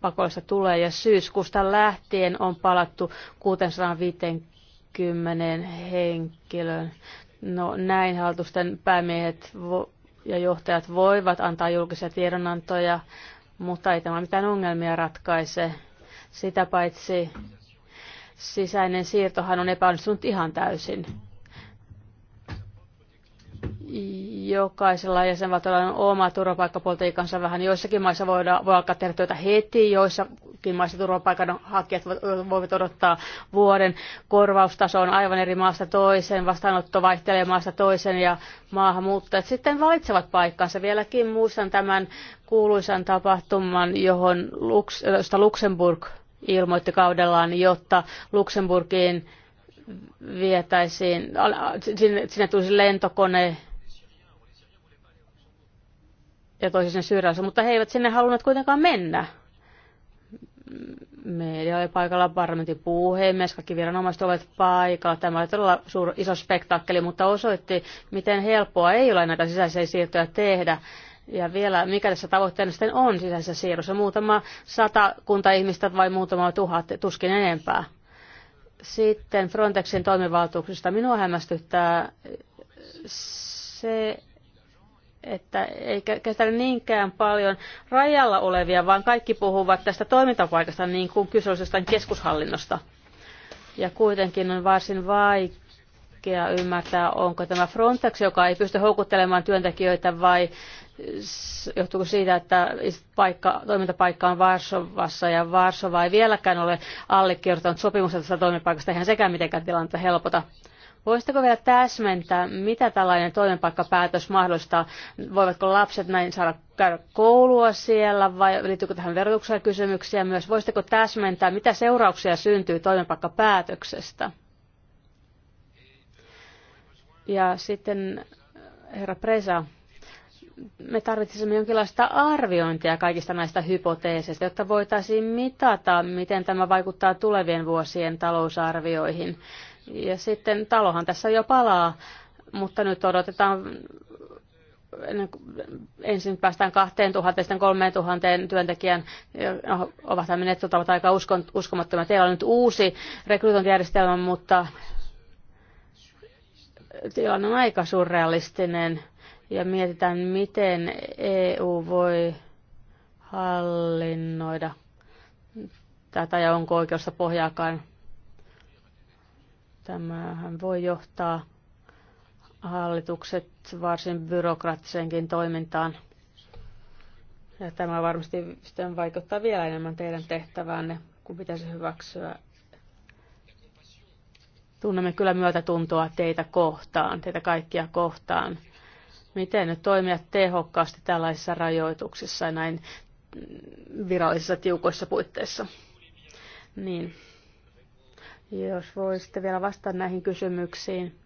pakollista tulee, ja syyskuusta lähtien on palattu 650 henkilön No näin hallitusten päämiehet ja johtajat voivat antaa julkisia tiedonantoja, mutta ei tämä mitään ongelmia ratkaise. Sitä paitsi sisäinen siirtohan on epäonnistunut ihan täysin jokaisella jäsenvaltiolla on oma turvapaikkapolitiikansa vähän. Joissakin maissa voidaan, voi alkaa tehdä työtä heti, joissakin maissa turvapaikanhakijat voivat odottaa vuoden. Korvaustaso on aivan eri maasta toiseen, vastaanotto vaihtelee maasta toiseen ja maahanmuuttajat sitten valitsevat paikkansa. Vieläkin muistan tämän kuuluisan tapahtuman, johon Lux, josta Luxemburg ilmoitti kaudellaan, jotta Luxemburgiin vietäisiin, sinne, sinne tulisi lentokone ja toisi sen syrjässä, mutta he eivät sinne halunneet kuitenkaan mennä. Meillä oli paikalla parlamentin puhemies, kaikki viranomaiset olivat paikalla. Tämä oli todella suur, iso spektaakkeli, mutta osoitti, miten helppoa ei ole näitä sisäisiä siirtoja tehdä. Ja vielä, mikä tässä tavoitteena sitten on sisäisessä siirrossa? Muutama sata kunta ihmistä vai muutama tuhat, tuskin enempää. Sitten Frontexin toimivaltuuksista. Minua hämmästyttää se, että ei käsitellä niinkään paljon rajalla olevia, vaan kaikki puhuvat tästä toimintapaikasta niin kuin kyseisestä keskushallinnosta. Ja kuitenkin on varsin vaikea vaikea ymmärtää, onko tämä Frontex, joka ei pysty houkuttelemaan työntekijöitä vai johtuuko siitä, että paikka, toimintapaikka on Varsovassa ja Varsova ei vieläkään ole allekirjoittanut sopimusta tästä toimipaikasta, eihän sekään mitenkään tilannetta helpota. Voisitteko vielä täsmentää, mitä tällainen toimenpaikkapäätös mahdollistaa? Voivatko lapset näin saada käydä koulua siellä vai liittyykö tähän verotukseen kysymyksiä myös? Voisitteko täsmentää, mitä seurauksia syntyy toimenpaikkapäätöksestä? Ja sitten eh, herra Presa, me tarvitsisimme jonkinlaista arviointia kaikista näistä hypoteeseista, jotta voitaisiin mitata, miten tämä vaikuttaa tulevien vuosien talousarvioihin. Ja sitten talohan tässä jo palaa, mutta nyt odotetaan ensin päästään 2000 sitten 3000 työntekijän, no, ovathan menneet nettotavot aika uskon, uskomattomia. Teillä on nyt uusi rekrytointijärjestelmä, mutta tilanne on aika surrealistinen ja mietitään, miten EU voi hallinnoida tätä ja onko oikeassa pohjaakaan. Tämähän voi johtaa hallitukset varsin byrokraattiseenkin toimintaan. Ja tämä varmasti sitten vaikuttaa vielä enemmän teidän tehtäväänne, kun pitäisi hyväksyä Tunnemme kyllä myötätuntoa teitä kohtaan, teitä kaikkia kohtaan. Miten nyt toimia tehokkaasti tällaisissa rajoituksissa ja näin virallisissa tiukoissa puitteissa? Niin. Jos voisitte vielä vastata näihin kysymyksiin.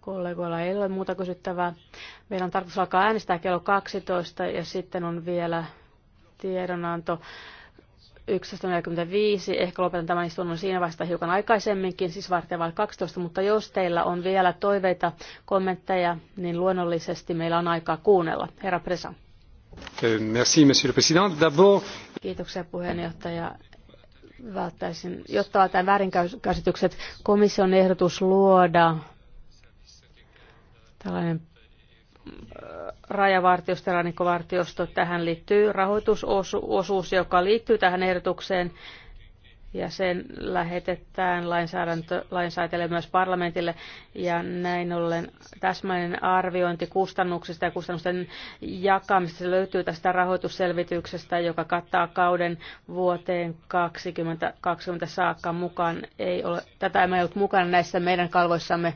Kollegoilla ei ole muuta kysyttävää. Meillä on tarkoitus alkaa äänestää kello 12 ja sitten on vielä tiedonanto 11.45. Ehkä lopetan tämän istunnon siinä vasta hiukan aikaisemminkin, siis varten vain 12, mutta jos teillä on vielä toiveita, kommentteja, niin luonnollisesti meillä on aikaa kuunnella. Herra Presa. Euh, merci, monsieur le président. D'abord... Kiitoksia puheenjohtaja. Välttäisin, jotta laitetaan väärinkäsitykset, komission ehdotus luoda tällainen rajavartiosto ja rannikkovartiosto. Tähän liittyy rahoitusosuus, joka liittyy tähän ehdotukseen ja sen lähetetään lainsäädäntö, lainsäätelijä myös parlamentille ja näin ollen täsmäinen arviointi kustannuksista ja kustannusten jakamisesta se löytyy tästä rahoitusselvityksestä, joka kattaa kauden vuoteen 2020 saakka mukaan. Ei ole, tätä ei ollut mukana näissä meidän kalvoissamme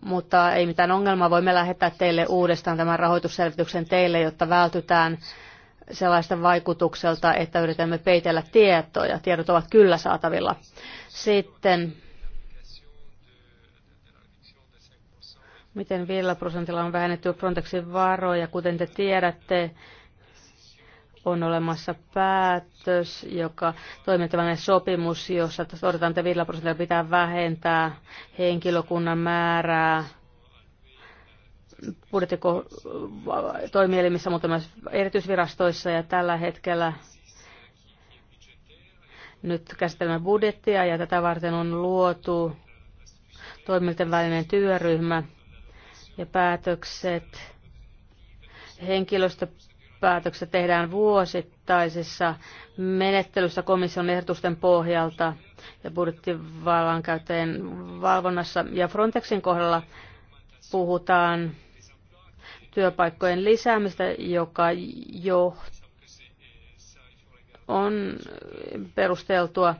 mutta ei mitään ongelmaa. Voimme lähettää teille uudestaan tämän rahoitusselvityksen teille, jotta vältytään sellaista vaikutukselta, että yritämme peitellä tietoja. Tiedot ovat kyllä saatavilla. Sitten, miten 5 prosentilla on vähennetty Frontexin varoja, kuten te tiedätte, on olemassa päätös, joka toimintavainen sopimus, jossa todetaan, että 5 prosentilla pitää vähentää henkilökunnan määrää budjettitoimielimissä, mutta myös erityisvirastoissa ja tällä hetkellä nyt käsittelemme budjettia ja tätä varten on luotu toimijoiden välinen työryhmä ja päätökset henkilöstö päätökset tehdään vuosittaisessa menettelyssä komission ehdotusten pohjalta ja budjettivallankäyttäjien valvonnassa. Ja Frontexin kohdalla puhutaan työpaikkojen lisäämistä, joka jo on perusteltua.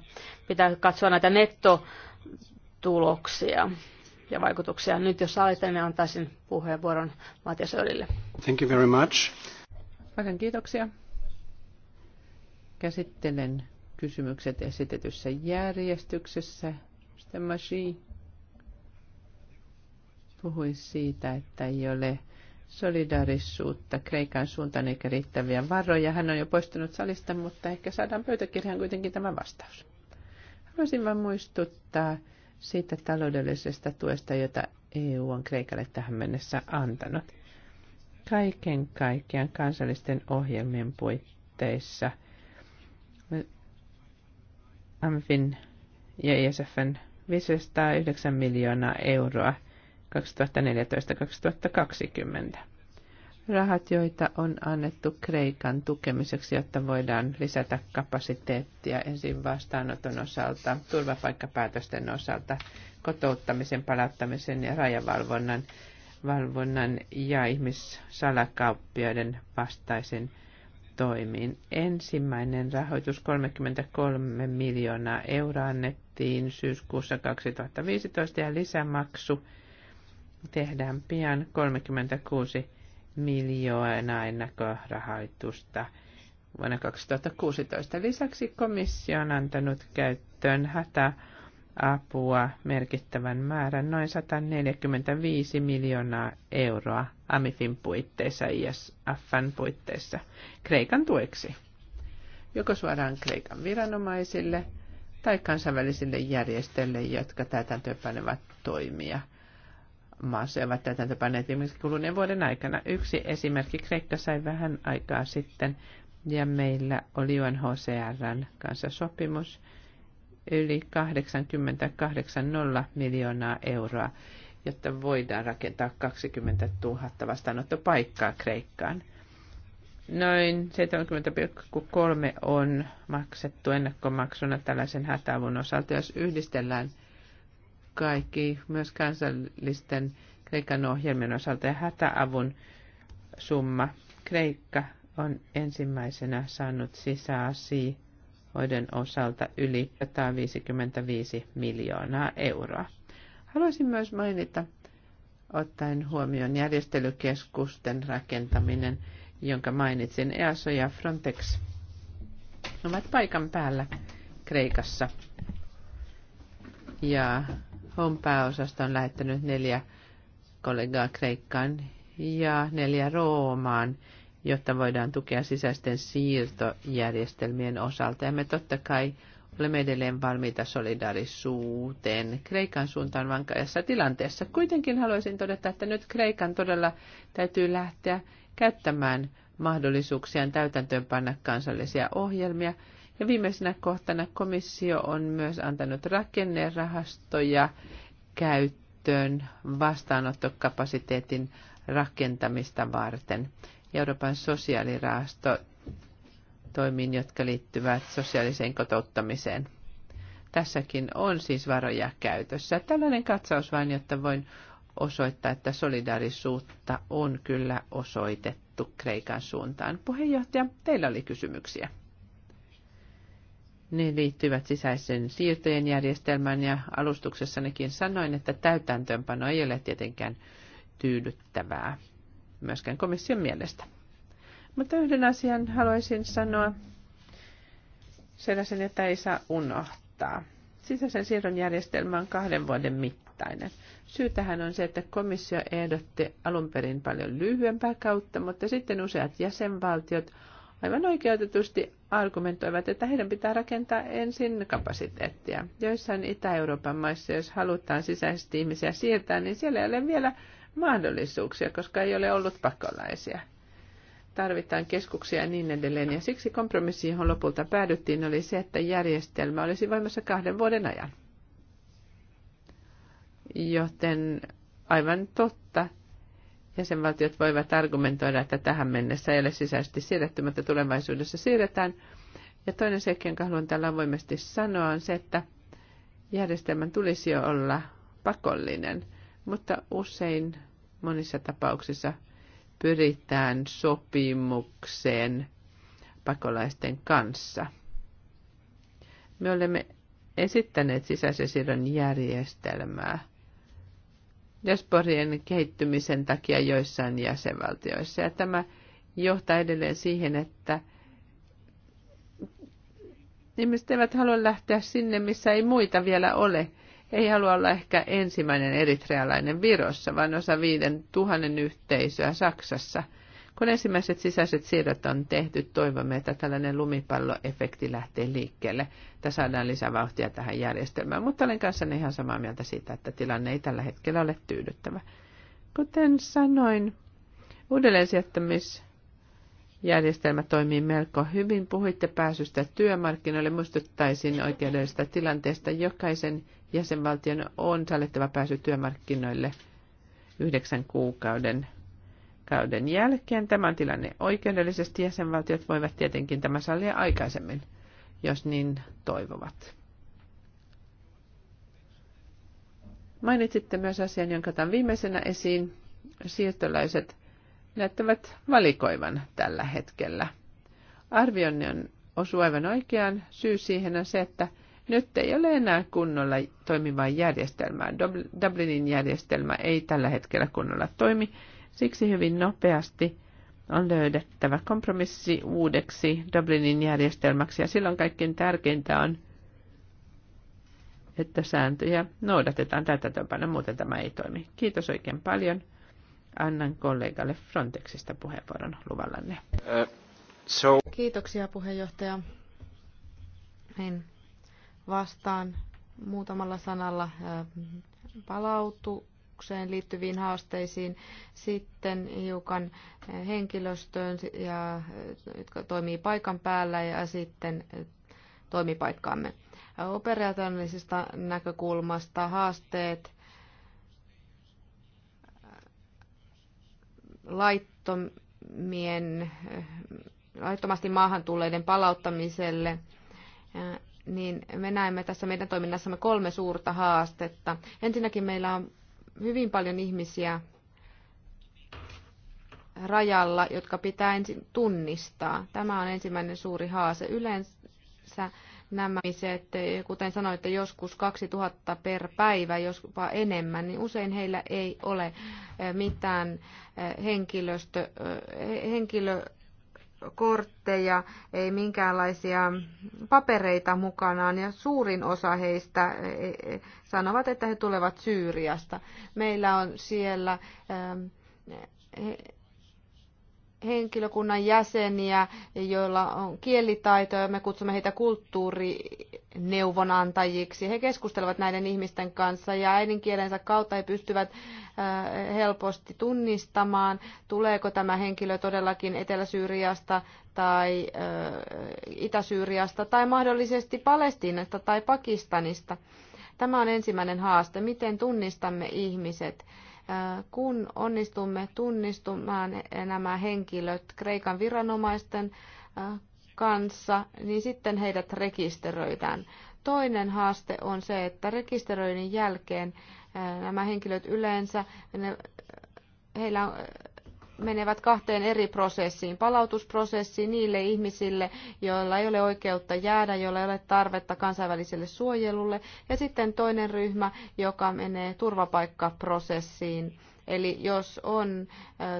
Pitää katsoa näitä nettotuloksia ja vaikutuksia. Nyt jos sallitte, niin antaisin puheenvuoron Matias Ölille. Thank you very much. Paljon kiitoksia. Käsittelen kysymykset esitetyssä järjestyksessä. Sitten Mashi puhui siitä, että ei ole solidaarisuutta Kreikan suuntaan eikä riittäviä varoja. Hän on jo poistunut salista, mutta ehkä saadaan pöytäkirjaan kuitenkin tämä vastaus. Haluaisin vain muistuttaa siitä taloudellisesta tuesta, jota EU on Kreikalle tähän mennessä antanut kaiken kaikkiaan kansallisten ohjelmien puitteissa AMFin ja ISFn e 509 miljoonaa euroa 2014-2020. Rahat, joita on annettu Kreikan tukemiseksi, jotta voidaan lisätä kapasiteettia ensin vastaanoton osalta, turvapaikkapäätösten osalta, kotouttamisen, palauttamisen ja rajavalvonnan valvonnan ja ihmissalakauppiaiden vastaisen toimiin. Ensimmäinen rahoitus 33 miljoonaa euroa annettiin syyskuussa 2015 ja lisämaksu tehdään pian 36 miljoonaa ennakkorahoitusta vuonna 2016. Lisäksi komissio on antanut käyttöön hätä apua merkittävän määrän, noin 145 miljoonaa euroa AMIFin puitteissa, ISFn puitteissa, Kreikan tueksi, joko suoraan Kreikan viranomaisille tai kansainvälisille järjestöille, jotka täytäntöönpanevat toimia. Maassa ovat täytäntöönpaneet viimeksi kuluneen vuoden aikana. Yksi esimerkki Kreikka sai vähän aikaa sitten, ja meillä oli UNHCRn kanssa sopimus, yli 88,0 miljoonaa euroa, jotta voidaan rakentaa 20 000 vastaanottopaikkaa Kreikkaan. Noin 70,3 on maksettu ennakkomaksuna tällaisen hätäavun osalta, jos yhdistellään kaikki myös kansallisten Kreikan ohjelmien osalta ja hätäavun summa. Kreikka on ensimmäisenä saanut sisäasi joiden osalta yli 155 miljoonaa euroa. Haluaisin myös mainita, ottaen huomioon järjestelykeskusten rakentaminen, jonka mainitsin, EASO ja Frontex ovat paikan päällä Kreikassa. Ja Home pääosasta on lähettänyt neljä kollegaa Kreikkaan ja neljä Roomaan jotta voidaan tukea sisäisten siirtojärjestelmien osalta. Ja me totta kai olemme edelleen valmiita solidarisuuteen Kreikan suuntaan vankajassa tilanteessa. Kuitenkin haluaisin todeta, että nyt Kreikan todella täytyy lähteä käyttämään mahdollisuuksiaan panna kansallisia ohjelmia. Ja viimeisenä kohtana komissio on myös antanut rakennerahastoja käyttöön vastaanottokapasiteetin rakentamista varten. Euroopan sosiaalirahasto toimiin, jotka liittyvät sosiaaliseen kotouttamiseen. Tässäkin on siis varoja käytössä. Tällainen katsaus vain, jotta voin osoittaa, että solidaarisuutta on kyllä osoitettu Kreikan suuntaan. Puheenjohtaja, teillä oli kysymyksiä. Ne liittyvät sisäisen siirtojen järjestelmään ja alustuksessanikin sanoin, että täytäntöönpano ei ole tietenkään tyydyttävää myöskään komission mielestä. Mutta yhden asian haluaisin sanoa sellaisen, että ei saa unohtaa. Sisäisen siirron järjestelmä on kahden vuoden mittainen. Syytähän on se, että komissio ehdotti alun perin paljon lyhyempää kautta, mutta sitten useat jäsenvaltiot aivan oikeutetusti argumentoivat, että heidän pitää rakentaa ensin kapasiteettia. Joissain Itä-Euroopan maissa, jos halutaan sisäisesti ihmisiä siirtää, niin siellä ei ole vielä mahdollisuuksia, koska ei ole ollut pakolaisia. Tarvitaan keskuksia ja niin edelleen. Ja siksi kompromissi, johon lopulta päädyttiin, oli se, että järjestelmä olisi voimassa kahden vuoden ajan. Joten aivan totta, jäsenvaltiot voivat argumentoida, että tähän mennessä ei ole sisäisesti siirretty, mutta tulevaisuudessa siirretään. Ja toinen seikka, jonka haluan tällä avoimesti sanoa, on se, että järjestelmän tulisi jo olla pakollinen – mutta usein monissa tapauksissa pyritään sopimukseen pakolaisten kanssa. Me olemme esittäneet sisäisen siirron järjestelmää diasporien kehittymisen takia joissain jäsenvaltioissa. Ja tämä johtaa edelleen siihen, että ihmiset eivät halua lähteä sinne, missä ei muita vielä ole – ei halua olla ehkä ensimmäinen eritrealainen Virossa, vaan osa viiden tuhannen yhteisöä Saksassa. Kun ensimmäiset sisäiset siirrot on tehty, toivomme, että tällainen lumipalloefekti lähtee liikkeelle, että saadaan lisävauhtia tähän järjestelmään. Mutta olen kanssanne ihan samaa mieltä siitä, että tilanne ei tällä hetkellä ole tyydyttävä. Kuten sanoin, uudelleen järjestelmä toimii melko hyvin. Puhuitte pääsystä työmarkkinoille. Muistuttaisin oikeudellisesta tilanteesta. Jokaisen jäsenvaltion on sallittava pääsy työmarkkinoille yhdeksän kuukauden kauden jälkeen. Tämä on tilanne oikeudellisesti. Jäsenvaltiot voivat tietenkin tämä sallia aikaisemmin, jos niin toivovat. Mainitsitte myös asian, jonka otan viimeisenä esiin. Siirtolaiset näyttävät valikoivan tällä hetkellä. Arvionne on osu aivan oikeaan. Syy siihen on se, että nyt ei ole enää kunnolla toimivaa järjestelmää. Dublinin järjestelmä ei tällä hetkellä kunnolla toimi. Siksi hyvin nopeasti on löydettävä kompromissi uudeksi Dublinin järjestelmäksi. Ja silloin kaikkein tärkeintä on, että sääntöjä noudatetaan tapana, muuten tämä ei toimi. Kiitos oikein paljon annan kollegalle Frontexista puheenvuoron luvallanne. Uh, so... Kiitoksia puheenjohtaja. En vastaan muutamalla sanalla palautukseen liittyviin haasteisiin, sitten hiukan henkilöstöön, ja, jotka toimii paikan päällä ja sitten toimipaikkaamme. Operationaalisesta näkökulmasta haasteet laittomien, laittomasti maahan tulleiden palauttamiselle, niin me näemme tässä meidän toiminnassamme kolme suurta haastetta. Ensinnäkin meillä on hyvin paljon ihmisiä rajalla, jotka pitää ensin tunnistaa. Tämä on ensimmäinen suuri haaste. Yleensä nämä ihmiset, kuten sanoitte, joskus 2000 per päivä, jospa enemmän, niin usein heillä ei ole eh, mitään eh, henkilöstö, eh, henkilökortteja, ei minkäänlaisia papereita mukanaan ja suurin osa heistä sanovat, että he tulevat Syyriasta. Meillä on siellä henkilökunnan jäseniä, joilla on ja Me kutsumme heitä kulttuurineuvonantajiksi. He keskustelevat näiden ihmisten kanssa ja äidinkielensä kautta he pystyvät äh, helposti tunnistamaan, tuleeko tämä henkilö todellakin Etelä-Syyriasta tai äh, Itä-Syyriasta tai mahdollisesti Palestiinasta tai Pakistanista. Tämä on ensimmäinen haaste, miten tunnistamme ihmiset kun onnistumme tunnistumaan nämä henkilöt Kreikan viranomaisten kanssa, niin sitten heidät rekisteröidään. Toinen haaste on se, että rekisteröinnin jälkeen nämä henkilöt yleensä, ne, heillä on, menevät kahteen eri prosessiin. Palautusprosessiin niille ihmisille, joilla ei ole oikeutta jäädä, joilla ei ole tarvetta kansainväliselle suojelulle. Ja sitten toinen ryhmä, joka menee turvapaikkaprosessiin. Eli jos on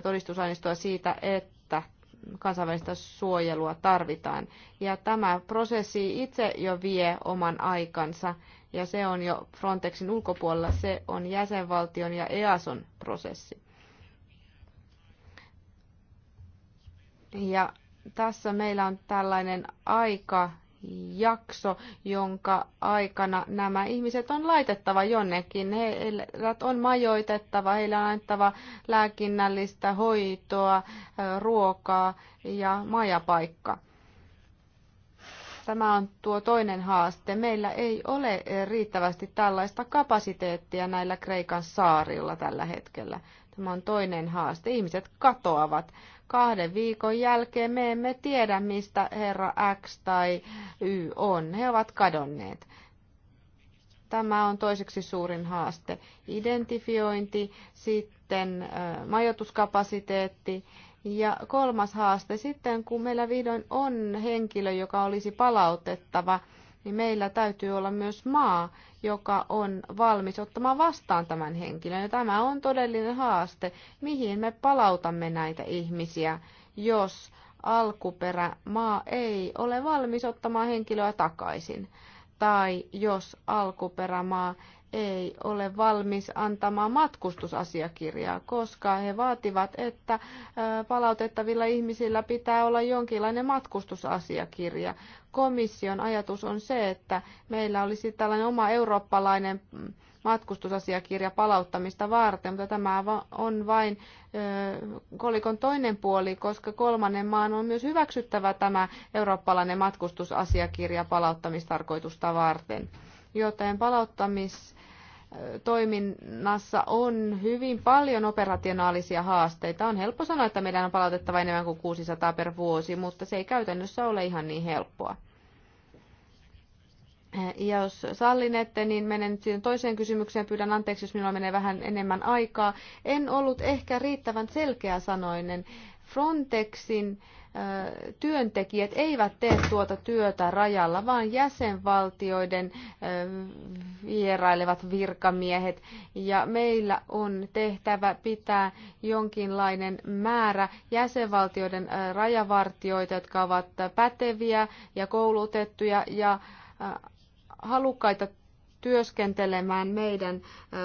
todistusaineistoa siitä, että kansainvälistä suojelua tarvitaan. Ja tämä prosessi itse jo vie oman aikansa, ja se on jo Frontexin ulkopuolella, se on jäsenvaltion ja EASON prosessi. Ja tässä meillä on tällainen aika jakso, jonka aikana nämä ihmiset on laitettava jonnekin. Heillä on majoitettava, heillä on annettava lääkinnällistä hoitoa, ruokaa ja majapaikka. Tämä on tuo toinen haaste. Meillä ei ole riittävästi tällaista kapasiteettia näillä Kreikan saarilla tällä hetkellä. Tämä on toinen haaste. Ihmiset katoavat. Kahden viikon jälkeen me emme tiedä, mistä herra X tai Y on. He ovat kadonneet. Tämä on toiseksi suurin haaste. Identifiointi, sitten majoituskapasiteetti ja kolmas haaste sitten, kun meillä vihdoin on henkilö, joka olisi palautettava, niin meillä täytyy olla myös maa, joka on valmis ottamaan vastaan tämän henkilön. Ja tämä on todellinen haaste, mihin me palautamme näitä ihmisiä, jos alkuperämaa ei ole valmis ottamaan henkilöä takaisin. Tai jos alkuperämaa ei ole valmis antamaan matkustusasiakirjaa, koska he vaativat, että palautettavilla ihmisillä pitää olla jonkinlainen matkustusasiakirja. Komission ajatus on se, että meillä olisi tällainen oma eurooppalainen mm, matkustusasiakirja palauttamista varten, mutta tämä on vain kolikon toinen puoli, koska kolmannen maan on myös hyväksyttävä tämä eurooppalainen matkustusasiakirja palauttamistarkoitusta varten joten palauttamis toiminnassa on hyvin paljon operationaalisia haasteita. On helppo sanoa, että meidän on palautettava enemmän kuin 600 per vuosi, mutta se ei käytännössä ole ihan niin helppoa. Ja eh, jos sallinette, niin menen nyt siihen toiseen kysymykseen. Pyydän anteeksi, jos minulla menee vähän enemmän aikaa. En ollut ehkä riittävän selkeä sanoinen Frontexin äh, työntekijät eivät tee tuota työtä rajalla, vaan jäsenvaltioiden vierailevat virkamiehet. Ja meillä on tehtävä pitää jonkinlainen määrä jäsenvaltioiden rajavartioita, jotka ovat päteviä ja koulutettuja ja halukkaita työskentelemään meidän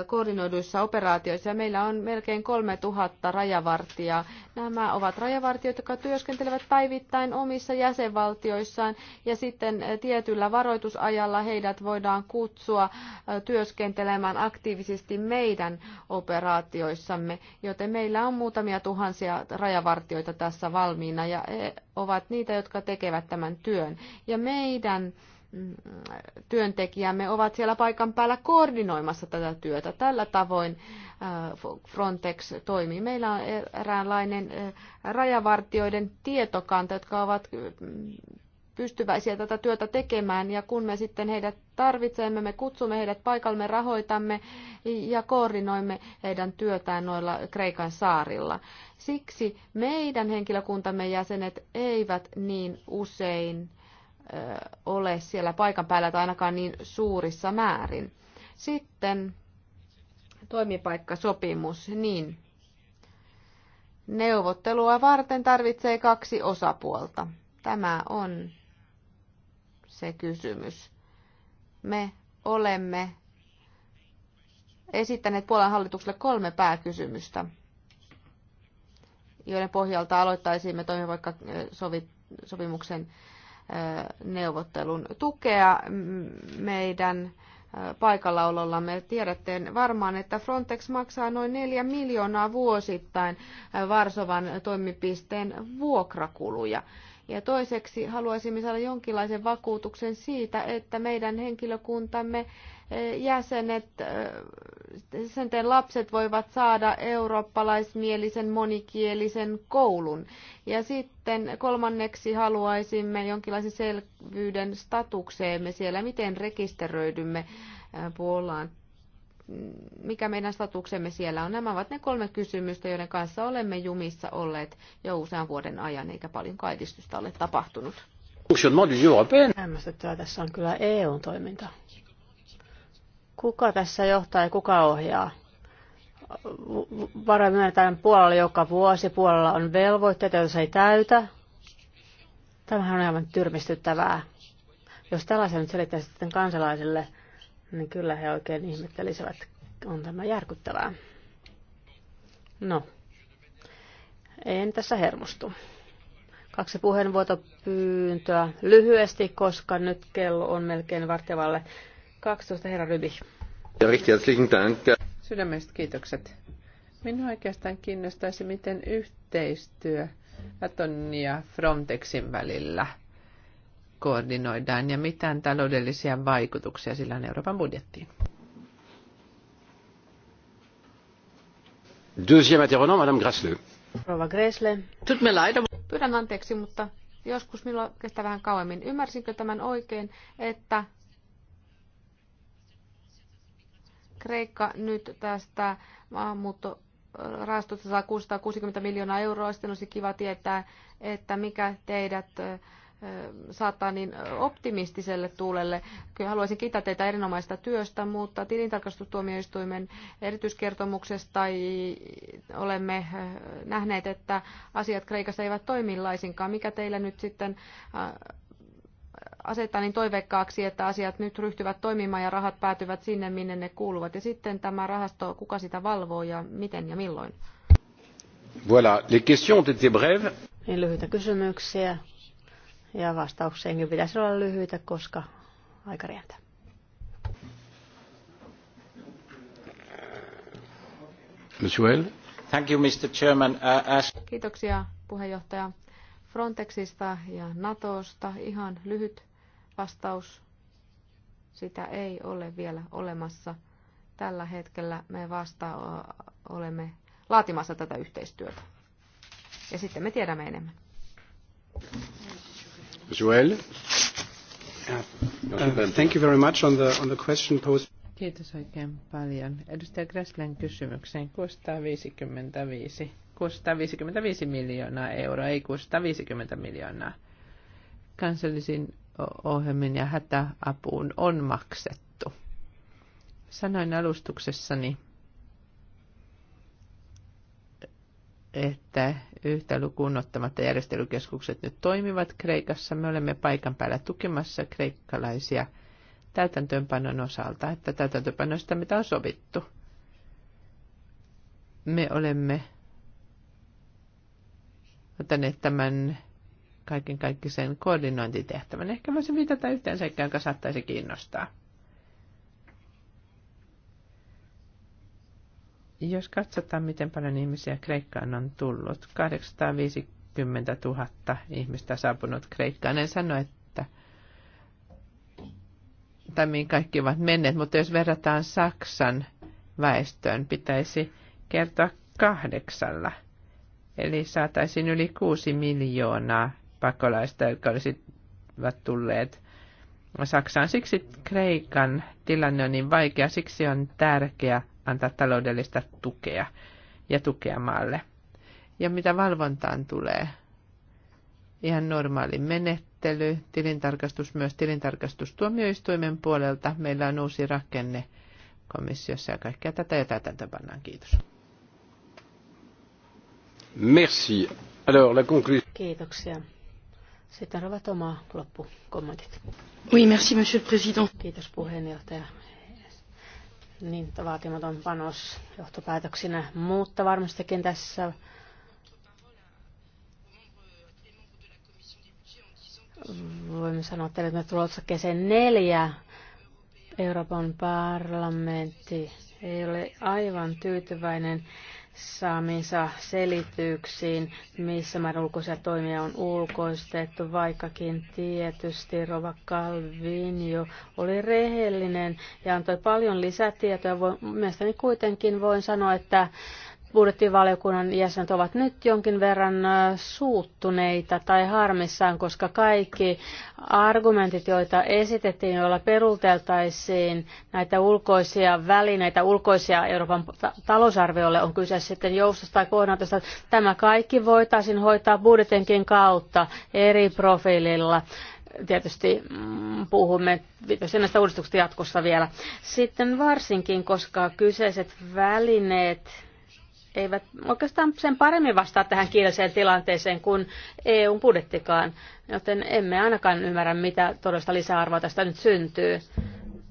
koordinoiduissa operaatioissa. Meillä on melkein 3000 rajavartijaa. Nämä ovat rajavartijoita, jotka työskentelevät päivittäin omissa jäsenvaltioissaan ja sitten tietyllä varoitusajalla heidät voidaan kutsua työskentelemään aktiivisesti meidän operaatioissamme, joten meillä on muutamia tuhansia rajavartijoita tässä valmiina ja he ovat niitä, jotka tekevät tämän työn. Ja meidän työntekijämme ovat siellä paikan päällä koordinoimassa tätä työtä. Tällä tavoin äh, Frontex toimii. Meillä on eräänlainen äh, rajavartioiden tietokanta, jotka ovat mm, pystyväisiä tätä työtä tekemään ja kun me sitten heidät tarvitsemme, me kutsumme heidät paikalle, rahoitamme ja koordinoimme heidän työtään noilla Kreikan saarilla. Siksi meidän henkilökuntamme jäsenet eivät niin usein ole siellä paikan päällä tai ainakaan niin suurissa määrin. Sitten toimipaikkasopimus, niin neuvottelua varten tarvitsee kaksi osapuolta. Tämä on se kysymys. Me olemme esittäneet Puolan hallitukselle kolme pääkysymystä, joiden pohjalta aloittaisimme toimipaikkasopimuksen sovit- neuvottelun tukea meidän paikallaolollamme. Tiedätte varmaan, että Frontex maksaa noin 4 miljoonaa vuosittain Varsovan toimipisteen vuokrakuluja. Ja toiseksi haluaisimme saada jonkinlaisen vakuutuksen siitä, että meidän henkilökuntamme jäsenet sen lapset voivat saada eurooppalaismielisen monikielisen koulun. Ja sitten kolmanneksi haluaisimme jonkinlaisen selvyyden statukseemme siellä, miten rekisteröidymme Puolaan mikä meidän statuksemme siellä on. Nämä ovat ne kolme kysymystä, joiden kanssa olemme jumissa olleet jo usean vuoden ajan, eikä paljon kaitistusta ole tapahtunut. Hämmästyttävää tässä on kyllä EUn toiminta. Kuka tässä johtaa ja kuka ohjaa? Varoja myönnetään puolella joka vuosi. Puolella on velvoitteita, joita se ei täytä. Tämähän on aivan tyrmistyttävää. Jos tällaisen nyt selittäisi sitten kansalaisille, niin kyllä he oikein ihmettelisivät. On tämä järkyttävää. No, en tässä hermostu. Kaksi puheenvuoropyyntöä lyhyesti, koska nyt kello on melkein vartevalle. 12, herra Rybi. Sydämestä kiitokset. Minua oikeastaan kiinnostaisi, miten yhteistyö Naton ja Frontexin välillä koordinoidaan ja mitään taloudellisia vaikutuksia sillä on Euroopan budjettiin. Deuxième intervenant, Madame Grasle. Rova Grasle. Tut me laita. Pyydän anteeksi, mutta joskus minulla kestää vähän kauemmin. Ymmärsinkö tämän oikein, että Kreikka nyt tästä maahanmuutto rahastosta saa 660 miljoonaa euroa. Sitten olisi kiva tietää, että mikä teidät saattaa niin optimistiselle tuulelle. Kyllä haluaisin kiittää teitä erinomaista työstä, mutta tilintarkastustuomioistuimen erityiskertomuksesta olemme nähneet, että asiat Kreikassa eivät toimi laisinkaan. Mikä teillä nyt sitten asettaa niin toiveikkaaksi, että asiat nyt ryhtyvät toimimaan ja rahat päätyvät sinne, minne ne kuuluvat. Ja sitten tämä rahasto, kuka sitä valvoo ja miten ja milloin? Voilà, les questions été brèves. Niin lyhyitä kysymyksiä ja vastaukseenkin pitäisi olla lyhyitä, koska aika rientää. Monsieur Thank you, Mr. Chairman. Uh, as... Kiitoksia puheenjohtaja. Frontexista ja Natosta ihan lyhyt Vastaus, sitä ei ole vielä olemassa. Tällä hetkellä me vasta olemme laatimassa tätä yhteistyötä. Ja sitten me tiedämme enemmän. Joel. Uh, thank you very much on the, on the question posed. Kiitos oikein paljon. Edustaja Gräslän kysymykseen 655. 655 miljoonaa euroa, ei 650 miljoonaa. kansallisin ohjelmiin ja hätäapuun on maksettu. Sanoin alustuksessani, että yhtä lukuun ottamatta järjestelykeskukset nyt toimivat Kreikassa. Me olemme paikan päällä tukemassa kreikkalaisia täytäntöönpanon osalta, että täytäntöönpanoista mitä on sovittu. Me olemme ottaneet tämän kaiken kaikkisen koordinointitehtävän. Ehkä voisi viitata yhteen seikkaan, joka saattaisi kiinnostaa. Jos katsotaan, miten paljon ihmisiä Kreikkaan on tullut, 850 000 ihmistä saapunut Kreikkaan. En sano, että tai mihin kaikki ovat menneet, mutta jos verrataan Saksan väestöön, pitäisi kertoa kahdeksalla. Eli saataisiin yli kuusi miljoonaa pakolaista, jotka olisivat tulleet Saksaan. Siksi Kreikan tilanne on niin vaikea, siksi on tärkeää antaa taloudellista tukea ja tukea maalle. Ja mitä valvontaan tulee? Ihan normaali menettely, tilintarkastus myös tilintarkastustuomioistuimen puolelta. Meillä on uusi rakenne komissiossa ja kaikkea tätä ja tätä pannaan. Kiitos. Merci. Alors, la conclusion. Kiitoksia. Sitten ovat loppukommentit. Oui, merci, monsieur le président. Kiitos puheenjohtaja. Niin, vaatimaton panos johtopäätöksinä, mutta varmastikin tässä voimme sanoa teille, että me tulossa kesän neljä Euroopan parlamentti ei ole aivan tyytyväinen saamiinsa selityksiin, missä määrin ulkoisia toimia on ulkoistettu, vaikkakin tietysti Rova jo oli rehellinen ja antoi paljon lisätietoja. Mielestäni kuitenkin voin sanoa, että budjettivaliokunnan jäsenet ovat nyt jonkin verran suuttuneita tai harmissaan, koska kaikki argumentit, joita esitettiin, joilla perulteltaisiin näitä ulkoisia välineitä, ulkoisia Euroopan talousarviolle, on kyse sitten joustosta tai kohdantista. Tämä kaikki voitaisiin hoitaa budjetinkin kautta eri profiililla tietysti mm, puhumme näistä uudistuksista jatkossa vielä. Sitten varsinkin, koska kyseiset välineet eivät oikeastaan sen paremmin vastaa tähän kielelliseen tilanteeseen kuin EUn budjettikaan, joten emme ainakaan ymmärrä, mitä todellista lisäarvoa tästä nyt syntyy.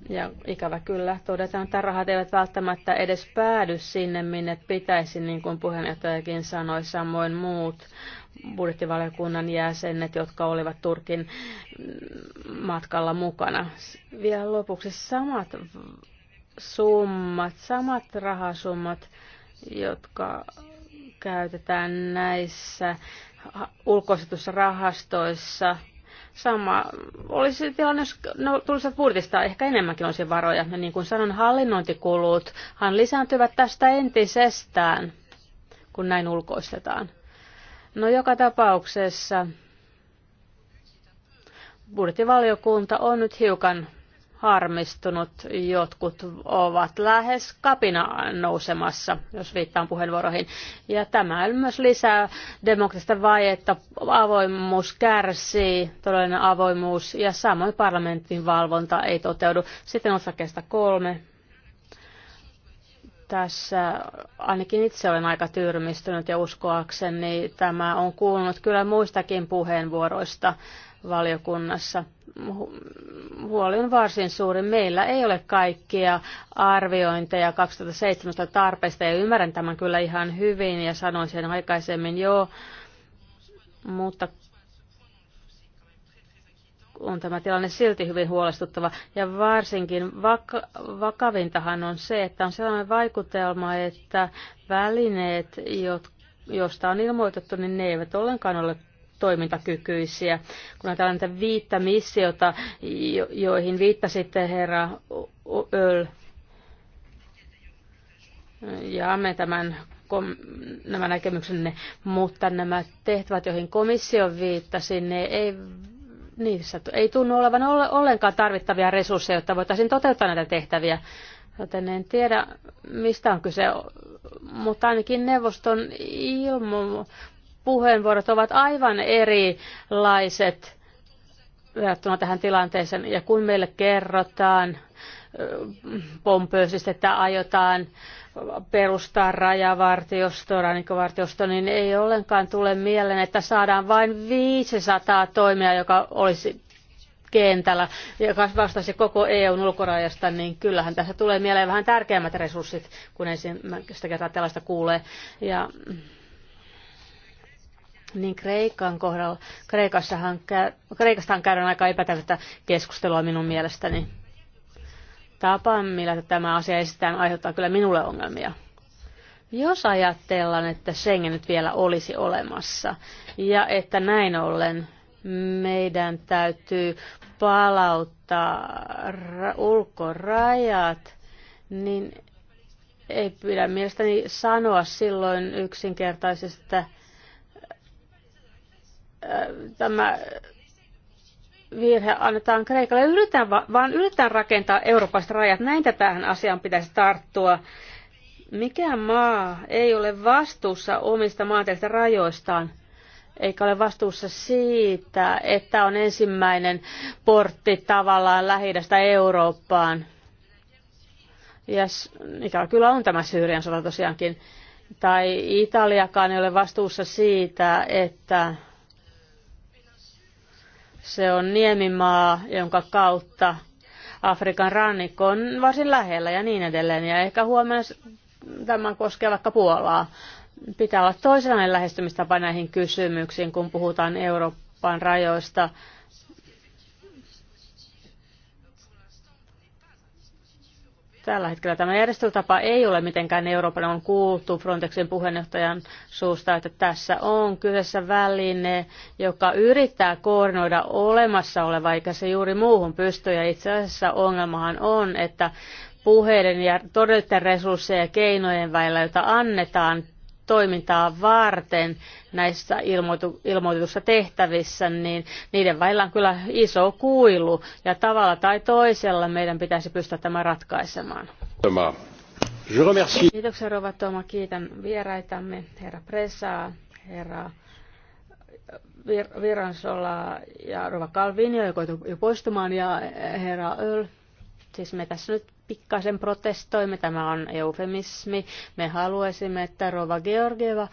Ja ikävä kyllä todetaan, että rahat eivät välttämättä edes päädy sinne, minne pitäisi, niin kuin puheenjohtajakin sanoi, samoin muut budjettivaliokunnan jäsenet, jotka olivat Turkin matkalla mukana. Vielä lopuksi samat summat, samat rahasummat jotka käytetään näissä ulkoistetussa rahastoissa. Sama olisi tilanne, jos ne tulisivat budjetista, ehkä enemmänkin olisi varoja. Ja niin kuin sanon, hallinnointikuluthan lisääntyvät tästä entisestään, kun näin ulkoistetaan. No joka tapauksessa budjettivaliokunta on nyt hiukan harmistunut. Jotkut ovat lähes kapina nousemassa, jos viittaan puheenvuoroihin. Ja tämä myös lisää demokratista vaietta. Avoimuus kärsii, todellinen avoimuus ja samoin parlamentin valvonta ei toteudu. Sitten osakkeesta kolme. Tässä ainakin itse olen aika tyrmistynyt ja uskoakseni tämä on kuulunut kyllä muistakin puheenvuoroista valiokunnassa. Huoli on varsin suuri. Meillä ei ole kaikkia arviointeja 2017 tarpeista ja ymmärrän tämän kyllä ihan hyvin ja sanoin sen aikaisemmin jo, mutta on tämä tilanne silti hyvin huolestuttava. Ja varsinkin vaka- vakavintahan on se, että on sellainen vaikutelma, että välineet, jotka josta on ilmoitettu, niin ne eivät ollenkaan ole toimintakykyisiä. Kun ajatellaan näitä viittä missiota, joihin viittasitte herra Öl, jaamme tämän nämä näkemyksenne, mutta nämä tehtävät, joihin komissio viittasi, ne ei, niissä ei tunnu olevan ollenkaan tarvittavia resursseja, jotta voitaisiin toteuttaa näitä tehtäviä. Joten en tiedä, mistä on kyse, mutta ainakin neuvoston ilmo, puheenvuorot ovat aivan erilaiset verrattuna tähän tilanteeseen. Ja kun meille kerrotaan äh, pompöösistä, että aiotaan perustaa rajavartiosto, rannikkovartiosto, niin ei ollenkaan tule mieleen, että saadaan vain 500 toimia, joka olisi kentällä ja vastaisi koko EUn ulkorajasta, niin kyllähän tässä tulee mieleen vähän tärkeämmät resurssit, kun ensimmäistä kertaa tällaista kuulee. Ja niin Kreikan kohdalla, Kreikassahan, Kreikastahan käydään aika epätäyttä keskustelua minun mielestäni. Tapa, millä tämä asia esitään, aiheuttaa kyllä minulle ongelmia. Jos ajatellaan, että Schengen nyt vielä olisi olemassa ja että näin ollen meidän täytyy palauttaa ulkorajat, niin ei pidä mielestäni sanoa silloin yksinkertaisesti, että tämä virhe annetaan Kreikalle. Yritetään, vaan yritetään rakentaa Euroopasta rajat. Näin tähän asiaan pitäisi tarttua. Mikä maa ei ole vastuussa omista maanteista rajoistaan, eikä ole vastuussa siitä, että on ensimmäinen portti tavallaan lähi Eurooppaan. Ja ikävä kyllä on tämä Syyrian sota tosiaankin. Tai Italiakaan ei ole vastuussa siitä, että se on niemimaa, jonka kautta Afrikan rannikko on varsin lähellä ja niin edelleen. Ja ehkä huomenna tämä koskee vaikka Puolaa. Pitää olla toisenlainen lähestymistapa näihin kysymyksiin, kun puhutaan Euroopan rajoista Tällä hetkellä tämä järjestelytapa ei ole mitenkään Euroopan on kuultu Frontexin puheenjohtajan suusta, että tässä on kyseessä väline, joka yrittää koordinoida olemassa olevaa, eikä se juuri muuhun pysty. Ja itse asiassa ongelmahan on, että puheiden ja todellisten resursseja ja keinojen välillä, joita annetaan toimintaa varten näissä ilmoitu, ilmoitetussa tehtävissä, niin niiden välillä on kyllä iso kuilu ja tavalla tai toisella meidän pitäisi pystyä tämä ratkaisemaan. Tämä. Kiitoksia Rova Toma, kiitän vieraitamme, herra Presaa, herra Vir- Viransola ja Rova Calvinio, joka jo poistumaan, ja herra Öl. Siis me tässä nyt pikkasen protestoimme. Tämä on eufemismi. Me haluaisimme, että Rova Georgieva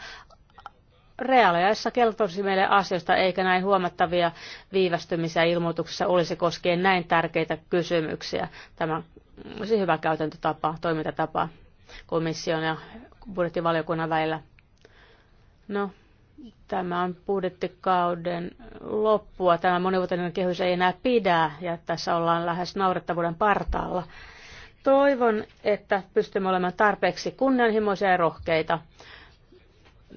reaaliajassa kertoisi meille asioista, eikä näin huomattavia viivästymisiä ilmoituksessa olisi koskien näin tärkeitä kysymyksiä. Tämä olisi hyvä käytäntötapa, toimintatapa komission ja budjettivaliokunnan välillä. No, tämä on budjettikauden loppua. Tämä monivuotinen kehys ei enää pidä ja tässä ollaan lähes naurettavuuden partaalla. Toivon, että pystymme olemaan tarpeeksi kunnianhimoisia ja rohkeita.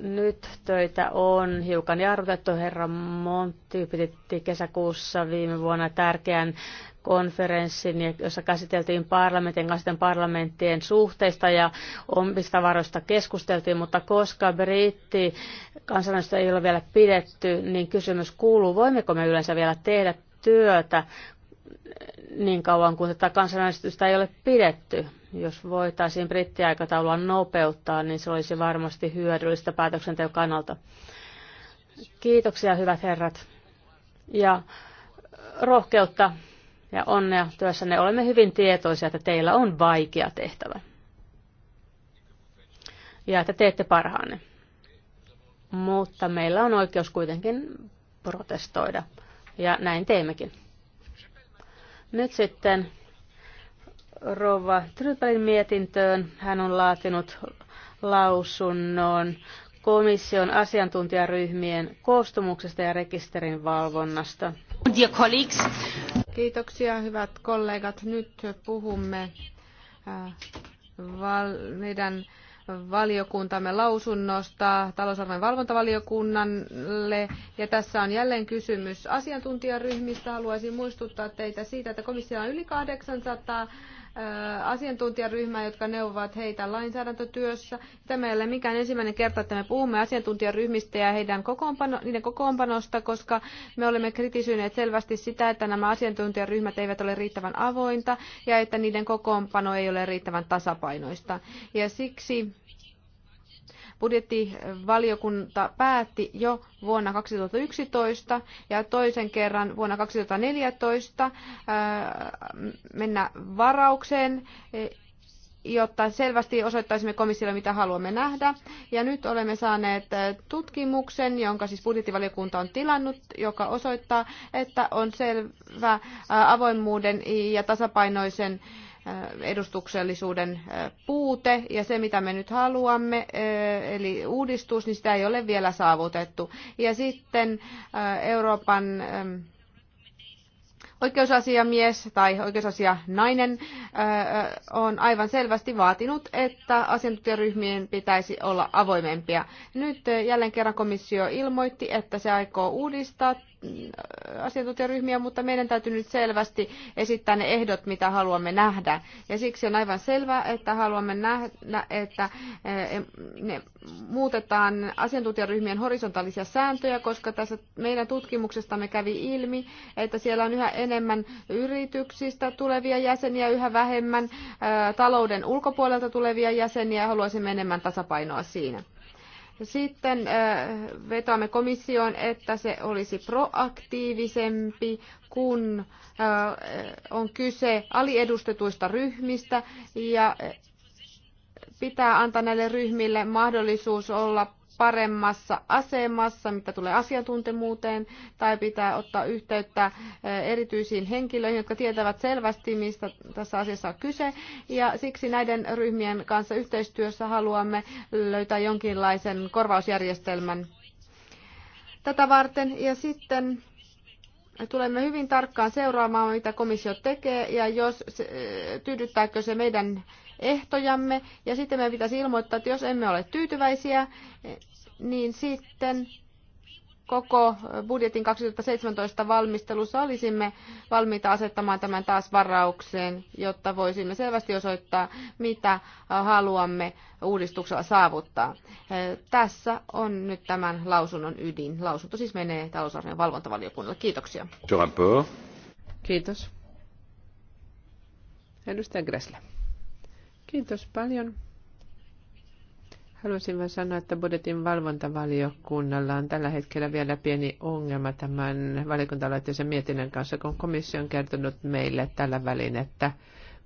Nyt töitä on hiukan jarrutettu. Herra Montti piti kesäkuussa viime vuonna tärkeän konferenssin, jossa käsiteltiin parlamentin kanssa parlamenttien suhteista ja omista varoista keskusteltiin, mutta koska britti kansanäänestö ei ole vielä pidetty, niin kysymys kuuluu, voimmeko me yleensä vielä tehdä työtä, niin kauan kuin tätä kansanäänestystä ei ole pidetty. Jos voitaisiin brittiaikataulua nopeuttaa, niin se olisi varmasti hyödyllistä päätöksenteon kannalta. Kiitoksia, hyvät herrat. Ja rohkeutta ja onnea työssänne. Olemme hyvin tietoisia, että teillä on vaikea tehtävä. Ja että teette parhaanne. Mutta meillä on oikeus kuitenkin protestoida. Ja näin teemmekin. Nyt sitten Rova Trypelin mietintöön. Hän on laatinut lausunnon komission asiantuntijaryhmien koostumuksesta ja rekisterin valvonnasta. Kiitoksia hyvät kollegat. Nyt puhumme äh, meidän valiokuntamme lausunnosta talousarvojen valvontavaliokunnalle. Ja tässä on jälleen kysymys asiantuntijaryhmistä. Haluaisin muistuttaa teitä siitä, että komissiolla on yli 800 asiantuntijaryhmää, jotka neuvovat heitä lainsäädäntötyössä. Tämä ei ole mikään ensimmäinen kerta, että me puhumme asiantuntijaryhmistä ja heidän kokoonpano, niiden kokoonpanosta, koska me olemme kritisoineet selvästi sitä, että nämä asiantuntijaryhmät eivät ole riittävän avointa ja että niiden kokoonpano ei ole riittävän tasapainoista. Ja siksi Budjettivaliokunta päätti jo vuonna 2011 ja toisen kerran vuonna 2014 äh, mennä varaukseen eh, jotta selvästi osoittaisimme komissiolle, mitä haluamme nähdä. Ja nyt olemme saaneet äh, tutkimuksen, jonka siis budjettivaliokunta on tilannut, joka osoittaa, että on selvä äh, avoimuuden ja tasapainoisen Äh, edustuksellisuuden äh, puute ja se, mitä me nyt haluamme, äh, eli uudistus, niin sitä ei ole vielä saavutettu. Ja sitten Euroopan ähm, oikeusasiamies tai oikeusasianainen on aivan selvästi vaatinut, että asiantuntijaryhmien pitäisi olla avoimempia. Nyt jälleen kerran komissio ilmoitti, että se aikoo uudistaa asiantuntijaryhmiä, mutta meidän täytyy nyt selvästi esittää ne ehdot, mitä haluamme nähdä. Ja siksi on aivan selvää, että haluamme nähdä, että eh, ne muutetaan asiantuntijaryhmien horisontaalisia sääntöjä, koska tässä meidän tutkimuksestamme kävi ilmi, että siellä on yhä enemmän yrityksistä tulevia jäseniä, yhä vähemmän eh, talouden ulkopuolelta tulevia jäseniä ja haluaisimme enemmän tasapainoa siinä. Sitten äh, vetoamme komissioon, että se olisi proaktiivisempi, kun äh, on kyse aliedustetuista ryhmistä ja äh, pitää antaa näille ryhmille mahdollisuus olla paremmassa asemassa, mitä tulee asiantuntemuuteen, tai pitää ottaa yhteyttä erityisiin henkilöihin, jotka tietävät selvästi, mistä tässä asiassa on kyse. Ja siksi näiden ryhmien kanssa yhteistyössä haluamme löytää jonkinlaisen korvausjärjestelmän tätä varten. Ja sitten tulemme hyvin tarkkaan seuraamaan, mitä komissio tekee ja jos se, e, tyydyttääkö se meidän ehtojamme. Ja sitten meidän pitäisi ilmoittaa, että jos emme ole tyytyväisiä, e, niin sitten koko budjetin 2017 valmistelussa olisimme valmiita asettamaan tämän taas varaukseen, jotta voisimme selvästi osoittaa, mitä haluamme uudistuksella saavuttaa. Tässä on nyt tämän lausunnon ydin. Lausunto siis menee talousarvion valvontavaliokunnalle. Kiitoksia. Kiitos. Edustaja Gressle. Kiitos paljon. Haluaisin vain sanoa, että budjetin valvontavaliokunnalla on tällä hetkellä vielä pieni ongelma tämän valiokuntalaitteisen mietinnön kanssa, kun komissio on kertonut meille tällä välin, että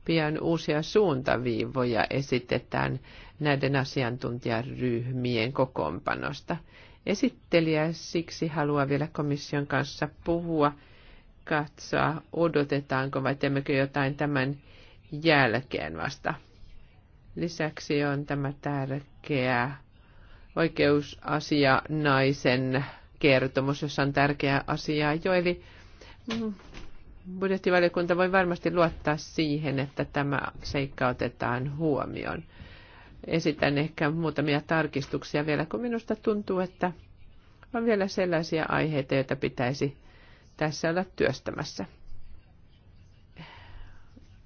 pian uusia suuntaviivoja esitetään näiden asiantuntijaryhmien kokoonpanosta. Esittelijä siksi haluaa vielä komission kanssa puhua, katsoa, odotetaanko vai teemmekö jotain tämän jälkeen vasta. Lisäksi on tämä tärkeä oikeusasia naisen kertomus, jossa on tärkeä asia jo. Eli mm, budjettivaliokunta voi varmasti luottaa siihen, että tämä seikka otetaan huomioon. Esitän ehkä muutamia tarkistuksia vielä, kun minusta tuntuu, että on vielä sellaisia aiheita, joita pitäisi tässä olla työstämässä.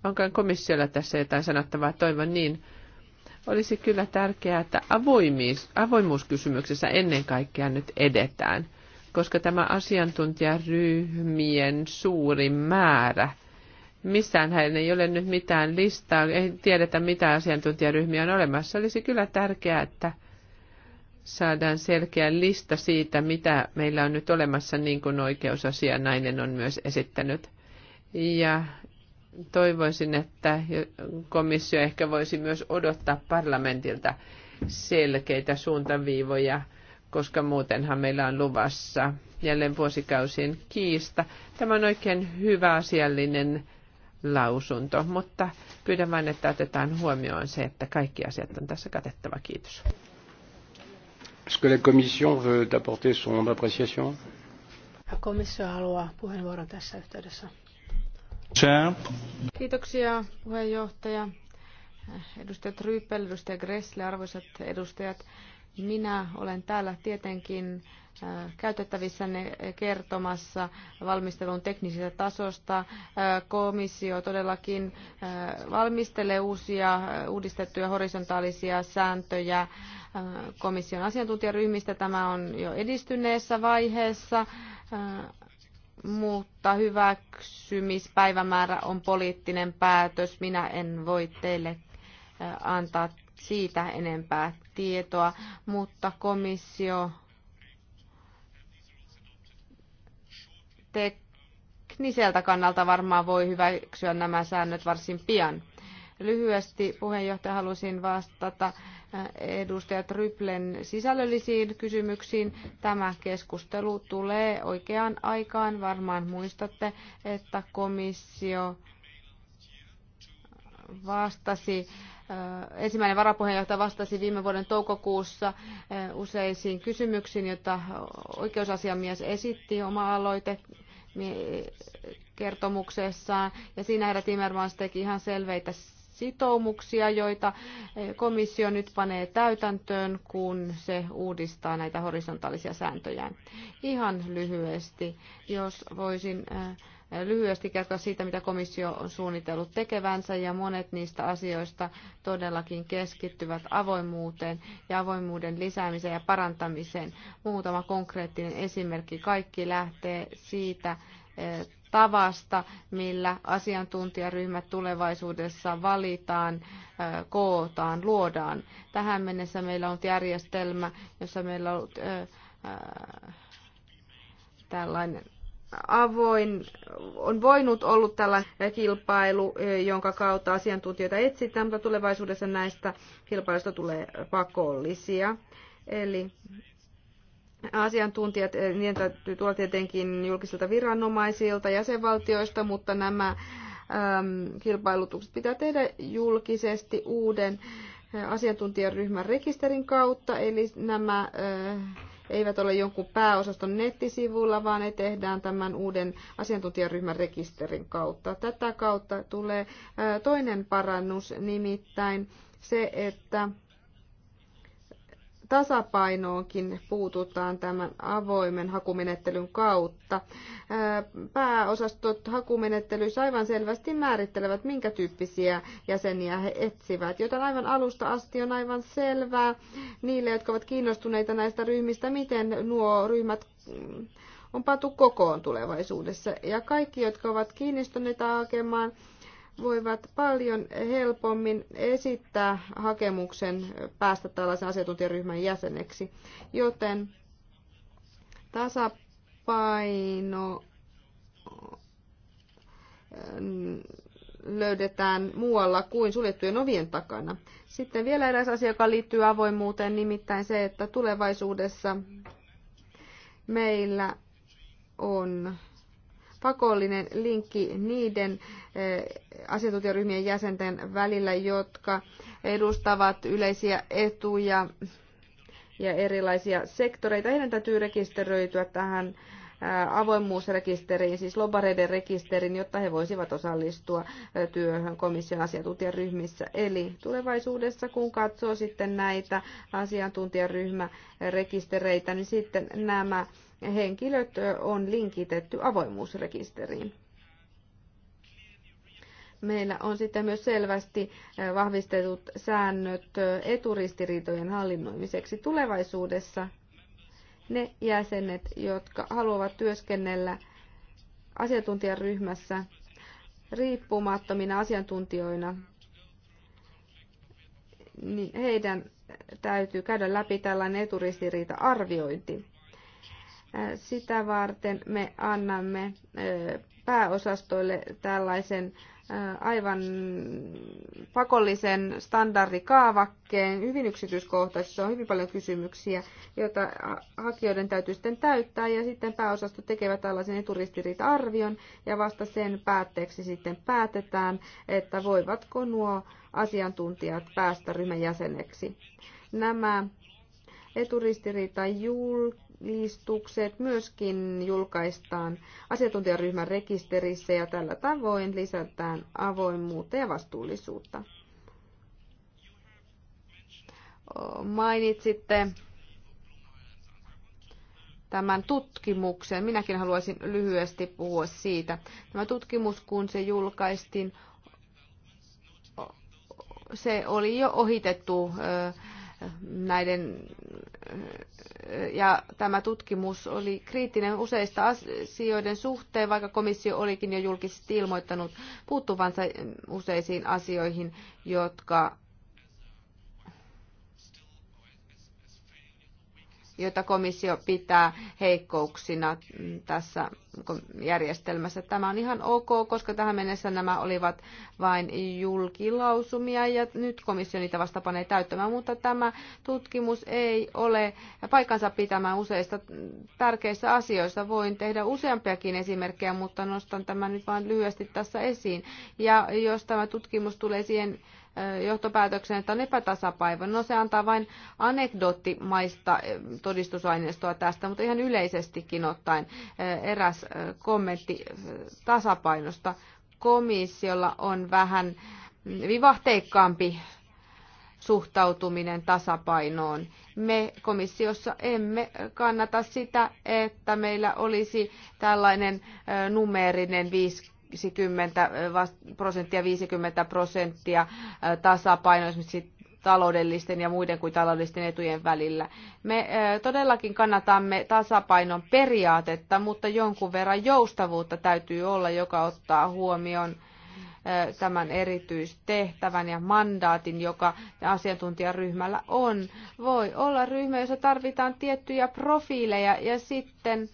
Onko komissiolla tässä jotain sanottavaa? Toivon niin olisi kyllä tärkeää, että avoimuuskysymyksessä ennen kaikkea nyt edetään, koska tämä asiantuntijaryhmien suuri määrä, missään hän ei ole nyt mitään listaa, ei tiedetä mitä asiantuntijaryhmiä on olemassa, olisi kyllä tärkeää, että saadaan selkeä lista siitä, mitä meillä on nyt olemassa, niin kuin oikeusasianainen on myös esittänyt. Ja toivoisin, että komissio ehkä voisi myös odottaa parlamentilta selkeitä suuntaviivoja, koska muutenhan meillä on luvassa jälleen vuosikausien kiista. Tämä on oikein hyvä asiallinen lausunto, mutta pyydän vain, että otetaan huomioon se, että kaikki asiat on tässä katettava. Kiitos. Est-ce que la Commission veut apporter son appréciation? Komissio haluaa puheenvuoron tässä yhteydessä. Kiitoksia puheenjohtaja. Edustajat Ryyppel, edustaja Gressle, arvoisat edustajat. Minä olen täällä tietenkin äh, käytettävissänne kertomassa valmistelun teknisestä tasosta. Äh, komissio todellakin äh, valmistelee uusia uudistettuja horisontaalisia sääntöjä komission asiantuntijaryhmistä. Tämä on jo edistyneessä vaiheessa mutta hyväksymispäivämäärä on poliittinen päätös. Minä en voi teille äh, antaa siitä enempää tietoa, mutta komissio tekniseltä kannalta varmaan voi hyväksyä nämä säännöt varsin pian. Lyhyesti puheenjohtaja halusin vastata edustajat Ryplen sisällöllisiin kysymyksiin. Tämä keskustelu tulee oikeaan aikaan. Varmaan muistatte, että komissio vastasi äh, ensimmäinen varapuheenjohtaja vastasi viime vuoden toukokuussa äh, useisiin kysymyksiin, joita oikeusasiamies esitti oma aloite kertomuksessaan. Ja siinä herra Timmermans teki ihan selveitä sitoumuksia, joita eh, komissio nyt panee täytäntöön, kun se uudistaa näitä horisontaalisia sääntöjä. Ihan lyhyesti, jos voisin eh, lyhyesti kertoa siitä, mitä komissio on suunnitellut tekevänsä, ja monet niistä asioista todellakin keskittyvät avoimuuteen ja avoimuuden lisäämiseen ja parantamiseen. Muutama konkreettinen esimerkki. Kaikki lähtee siitä, että eh, tavasta, millä asiantuntijaryhmät tulevaisuudessa valitaan, kootaan, luodaan. Tähän mennessä meillä on järjestelmä, jossa meillä on ollut tällainen avoin, on voinut ollut tällainen kilpailu, jonka kautta asiantuntijoita etsitään, mutta tulevaisuudessa näistä kilpailusta tulee pakollisia. Eli asiantuntijat, eh, niiden täytyy tulla tietenkin julkisilta viranomaisilta, jäsenvaltioista, mutta nämä äm, kilpailutukset pitää tehdä julkisesti uuden eh, asiantuntijaryhmän rekisterin kautta, eli nämä eh, eivät ole jonkun pääosaston nettisivulla, vaan ne tehdään tämän uuden asiantuntijaryhmän rekisterin kautta. Tätä kautta tulee toinen parannus, nimittäin se, että tasapainoonkin puututaan tämän avoimen hakumenettelyn kautta. Pääosastot hakumenettelyissä aivan selvästi määrittelevät, minkä tyyppisiä jäseniä he etsivät, joten aivan alusta asti on aivan selvää niille, jotka ovat kiinnostuneita näistä ryhmistä, miten nuo ryhmät mm, on patu kokoon tulevaisuudessa. Ja kaikki, jotka ovat kiinnostuneita hakemaan voivat paljon helpommin esittää hakemuksen päästä tällaisen asiantuntijaryhmän jäseneksi, joten tasapaino ähm, löydetään muualla kuin suljettujen ovien takana. Sitten vielä eräs asia, joka liittyy avoimuuteen, nimittäin se, että tulevaisuudessa meillä on pakollinen linkki niiden eh, asiantuntijaryhmien jäsenten välillä, jotka edustavat yleisiä etuja ja erilaisia sektoreita. Heidän täytyy rekisteröityä tähän eh, avoimuusrekisteriin, siis lobareiden rekisteriin, jotta he voisivat osallistua eh, työhön komission asiantuntijaryhmissä. Eli tulevaisuudessa, kun katsoo sitten näitä asiantuntijaryhmärekistereitä, niin sitten nämä henkilöt on linkitetty avoimuusrekisteriin. Meillä on sitten myös selvästi vahvistetut säännöt eturistiriitojen hallinnoimiseksi tulevaisuudessa. Ne jäsenet, jotka haluavat työskennellä asiantuntijaryhmässä riippumattomina asiantuntijoina, niin heidän täytyy käydä läpi tällainen eturistiriita-arviointi. Sitä varten me annamme pääosastoille tällaisen aivan pakollisen standardikaavakkeen, hyvin yksityiskohtaisessa on hyvin paljon kysymyksiä, joita hakijoiden täytyy sitten täyttää ja sitten pääosasto tekevät tällaisen eturistiriita-arvion ja vasta sen päätteeksi sitten päätetään, että voivatko nuo asiantuntijat päästä ryhmän jäseneksi. Nämä eturistiriita Listukset myöskin julkaistaan asiantuntijaryhmän rekisterissä ja tällä tavoin lisätään avoimuutta ja vastuullisuutta. Mainitsitte tämän tutkimuksen. Minäkin haluaisin lyhyesti puhua siitä. Tämä tutkimus, kun se julkaistiin, se oli jo ohitettu näiden, ja tämä tutkimus oli kriittinen useista asioiden suhteen, vaikka komissio olikin jo julkisesti ilmoittanut puuttuvansa useisiin asioihin, jotka joita komissio pitää heikkouksina tässä järjestelmässä. Tämä on ihan ok, koska tähän mennessä nämä olivat vain julkilausumia ja nyt komissio niitä vasta panee täyttämään, mutta tämä tutkimus ei ole paikansa pitämään useista tärkeissä asioissa. Voin tehdä useampiakin esimerkkejä, mutta nostan tämän nyt vain lyhyesti tässä esiin. Ja jos tämä tutkimus tulee siihen Eh, johtopäätöksen, että on epätasapaino. No se antaa vain anekdoottimaista eh, todistusaineistoa tästä, mutta ihan yleisestikin ottaen eh, eräs kommentti tasapainosta. Komissiolla on vähän mm, vivahteikkaampi suhtautuminen tasapainoon. Me komissiossa emme kannata sitä, että meillä olisi tällainen numeerinen 5 50 prosenttia, 50 prosenttia tasapaino esimerkiksi taloudellisten ja muiden kuin taloudellisten etujen välillä. Me todellakin kannatamme tasapainon periaatetta, mutta jonkun verran joustavuutta täytyy olla, joka ottaa huomioon tämän erityistehtävän ja mandaatin, joka asiantuntijaryhmällä on. Voi olla ryhmä, jossa tarvitaan tiettyjä profiileja ja sitten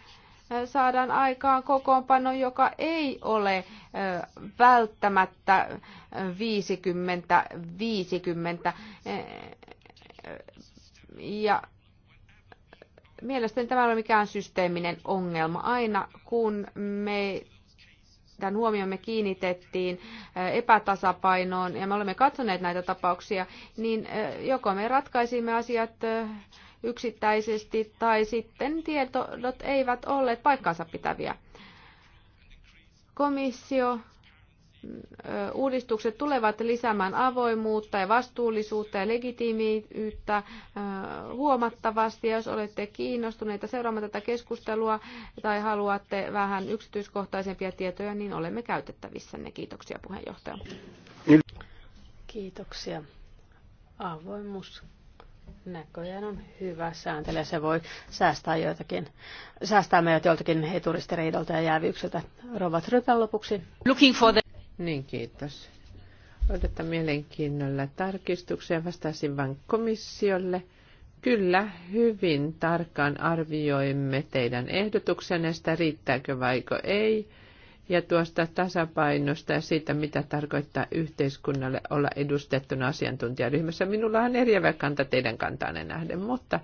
saadaan aikaan kokoonpano, joka ei ole välttämättä 50-50. Ja mielestäni tämä ei ole mikään systeeminen ongelma. Aina kun me tämän me kiinnitettiin epätasapainoon ja me olemme katsoneet näitä tapauksia, niin joko me ratkaisimme asiat yksittäisesti tai sitten tiedot eivät olleet paikkaansa pitäviä. Komissio Uudistukset tulevat lisäämään avoimuutta ja vastuullisuutta ja legitiimiyttä huomattavasti. Ja jos olette kiinnostuneita seuraamaan tätä keskustelua tai haluatte vähän yksityiskohtaisempia tietoja, niin olemme käytettävissänne. Kiitoksia puheenjohtaja. Kiitoksia. Avoimuus Näköjään on hyvä sääntelijä. Se voi säästää, joitakin, säästää meidät joiltakin eturistiriidolta ja jäävyyksiltä. Rovat Rypän lopuksi. Looking for the... Niin, kiitos. Odotan mielenkiinnolla tarkistuksia. Vastaisin vain komissiolle. Kyllä, hyvin tarkkaan arvioimme teidän ehdotuksenne, sitä riittääkö vaiko ei ja tuosta tasapainosta ja siitä, mitä tarkoittaa yhteiskunnalle olla edustettuna asiantuntijaryhmässä. Minulla on eriävä kanta teidän kantaanne nähden, mutta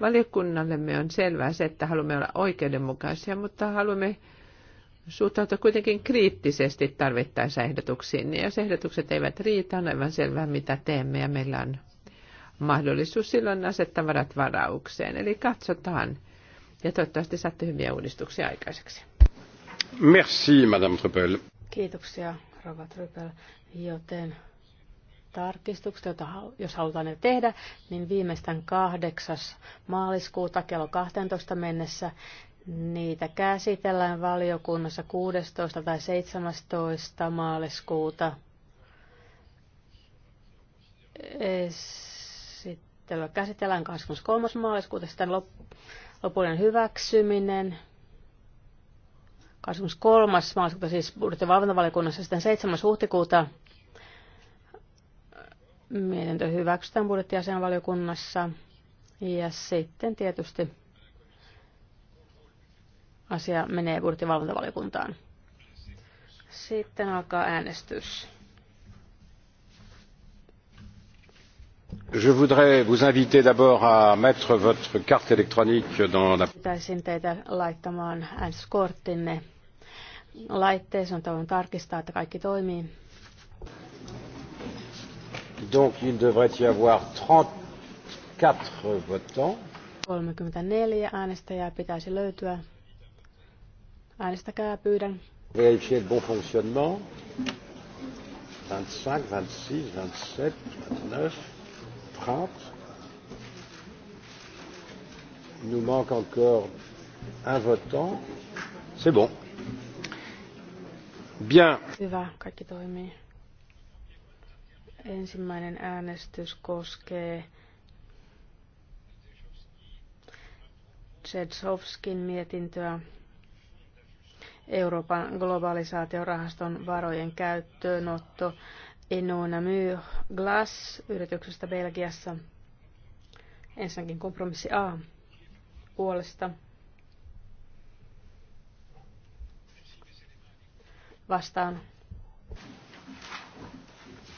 valiokunnallemme on selvää se, että haluamme olla oikeudenmukaisia, mutta haluamme suhtautua kuitenkin kriittisesti tarvittaessa ehdotuksiin. Ja jos ehdotukset eivät riitä, on aivan selvää, mitä teemme, ja meillä on mahdollisuus silloin asettaa varat varaukseen. Eli katsotaan, ja toivottavasti saatte hyviä uudistuksia aikaiseksi. Merci, Madame Kiitoksia, Rova Truppel. Joten tarkistukset, joita, jos halutaan ne tehdä, niin viimeistään 8. maaliskuuta kello 12 mennessä niitä käsitellään valiokunnassa 16. tai 17. maaliskuuta. Esittelyä käsitellään 23. maaliskuuta, sitten lopullinen hyväksyminen 23. maaliskuuta siis budjettivalvontavaliokunnassa sitten 7. huhtikuuta mietintö hyväksytään budjettiasianvaliokunnassa ja sitten tietysti asia menee budjettivalvontavaliokuntaan. Sitten alkaa äänestys. Je voudrais vous inviter d'abord à mettre votre carte électronique dans la... Pitäisin teitä laittamaan äänestyskorttinne laitteessa on tavan tarkistaa, että kaikki toimii. Donc il devrait y avoir 34 votants. 34 äänestäjää pitäisi löytyä. Äänestäkää pyydän. Vérifier le bon fonctionnement. 25, 26, 27, 29, 30. Il nous manque encore un votant. C'est bon. Bien. Hyvä, kaikki toimii. Ensimmäinen äänestys koskee Tsetsovskin mietintöä Euroopan globalisaatiorahaston varojen käyttöönotto Enona Myr Glass yrityksestä Belgiassa. Ensinnäkin kompromissi A puolesta vastaan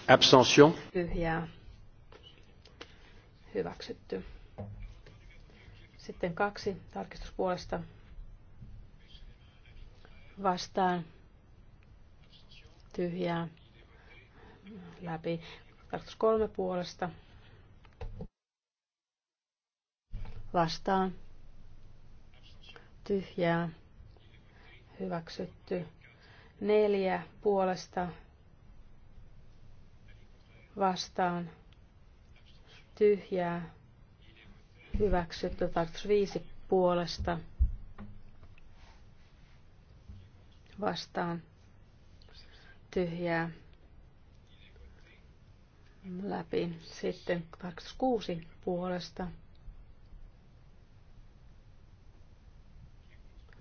abstention tyhjää hyväksytty sitten kaksi tarkistuspuolesta vastaan tyhjää läpi tarkistus kolme puolesta vastaan tyhjää hyväksytty Neljä puolesta vastaan tyhjää hyväksytty. Tarkoitus viisi puolesta vastaan tyhjää läpi. Sitten kuusi puolesta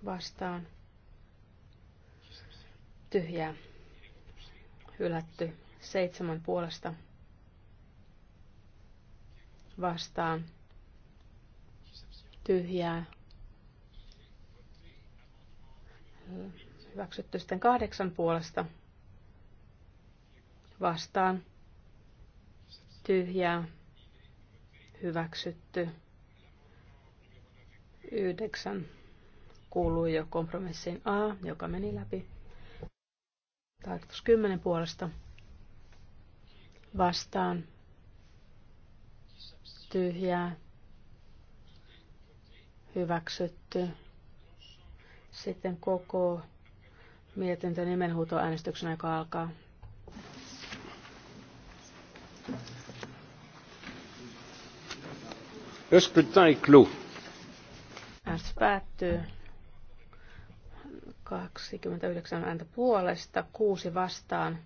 vastaan tyhjää hylätty seitsemän puolesta vastaan tyhjää hyväksytty sitten kahdeksan puolesta vastaan tyhjää hyväksytty yhdeksän kuuluu jo kompromissiin A, joka meni läpi. Tarkoitus 10 puolesta vastaan tyhjää hyväksytty. Sitten koko mietintö äänestyksen aika alkaa. Le scrutin est clos. Äänestys päättyy. 29 ääntä puolesta, 6 vastaan.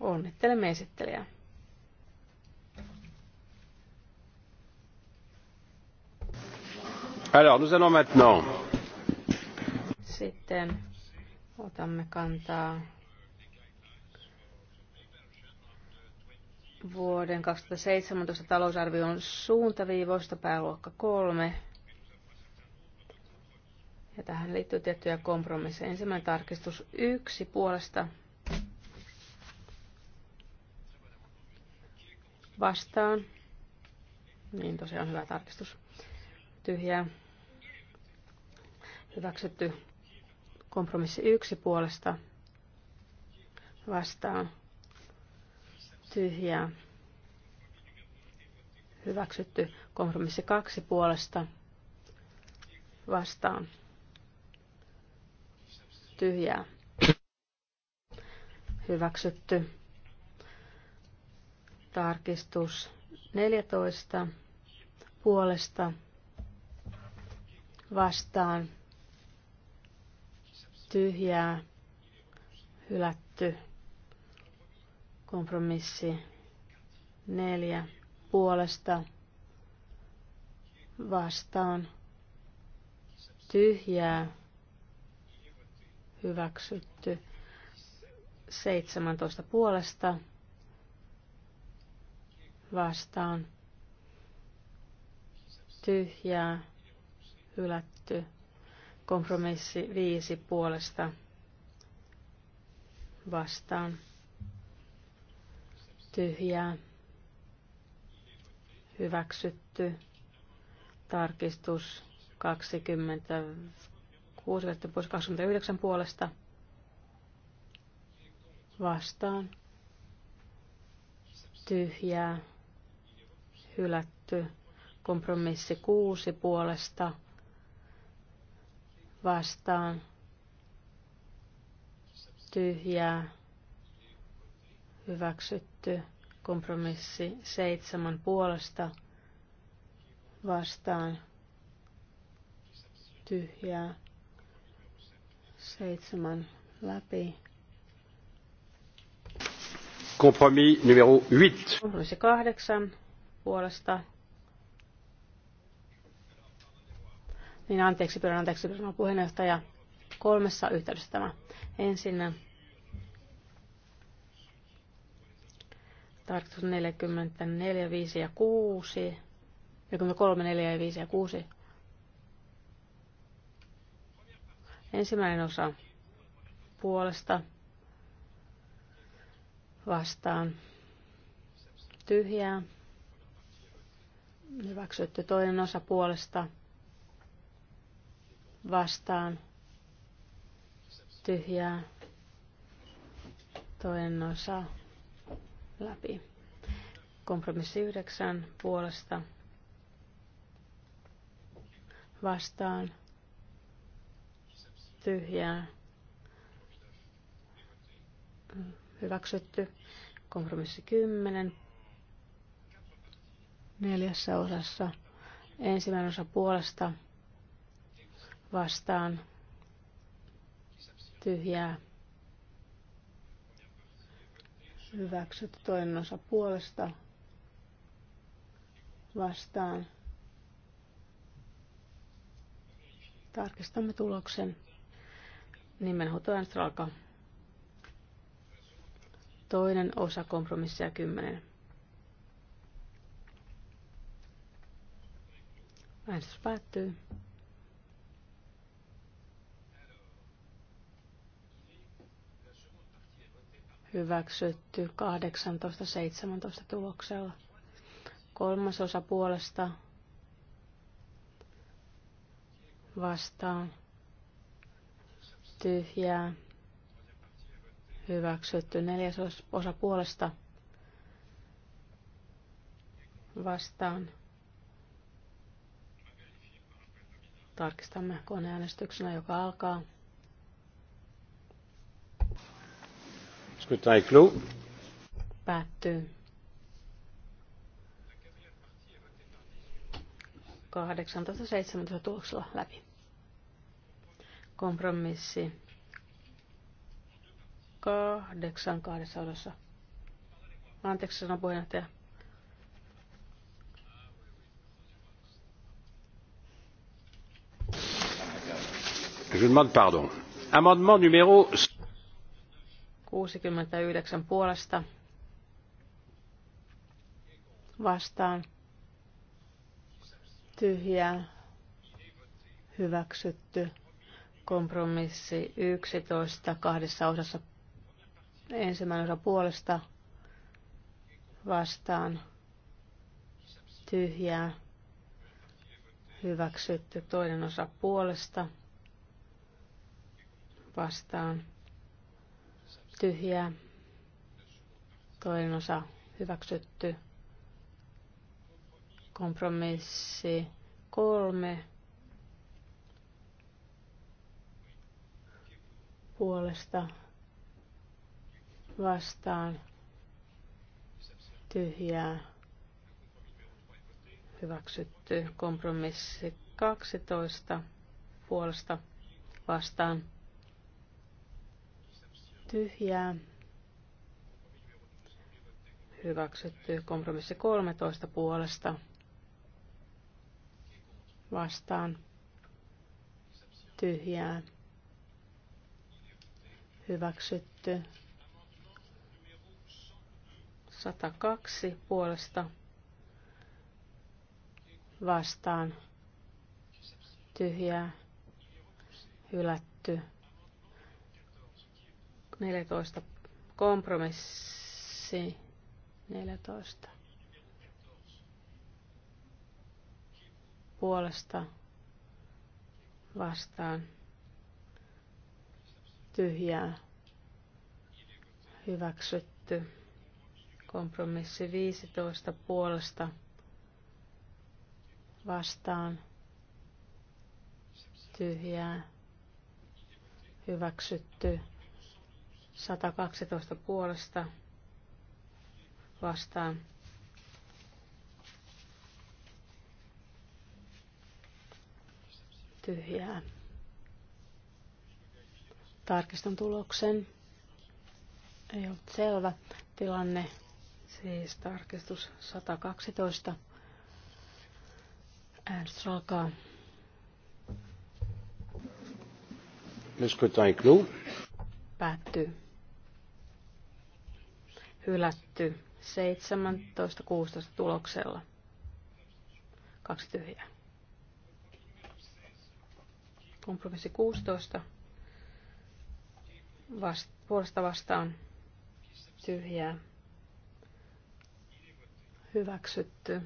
Onnittelemme esittelijää. Alors, nous allons maintenant. Sitten otamme kantaa vuoden 2017 talousarvion suuntaviivoista pääluokka kolme. Ja tähän liittyy tiettyjä kompromisseja. Ensimmäinen tarkistus yksi puolesta vastaan. Niin tosiaan hyvä tarkistus. Tyhjää. Hyväksytty kompromissi yksi puolesta vastaan tyhjää hyväksytty kompromissi kaksi puolesta vastaan tyhjää hyväksytty tarkistus 14 puolesta vastaan tyhjää hylätty Kompromissi neljä puolesta vastaan tyhjää hyväksytty 17 puolesta vastaan tyhjää hylätty kompromissi viisi puolesta vastaan tyhjää, hyväksytty, tarkistus 26 29 puolesta vastaan, tyhjää, hylätty, kompromissi 6 puolesta vastaan, tyhjää, hyväksytty kompromissi seitsemän puolesta vastaan tyhjää seitsemän läpi. Kompromis numero 8. Kompromissi kahdeksan puolesta. Niin anteeksi, pyydän anteeksi, pyydän puheenjohtaja. Kolmessa yhteydessä tämä ensinnä Tarkistus 44, 5 ja 6. 43, 4 ja 5 ja 6. Ensimmäinen osa puolesta vastaan tyhjää. Hyväksytty toinen osa puolesta vastaan tyhjää. Toinen osa läpi. Kompromissi 9 puolesta vastaan tyhjää hyväksytty. Kompromissi 10 neljässä osassa. Ensimmäinen osa puolesta vastaan tyhjää Hyväksyt toinen osa puolesta vastaan. Tarkistamme tuloksen. Nimenhoitoäänestys alkaa. Toinen osa kompromissia 10. Äänestys päättyy. hyväksytty 18-17 tuloksella. Kolmas osa puolesta vastaan tyhjää hyväksytty. Neljäs osa puolesta vastaan tarkistamme koneäänestyksenä, joka alkaa. Scrutin est clos. Päättyy. tuloksella läpi. Kompromissi kahdeksan kahdessa osassa. Anteeksi, sanon puheenjohtaja. Je demande pardon. Amendement numéro 69 puolesta vastaan tyhjää hyväksytty kompromissi 11 kahdessa osassa ensimmäinen osa puolesta vastaan tyhjää hyväksytty toinen osa puolesta vastaan tyhjää, toinen osa hyväksytty, kompromissi kolme puolesta vastaan tyhjää hyväksytty kompromissi 12 puolesta vastaan tyhjää. Hyväksytty kompromissi 13 puolesta vastaan tyhjää. Hyväksytty 102 puolesta vastaan tyhjää. Hylätty 14. Kompromissi 14. Puolesta vastaan tyhjää hyväksytty. Kompromissi 15 puolesta vastaan tyhjää hyväksytty. 112 puolesta vastaan. Tyhjää. Tarkistan tuloksen. Ei ollut selvä tilanne. Siis tarkistus 112. Äänestys alkaa. Päättyy hylätty 17-16 tuloksella. Kaksi tyhjää. Kompromissi 16. Vast, puolesta vastaan tyhjää. Hyväksytty.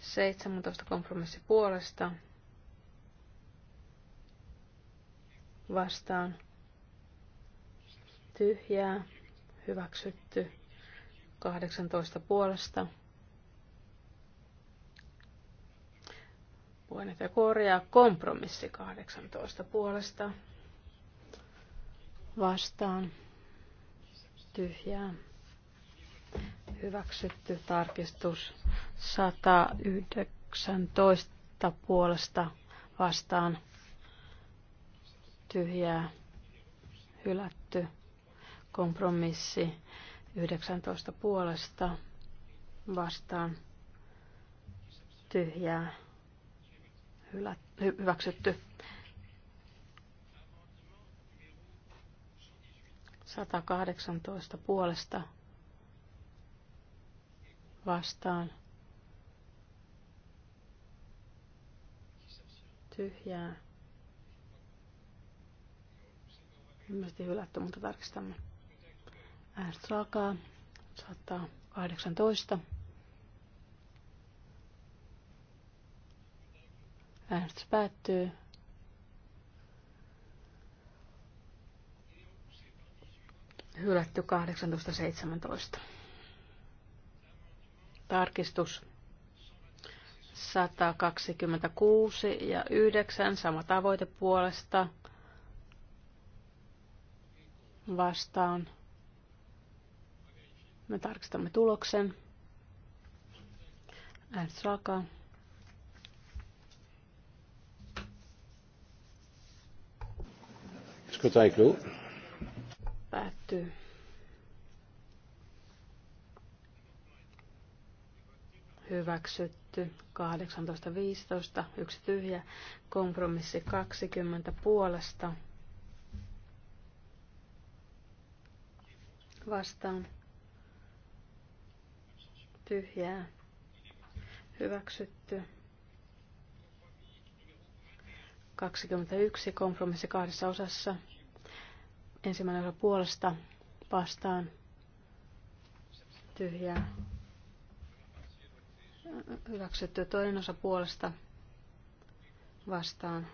17 kompromissi puolesta vastaan tyhjää, hyväksytty 18 puolesta. Puheenjohtaja korjaa kompromissi 18 puolesta vastaan tyhjää. Hyväksytty tarkistus 119 puolesta vastaan tyhjää hylätty. Kompromissi 19 puolesta vastaan tyhjää hyväksytty. 118 puolesta vastaan tyhjää. Ilmeisesti hylätty, mutta tarkistamme. Äänestys alkaa. 118. Äänestys päättyy. Hylätty 18.17. Tarkistus 126 ja 9, sama tavoite puolesta. Vastaan me tarkistamme tuloksen. Äänestys alkaa. Päättyy. Hyväksytty 18.15, yksi tyhjä, kompromissi 20 puolesta. Vastaan tyhjää hyväksytty. 21 kompromissi kahdessa osassa. Ensimmäinen osa puolesta vastaan tyhjää hyväksytty. Toinen osa puolesta vastaan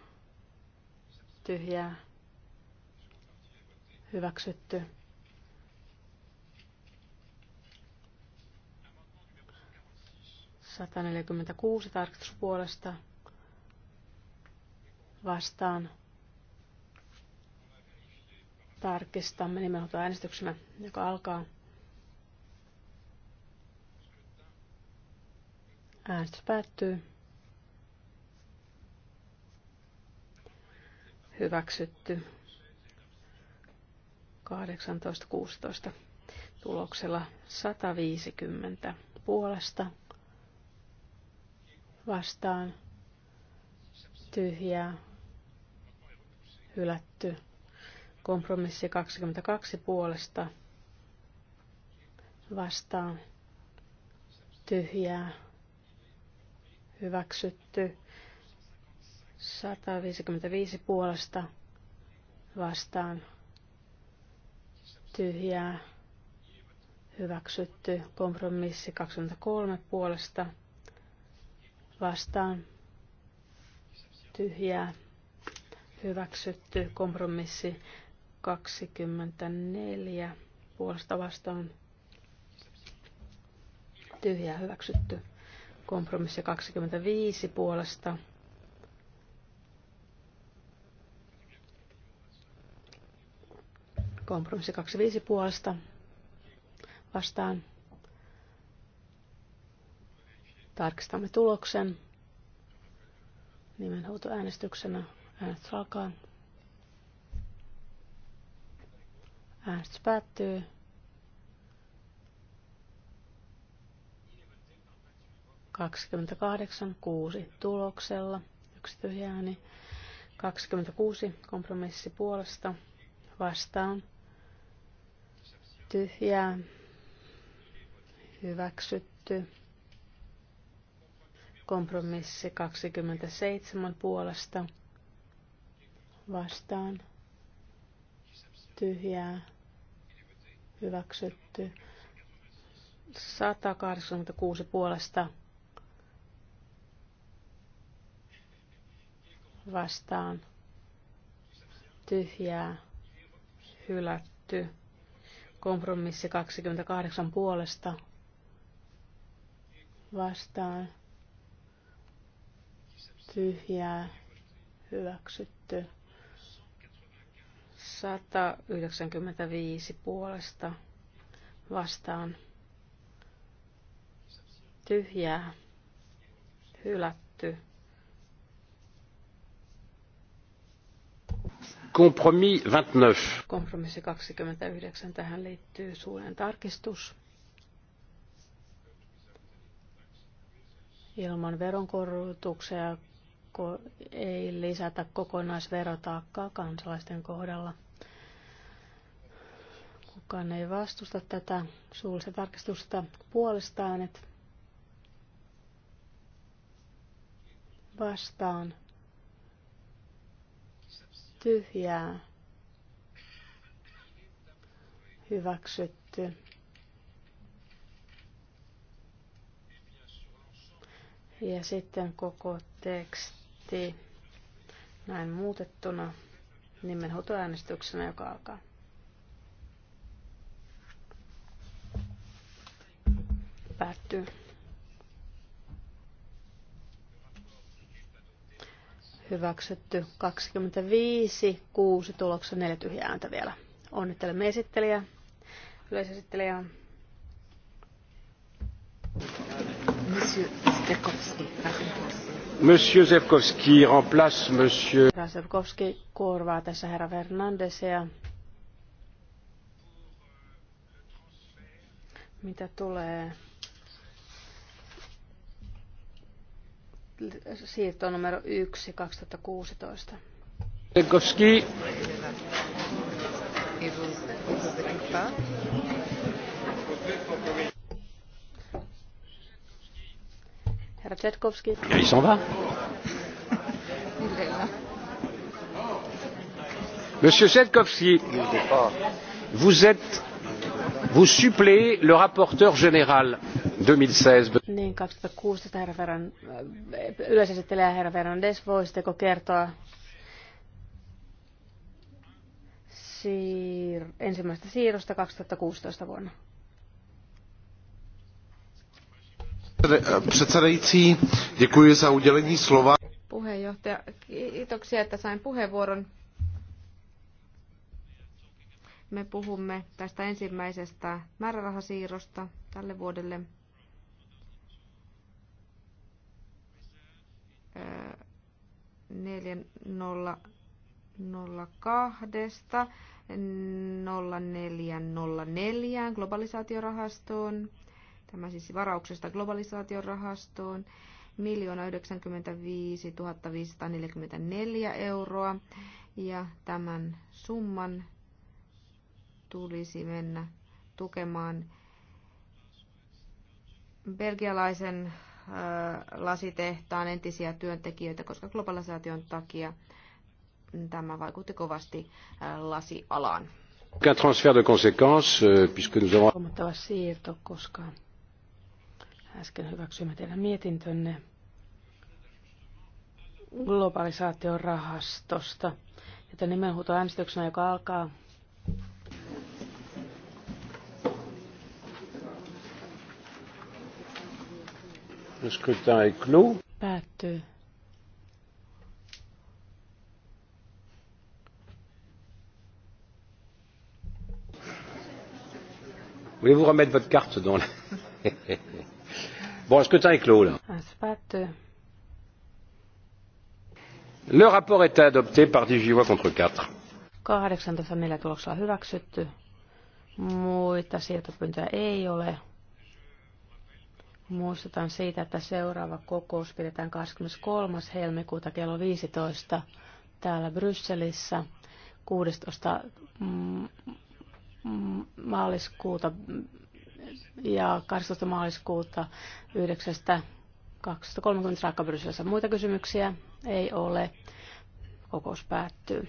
tyhjää hyväksytty. 146 tarkastuspuolesta vastaan tarkistamme nimenomaan äänestyksenä, joka alkaa. Äänestys päättyy. Hyväksytty 18.16 tuloksella 150 puolesta vastaan tyhjää hylätty. Kompromissi 22 puolesta vastaan tyhjää hyväksytty. 155 puolesta vastaan tyhjää hyväksytty. Kompromissi 23 puolesta vastaan vastaan tyhjää hyväksytty kompromissi 24 puolesta vastaan tyhjää hyväksytty kompromissi 25 puolesta kompromissi 25 puolesta vastaan Tarkistamme tuloksen nimenhuutoäänestyksenä. Äänestys alkaa. Äänestys päättyy. Kaksikymmentäkahdeksan kuusi tuloksella. Yksi tyhjä ääni. 26 kompromissi puolesta vastaan. Tyhjää. Hyväksytty. Kompromissi 27 puolesta vastaan. Tyhjää. Hyväksytty. 186 puolesta vastaan. Tyhjää. Hylätty. Kompromissi 28 puolesta vastaan tyhjää hyväksytty. 195 puolesta vastaan tyhjää hylätty. Kompromis 29. Kompromissi 29. Tähän liittyy suuren tarkistus. Ilman veronkorotuksia ei lisätä kokonaisverotaakkaa kansalaisten kohdalla. Kukaan ei vastusta tätä suullista tarkistusta puolestaan, että vastaan tyhjää hyväksytty. Ja sitten koko teksti teksti näin muutettuna nimenhuutoäänestyksenä, joka alkaa. Päättyy. Hyväksytty 25, 6 tuloksessa 4 tyhjää ääntä vielä. Onnittelemme esittelijää, yleisesittelijää. Monsieur Stekovski, Monsieur Zevkovski remplace Monsieur... Herra Zevkovski korvaa tässä herra Fernandesia. Mitä tulee siirtoon numero 1 2016. Zevkovski. Et vous, vous Herra Tsetkovski. Il s'en va. Monsieur Tsetkovski, vous êtes, vous suppléez le rapporteur général 2016. Niin, äh, kertoa siir- ensimmäisestä siirrosta 2016 vuonna? Předsedající, děkuji za udělení slova. Puheenjohtaja, kiitoksia, että sain puheenvuoron. Me puhumme tästä ensimmäisestä määrärahasiirrosta tälle vuodelle. Neljän nolla nolla nolla kahdesta neljän nolla neljään globalisaatiorahastoon Tämä siis varauksesta globalisaation rahastoon 1 95 544 euroa ja tämän summan tulisi mennä tukemaan belgialaisen lasitehtaan entisiä työntekijöitä, koska globalisaation takia tämä vaikutti kovasti lasialaan. Aucun transfert de conséquence, euh, puisque nous avons äsken hyväksymme teidän mietintönne globalisaation rahastosta. Joten nimenhuuto äänestyksenä, joka alkaa. Päättyy. Voulez-vous remettre votre carte dans la... Bon, scrutin est clos. Äänestys ah, päättyy. Le rapport est adopté par 18 voix contre 4. 18.4 tuloksella hyväksytty. Muita siirtopyyntöjä ei ole. Muistutan siitä, että seuraava kokous pidetään 23. helmikuuta kello 15 täällä Brysselissä. 16. maaliskuuta ja 12. maaliskuuta 9.2030 2030 saakka Brysselissä. Muita kysymyksiä ei ole. Kokous päättyy.